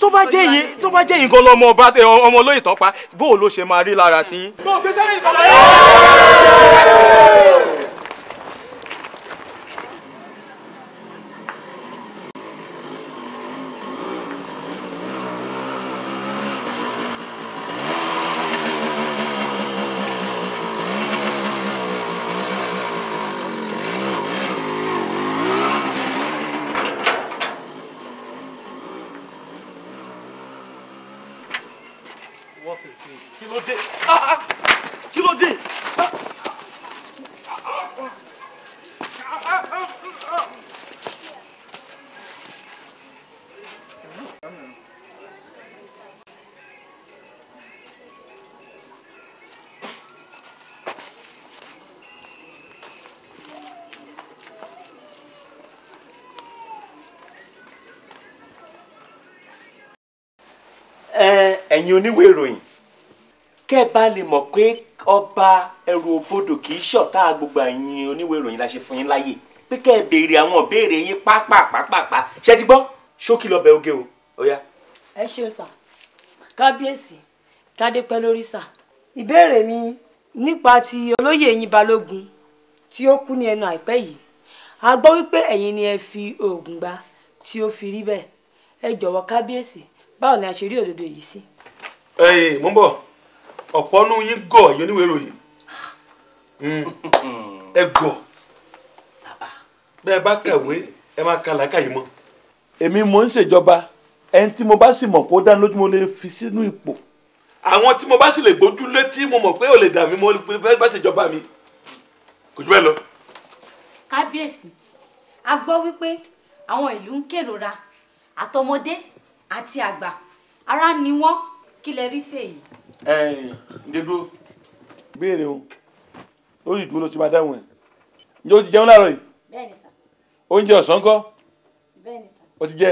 tó bá jẹ́ yín tó bá jẹ́ yín gan lọ́mọ ọba ọmọ olóyè tó pa bó ẹ̀yin oníwèé ìròyìn kẹ́ ẹ bá lè mọ̀ pé ọba ẹrù òbodò kì í ṣọ̀tá gbogbo ẹ̀yin oníwèé ìròyìn la ṣe fún yín láàyè pé kẹ́ ẹ béèrè àwọn ìbéèrè yín pápápápápá ṣe ti gbọ́ ṣókí lọ́bẹ̀ oge o ọ̀ya. ẹ ṣeun sà kábíyèsí kádépẹ́ lórí sà ìbéèrè mi nípa ti olóyè yín balógun tí ó kú ní ẹnu àìpẹ́ yìí a gbọ́ wípé ẹ̀yin ni ẹ fi oògùn gbà tí ó fi rí bẹ́ẹ̀ ẹ jọ̀wọ́ kábíyèsí báwo ni a ṣe rí òdodo yìí sí. Si ẹyìn mò ń bọ̀ ọ̀pọ̀ nù yín gọ̀ ẹ̀yọ́ níwèé ròyìn hmm. ẹ gọ̀ bẹ́ẹ̀ bá kàwé ẹ máa ka làákàyè mọ́. èmi mò ń ṣèjọba ẹni tí mo bá sì mọ̀ kó dáná lójú mo lè fi sínú ipò. àwọn tí mo bá sì lè gbójú lé tí mo mọ̀ pé ò lè dà mí mo fẹ́ bá ṣèjọba mi kò jù bẹ́ẹ̀ lọ. kábíyèsí a gbọ́ wípé àwọn ìlú ń kérora àtọmọdé àti àgbà ara ni wọ́n kí lẹ rí sèyí. ẹyìn ǹdẹ dúró béèrè o ó yìí dúró ló ti máa dáhùn ẹ ǹjẹ́ o ti jẹun láàárọ̀ yìí. bẹ́ẹ̀ni sà. oúnjẹ ọ̀sán kọ́. bẹ́ẹ̀ni sà. o ti jẹ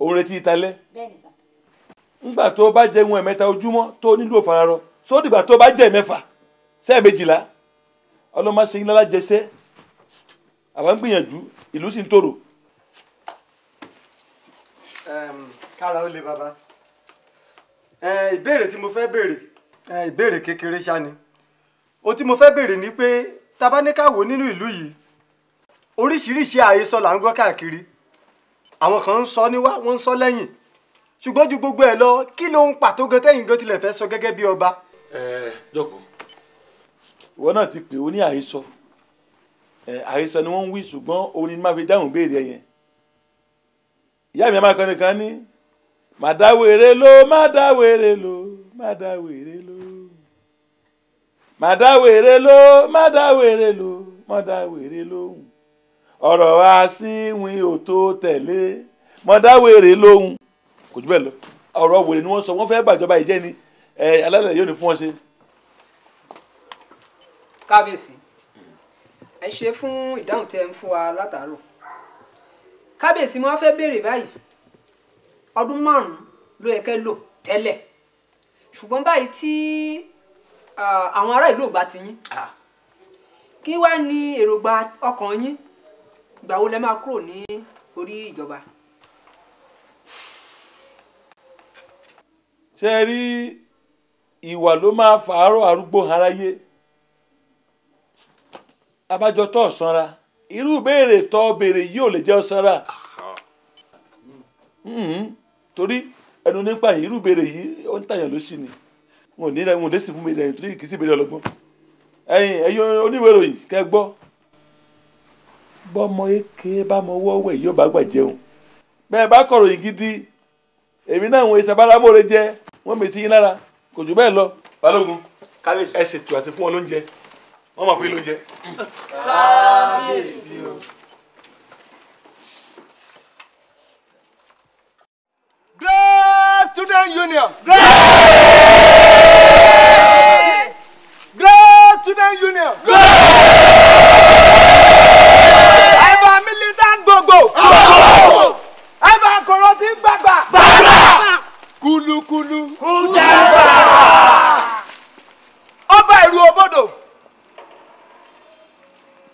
òun retí ìtalẹ́. bẹ́ẹ̀ni sà. ńgbà tó o bá jẹun ẹ̀mẹ́ta ojúmọ́ tó o nílò fararọ sódìgbà tó o bá jẹ mẹ́fà sẹ́ẹ̀mejìlá ọlọ́mọ ṣe ńlá lájẹsẹ́ àwa ń gbìyànjú ìlú sì ń tòrò. kára ó le bàbá ìbéèrè tí mo fẹ́ béèrè ìbéèrè kékeré ṣá ni ohun tí mo fẹ́ béèrè ni pé tabaníkàwò nínú ìlú yìí oríṣiríṣi àhesọ là ń gbọ́ káàkiri àwọn kan ń sọ níwá wọ́n ń sọ lẹ́yìn ṣùgbọ́n ju gbogbo ẹ̀ lọ kí ló ń pàtó gan tẹ́yìn gan tilẹ̀ fẹ́ sọ gẹ́gẹ́ bí ọba. ẹ ẹ jókòó ìwọ náà ti pè ó ní àhesọ àhesọ ni wọ́n ń wí ṣùgbọ́n òun ni má fi dáhùn béèrè yẹn ìyá mi àmàkànnì kan ní má dáwèrè ló má dáwèrè lo, má dáwèrè ló má dáwèrè lo, má dáwèrè ló má dáwèrè lóhùn ọ̀rọ̀ àsínwìn ò tó tẹ̀lé má dáwèrè lóhùn kò jù bẹ́ẹ̀ lọ ọ̀rọ̀ wèrè ni wọ́n sọ wọ́n fẹ́ gbàjọba ìjẹ́ ni alálẹ̀ yóò ní fún wọn ṣe. kábíyèsí ẹ ṣe fún ìdáhùn tẹ́ ń fún wa látàárọ̀ kábíyèsí mo fẹ́ béèrè báyìí ọdún márùn-ún ló yẹ kẹ́ lò tẹ́lẹ̀ ṣùgbọ́n báyìí tí àwọn ará ìlú ò bá ti yín kí wá ní èròǹgbà ọkàn yín ìgbà wo lẹ máa kúrò ní orí ìjọba. ṣe rí ìwà ló máa fàárọ̀ arúgbó aráyé abájọ tó sanra irú béèrè tó béèrè yìí ò lè jẹ́ sanra torí ẹnu nípa yìí irú ìbéèrè yìí ó ń tàyàn ló sì ni wọn ò ní wọn ò lè sì fún mi lẹ́yìn torí kì í sì béèrè ọlọ́gbọ́n ẹ̀yin ẹ̀yin oníwèrò yìí kẹ́ gbọ́ bọ́mọ eke bá mọ ọwọ́ wẹ̀ yóò bá gbà jẹun bẹ́ẹ̀ bá kọ̀ròyìn gidi èmi náà wọn ìsàbáramọ́re jẹ wọ́n mèsì yín lára kò jù bẹ́ẹ̀ lọ. balógun kábíyèsí ẹ ṣètò àti fún wọn lóúnjẹ wọn máa fún yín lóúnjẹ. kábíyèsí o. Student Union. Great! Great Student Union. Great! Ẹ̀bà militant gbogbo. Ẹ̀bà kọ̀rọ̀ sí gbàgbà. Gbàgbà. Kulukulu. Kùtẹ́gbà. Ọba ìlú Òbodò.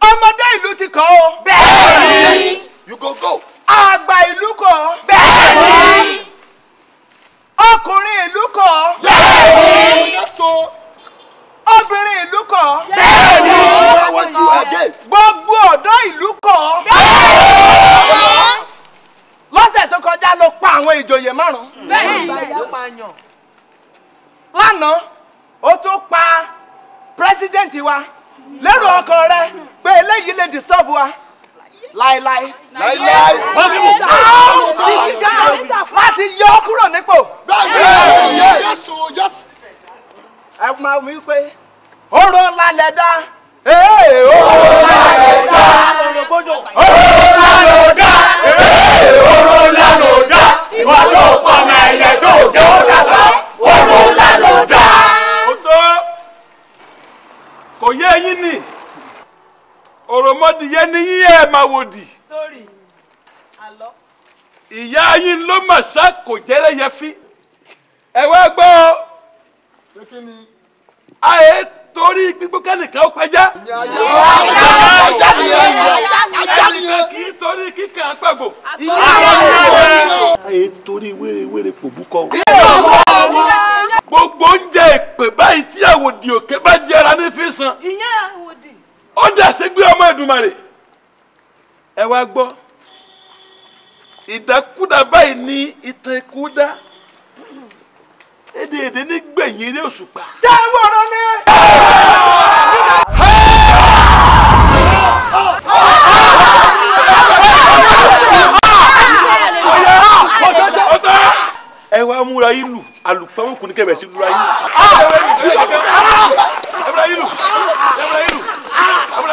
Ọmọdé ìlú ti kàn ó. Bẹ́ẹ̀ni. You go go. Àgbà ìlú kàn ó. Bẹ́ẹ̀ni ìlú kọ́. bẹ́ẹ̀ni. obìnrin ìlú kọ́. bẹ́ẹ̀ni. wáwájú ẹ̀jẹ̀. gbogbo ọ̀dọ́ ìlú kọ́. bẹ́ẹ̀ni. lọ́sẹ̀ tó kọjá ló pa àwọn ìjòyè márùn-ún. bẹ́ẹ̀ni. lánàá ó tún pa pírẹsidẹ́ǹtì wa lérò ọkàn rẹ pé eléyìí lè disturb wa láéláé. láéláé. pọ́sibú. ti jíjà láti yọ ọ́ kúrò nípò. bẹ́ẹ̀ ni yẹ́sù yẹ́sù. ẹ máa wí pé oró lálẹ́ dá. ee oró lálẹ́ dá. oró lálẹ́ dá. ee oró lálẹ́ dá. ìwà tó pọ̀ mọ́ ẹyẹ tó jẹ́ ó dàgbà. oró lálẹ́ dá. kò yé eyín ni òròmọdìyẹ ni yín ẹ máa wò dì. sórí àlọ́. ìyá yín ló mà ṣá kò jẹ́rẹ́ yẹ fí. ẹ wá gbọ́. pé kí ni. a yẹ torí gbígbó kẹ́nìkan ó pẹja. ajá nìyẹn ajá nìyẹn kì í torí kíkà pàgbò. a yẹ torí wérewére kò bú kọ́. gbogbo oúnjẹ ìpè báyìí tí àwòdì òkè bá jẹra ní fi san. ìyá àwòdì ó dàsí gbé ọmọ Èdùmàrè ẹ wá gbọ́ ìdákúdá báyìí ní ìtàn ikú dá èdè èdè ní gbẹ̀yìn eré òṣùpá. ṣé ẹ wọ̀rọ̀ ni. ẹ wá múra ìlú alùpàmọ́kùnrin kẹ̀mẹ́sì lura ìlú. Ah! ẹ múra ìlú ẹ múra ìlú àwọn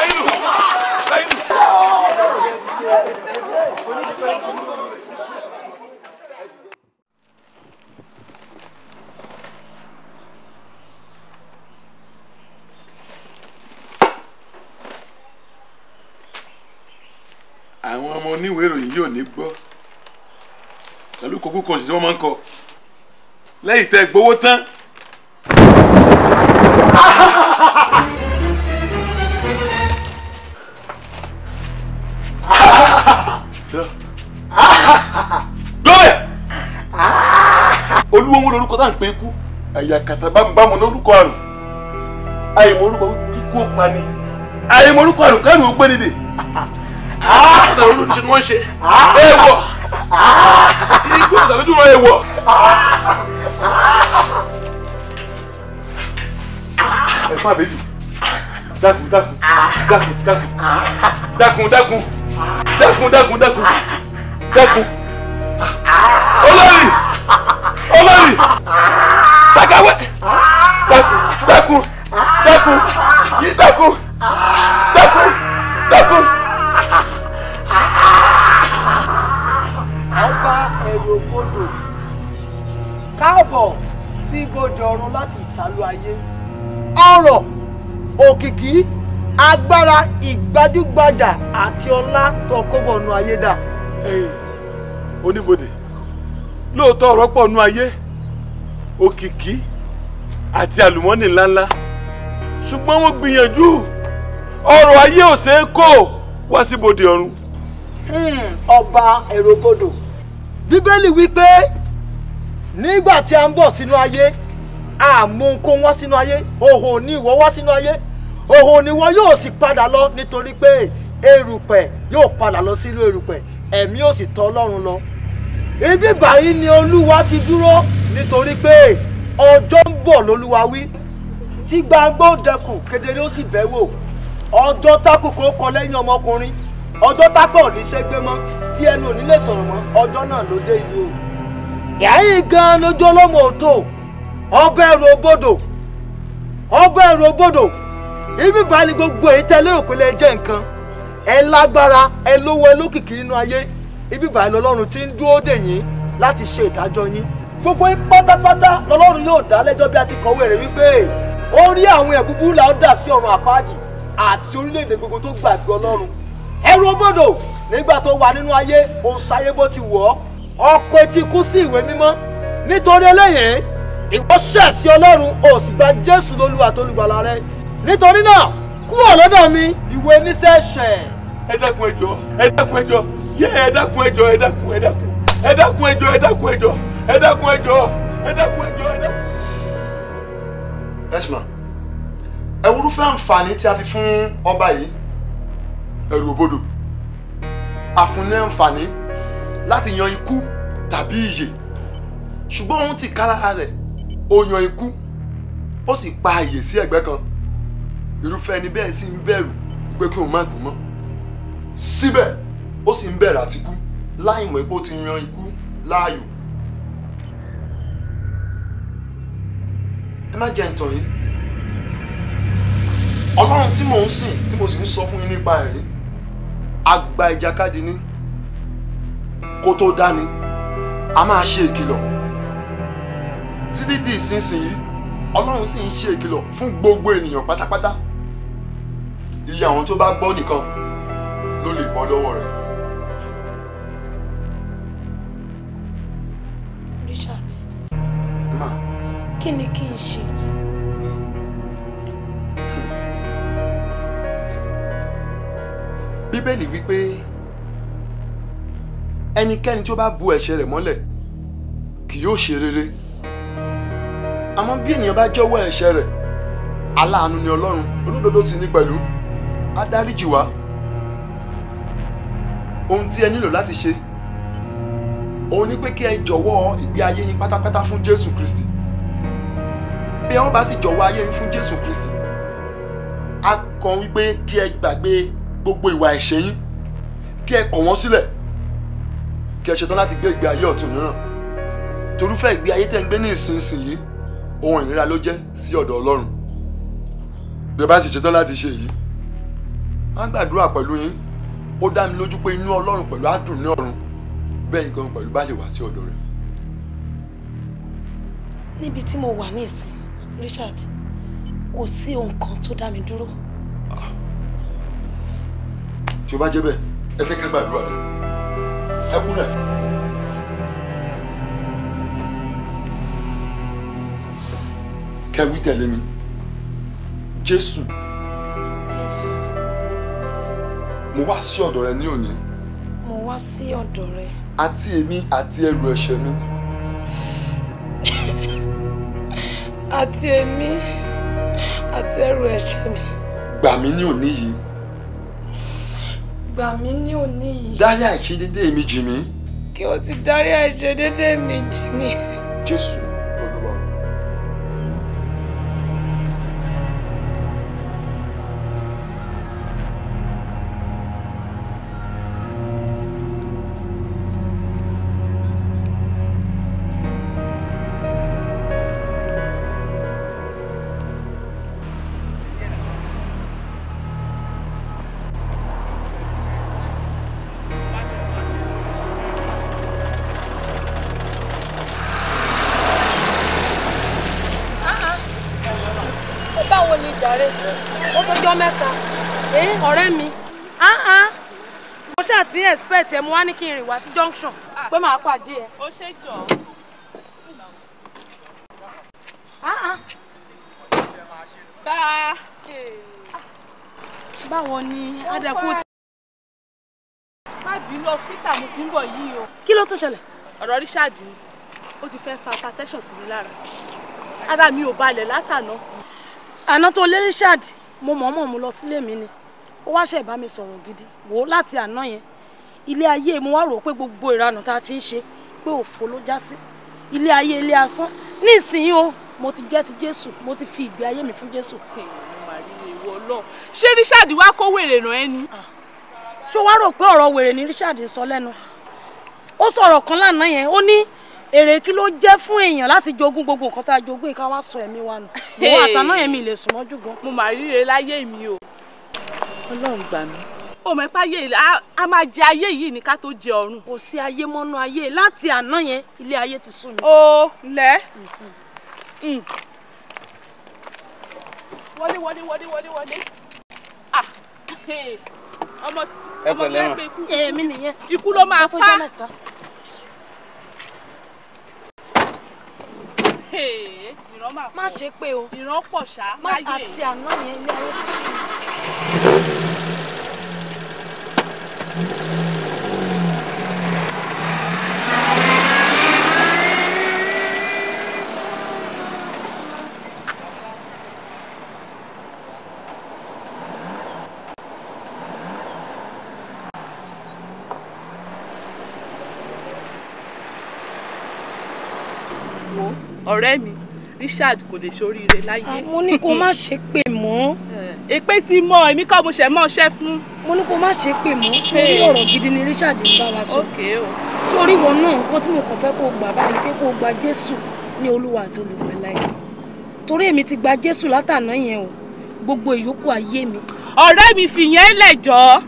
ọmọ oníwèé ìròyìn yóò ní gbọ́ pẹ̀lú kókókò sí wọ́n máa ń kọ lẹ́yìn tẹ́ gbowó tán. *laughs* lóbẹ̀ olúwo ń lórúkọ tá à ń pè é kú àyà kàtà bá ń bá mọ lórúkọ àrùn àyèmọ orúkọ kíkú ó pani àyèmọ orúkọ àrùn kánú ó gbé nídè àtàwọn olóṣèlú ni wọn ṣe ẹ wọ igbó àtàwọn ojú wọn ẹ wọ. ẹ fún àbẹ́jù dákun dákun dákun dákun dákun dákun dákun dákun dákun dákun olórí olórí sakawe dákun dákun dákun yí dákun dákun dákun. ọba ẹ̀rọ kodò káàbọ̀ sí ibodè ọ̀run láti ìsàlù ayé ọ̀rọ̀ òkìkí agbára ìgbajúgbajà àti ọlá tọkọ́bọ̀nù ayé dà. oníbodè lóòótọ́ ọ̀rọ̀ pọ̀ nú ayé òkìkí àti àlùmọ́nì ńláńlá ṣùgbọ́n wọ́n gbìyànjú ọrọ̀ ayé ò ṣeé kó wá sí bodè ọ̀run. Hmm, ọba èrò bodò bíbélì wípé nígbà tí a ń bọ̀ sínú ayé àmú nǹkan wá sínú ayé òhò ni ìwọ wá sínú ayé òhun ni wọn yóò sì padà lọ nítorí pé erùpẹ̀ yóò padà lọ sílùú erùpẹ̀ ẹ̀mí ò sì tọ́ ọlọ́run lọ. ibi báyìí ni olúwa ti dúró nítorí pé ọjọ́ ń bọ̀ lolúwa wí tí gbàgbọ́ dẹkùn kedere ó sì bẹ́ wò ọjọ́ tákùkù kọ lẹ́yìn ọmọkùnrin ọjọ́ tákọ̀ ní sẹ́gbẹ́ mọ́ tí ẹnu ò ní lè sọ̀rọ̀ mọ́ ọjọ́ náà ló dé ìlú o. yàrá gan-an lójú ọlọ́mọ òtò ọbẹ̀ ẹ̀rù òbodò ọbẹ̀ ẹ̀rù òbodò ibi bá ní gbogbo èyí tẹ́ lérò pé lẹ́jẹ̀ nǹkan ẹ lágbára ẹ lówó ẹ lókìkí nínú ayé ibi bá lọ́lọ́run tí ń dúró dè yín láti ṣe ìdájọ́ yín gbogbo yín pátápátá lọ́lọ́run yóò dá lẹ́jọ́ bí a ti kọ̀wé rẹ̀ wípé ó rí àwọn ẹ̀bùbú là ó dà sí ọ̀run àpáàdì àti orílẹ̀-èdè gbogbo tó gbàgbé ọlọ́run ẹrú ọmọdò nígbà tó wà nínú ayé ó sáyé bó ti wọ̀ ọ́ ọkọ etí kú sí ìwé mímọ́ nítorí eléyìí ìwọ ṣẹ̀ sí ọlọ́run ó sì gba jésù lólúwa tó lùgbàlà rẹ̀ nítorí náà kúrò lọ́dọ̀ mi ìwé oníṣẹ́ ṣẹ̀. ẹ dákun ẹ jọ̀ọ́ ẹ dákun ẹ jọ̀ọ́ yé ẹ dákun ẹ ẹ dákun ẹ dákun ẹ ẹ dákun ẹ ẹ dákun ẹ ẹ dákun ẹ ẹ dákun. ẹsùn ẹ wúrúfẹ́ àǹfààní tí a fi fún ọba yìí ẹrù òbodò àfúnni àǹfààní láti yan ikú tàbí ìyè ṣùgbọ́n òun ti kára rẹ̀ ó yan ikú ó sì pa ìyè sí ẹ̀gbẹ́ kan irúfẹ́ ẹni bẹ́ẹ̀ sì ń bẹ̀rù pé kí òun má dùn mọ́ síbẹ̀ ó sì ń bẹ̀rù àti kú láì mọ̀ pé ó ti yan ikú láàyò. ẹ má jẹ́ ǹtàn yìí ọlọ́run tí mò ń sìn tí mo sì ń sọ fún yín nípa ẹ̀ yìí àgbà ìjàkadì ni kó tó dání a máa ṣe ìkìlọ̀ títí di ìsinsìnyí ọlọ́run sì ń ṣe ìkìlọ̀ fún gbogbo ènìyàn pátápátá iye àwọn tó bá gbọ́ nìkan ló lè bọ́ lọ́wọ́ rẹ̀. Richard ma kí ni kí n ṣe. bíbélì wípé ẹnikẹ́ni tó bá bu ẹ̀ṣẹ̀ rẹ̀ mọ́lẹ̀ kì yóò ṣe rere àmọ́ bí ènìyàn bá jẹ́wọ́ ẹ̀ṣẹ̀ rẹ̀ aláàánú ni ọlọ́run olódodo sì ní pẹ̀lú á dáríjì wá ohun tí ẹ nílò láti ṣe òun ni pé kí ẹ jọ̀wọ́ ìgbé ayé yín pátápátá fún Jésù Kristi bí ẹ wọ́n bá sì jọ̀wọ́ ayé yín fún Jésù Kristi a kàn wípé kí ẹ gbàgbé gbogbo ìwà ẹ̀ṣẹ̀ yín kí ẹ kọ̀ wọ́n sílẹ̀ kí ẹ ṣetán láti gbé ìgbé ayé ọ̀tun mìíràn torúfẹ́ ìgbé ayé tẹ́ ń gbé ní ìsinsìnyí ohun ìnira ló jẹ́ sí ọ̀dọ̀ Ọlọ́run bí ẹ bá sì ṣetán láti ṣe èyí á gbàdúrà pẹ̀lú yín ó dá mi lójú pé inú ọlọ́run pẹ̀lú àdùn ní ọ̀run bẹ́ẹ̀ ni gan pẹ̀lú bá lè wá sí ọ̀dọ̀ rẹ̀. níbi tí mo wà ní ìsìn Richard kò sí ohun kan tó dá mi dúró. Ah. tí o bá jẹ́ bẹ́ẹ̀ ẹ jẹ́ ká gbàdúrà rẹ̀ ẹ kúnlẹ̀. kẹ́wí tẹ̀lé mi jésù. jésù mo wá sí ọ̀dọ̀ rẹ ní òní. mo wá sí ọ̀dọ̀ rẹ. àti èmi àti ẹrù ẹ̀ṣẹ̀ mi. àti èmi àti ẹrù ẹ̀ṣẹ̀ mi. gbà mí ní òní yìí. gbà mí ní òní yìí. dárí àìṣedédé mi jì mí. kí o sì dárí àìṣedédé mi jì mí. jésù ẹsẹ̀ mo wá ní kí n rìn wá sí junction pé màá pàdé ẹ. ó ṣe jọ. Ah, ah. báwo ni adẹ́kùn ti. má bínú ọ́fíìsà mo fi ń bọ̀ yìí o. kí ló tún ṣẹlẹ̀. ọ̀rọ̀ Richard ni ó ti fẹ́ fa hypertension sí mi lára ara mi ò balẹ̀ látàná. àná tó lé Richard mo mọ̀ọ́mọ̀ mu lọ sílé mi ni ó wá ṣe ìbá mi sọ̀rọ̀ gidi wò láti àná yẹn ilé ayé mo wá rò pé gbogbo ìranù tá a ti ń ṣe pé òfo ló já sí ilé ayé ilé asán nísìnyí o mo ti jẹ́ ti jésù mo ti fi ìgbé ayé mi fún jésù. ṣé Richard wá kó wèrè ràn ẹ́ ni. Ah. ṣó wá rò pé ọ̀rọ̀ wèrè ni Richard ń sọ lẹ́nu ó sọ̀rọ̀ kan lánàá yẹn ó ní èrè kí ló jẹ́ fún èèyàn láti jogún gbogbo nǹkan tá a jogún ìka wá sọ ẹ̀mí wa nù mo àtàná yẹn mi lè sùn mọ́jú gan. mo mà ríre láyé mi o. ọlọ́run gbà mí ó mọ̀ pé ayé a máa jẹ ayé yìí ní ká tó jẹ ọ̀run. kò sí ayé mọ́nú ayé láti àná yẹn ilé ayé ti sùn mí. o lẹ. Mm-hmm. Mm. wọlé wọlé wọlé wọlé wọlé ah, ọmọ ọmọ lẹ́gbẹ̀ẹ́ ikú èmi nìyẹn ikú ló máa pa. ìran máa pọ̀ má ṣe pé o ìran pọ̀ ṣá láyé àti àná yẹn ilé ayé ti sùn mí ọ̀rẹ́ mi Richard kò lè ṣoríire láyé. Ah, mo ní kó má ṣe pè mọ́ èpè ti mọ èmi kọ́ mo ṣẹ̀ mọ́ ṣẹ́ fún. mo ní kó má ṣe pè mọ́ sórí ọ̀rọ̀ gidi ni Richard ń bá wa sọ sórí ìwọ náà nǹkan tí mo kàn fẹ́ kó o gbà báyìí pé kó o gba Jésù ní Olúwa àti olùgbàlà yìí torí èmi ti gba Jésù látàná yẹn o gbogbo ìyókù ayé mi. ọ̀rẹ́ mi fìyẹn lẹ̀ jọ́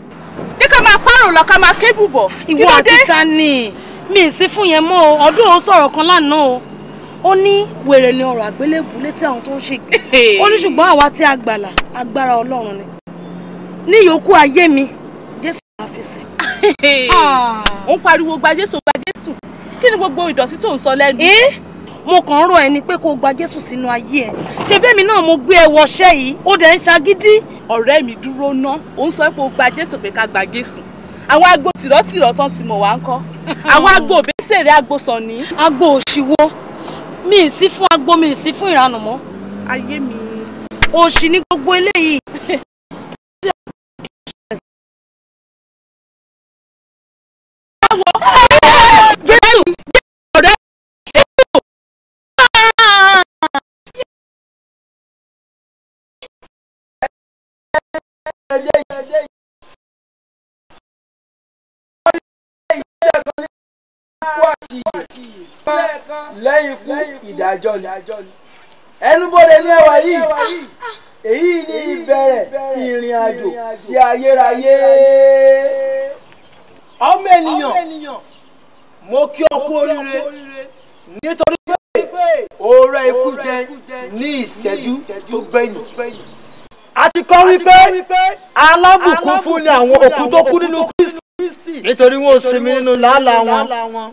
ní ká máa pààrọ̀ lọ ká máa kébù bọ̀. ìwọ àti ta ni mi ì sí fún yẹn mọ́ ọdún òun sọ̀rọ̀ kan lánàá o ó ní wèrè ni ọ̀rọ̀ àgbélébù létí àwọn tó ń ṣègbè ó ní ṣùgbọ́n àwa tí a gbàlà agbára ọlọ́run ni ní yòókù ayé mi jésù máa fi sí. ó ń pariwo gba jésù gba jésù kí ni gbogbo ìdọ̀tí tó ń sọ lẹ́nu. mo kàn ń rọ ẹni pé kó o gba jésù sínú ayé ẹ ṣebí èmi náà mo gbé ẹ wọṣẹ́ yìí ó dẹ̀ ń ṣagídí. ọ̀rẹ́ mi dúró ná ó ń sọ pé o gba jésù pé ká gba jésù àwọn agbo tìrọ̀tìrọ̀ tán ti mọ̀ wá ń kọ́ *laughs* àwọn agbo òbẹ́sẹ̀rẹ̀ agbo sàn ní. agbo òṣìwọ́ mi ì sí fún agbo mi ì sí fún ìranù mọ́. ayé mi. òṣì ni gbogbo eléyìí. What? lẹ́yìn ikú ìdájọ́ ni ẹnubodè ní ẹwà yìí èyí ni ìbẹ̀rẹ̀ ìrìn àjò sí ayérayé. ọmọ ènìyàn mo kí ọ kú oríire nítorí pé òòrè ikú jẹ ní ìṣẹ́jú tó gbẹ̀yìn a ti kọ́ wípé alábùkún fún ni àwọn òkú tó kú nínú Kristi nítorí wọn ò sinmi nínú làálàá wọn.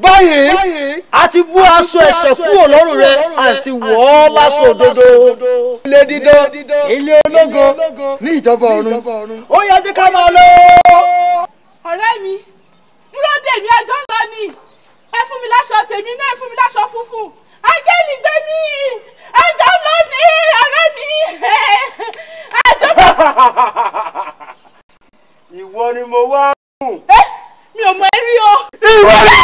báyìí a ti bú aṣọ ẹ̀ṣẹ̀ kúrò lọ́rùn rẹ a sì wọ̀ ọ́ láṣọ òdodo. ilé dídán ilé ológo ní ìjọba ọ̀run ó yẹ kí ká máa lọ. ọ̀rẹ́ mi dúró dèmí ẹjọ́ lọ ni ẹ fún mi láṣọ tèmi náà ẹ fún mi láṣọ funfun áńgẹ́lì gbé mi ẹjọ́ lọ ni ọ̀rẹ́ mi *laughs* ẹjọ́. *laughs* ìwọ ni mo wá mú. Eh, mi ò mọ eré o. ìwọlé.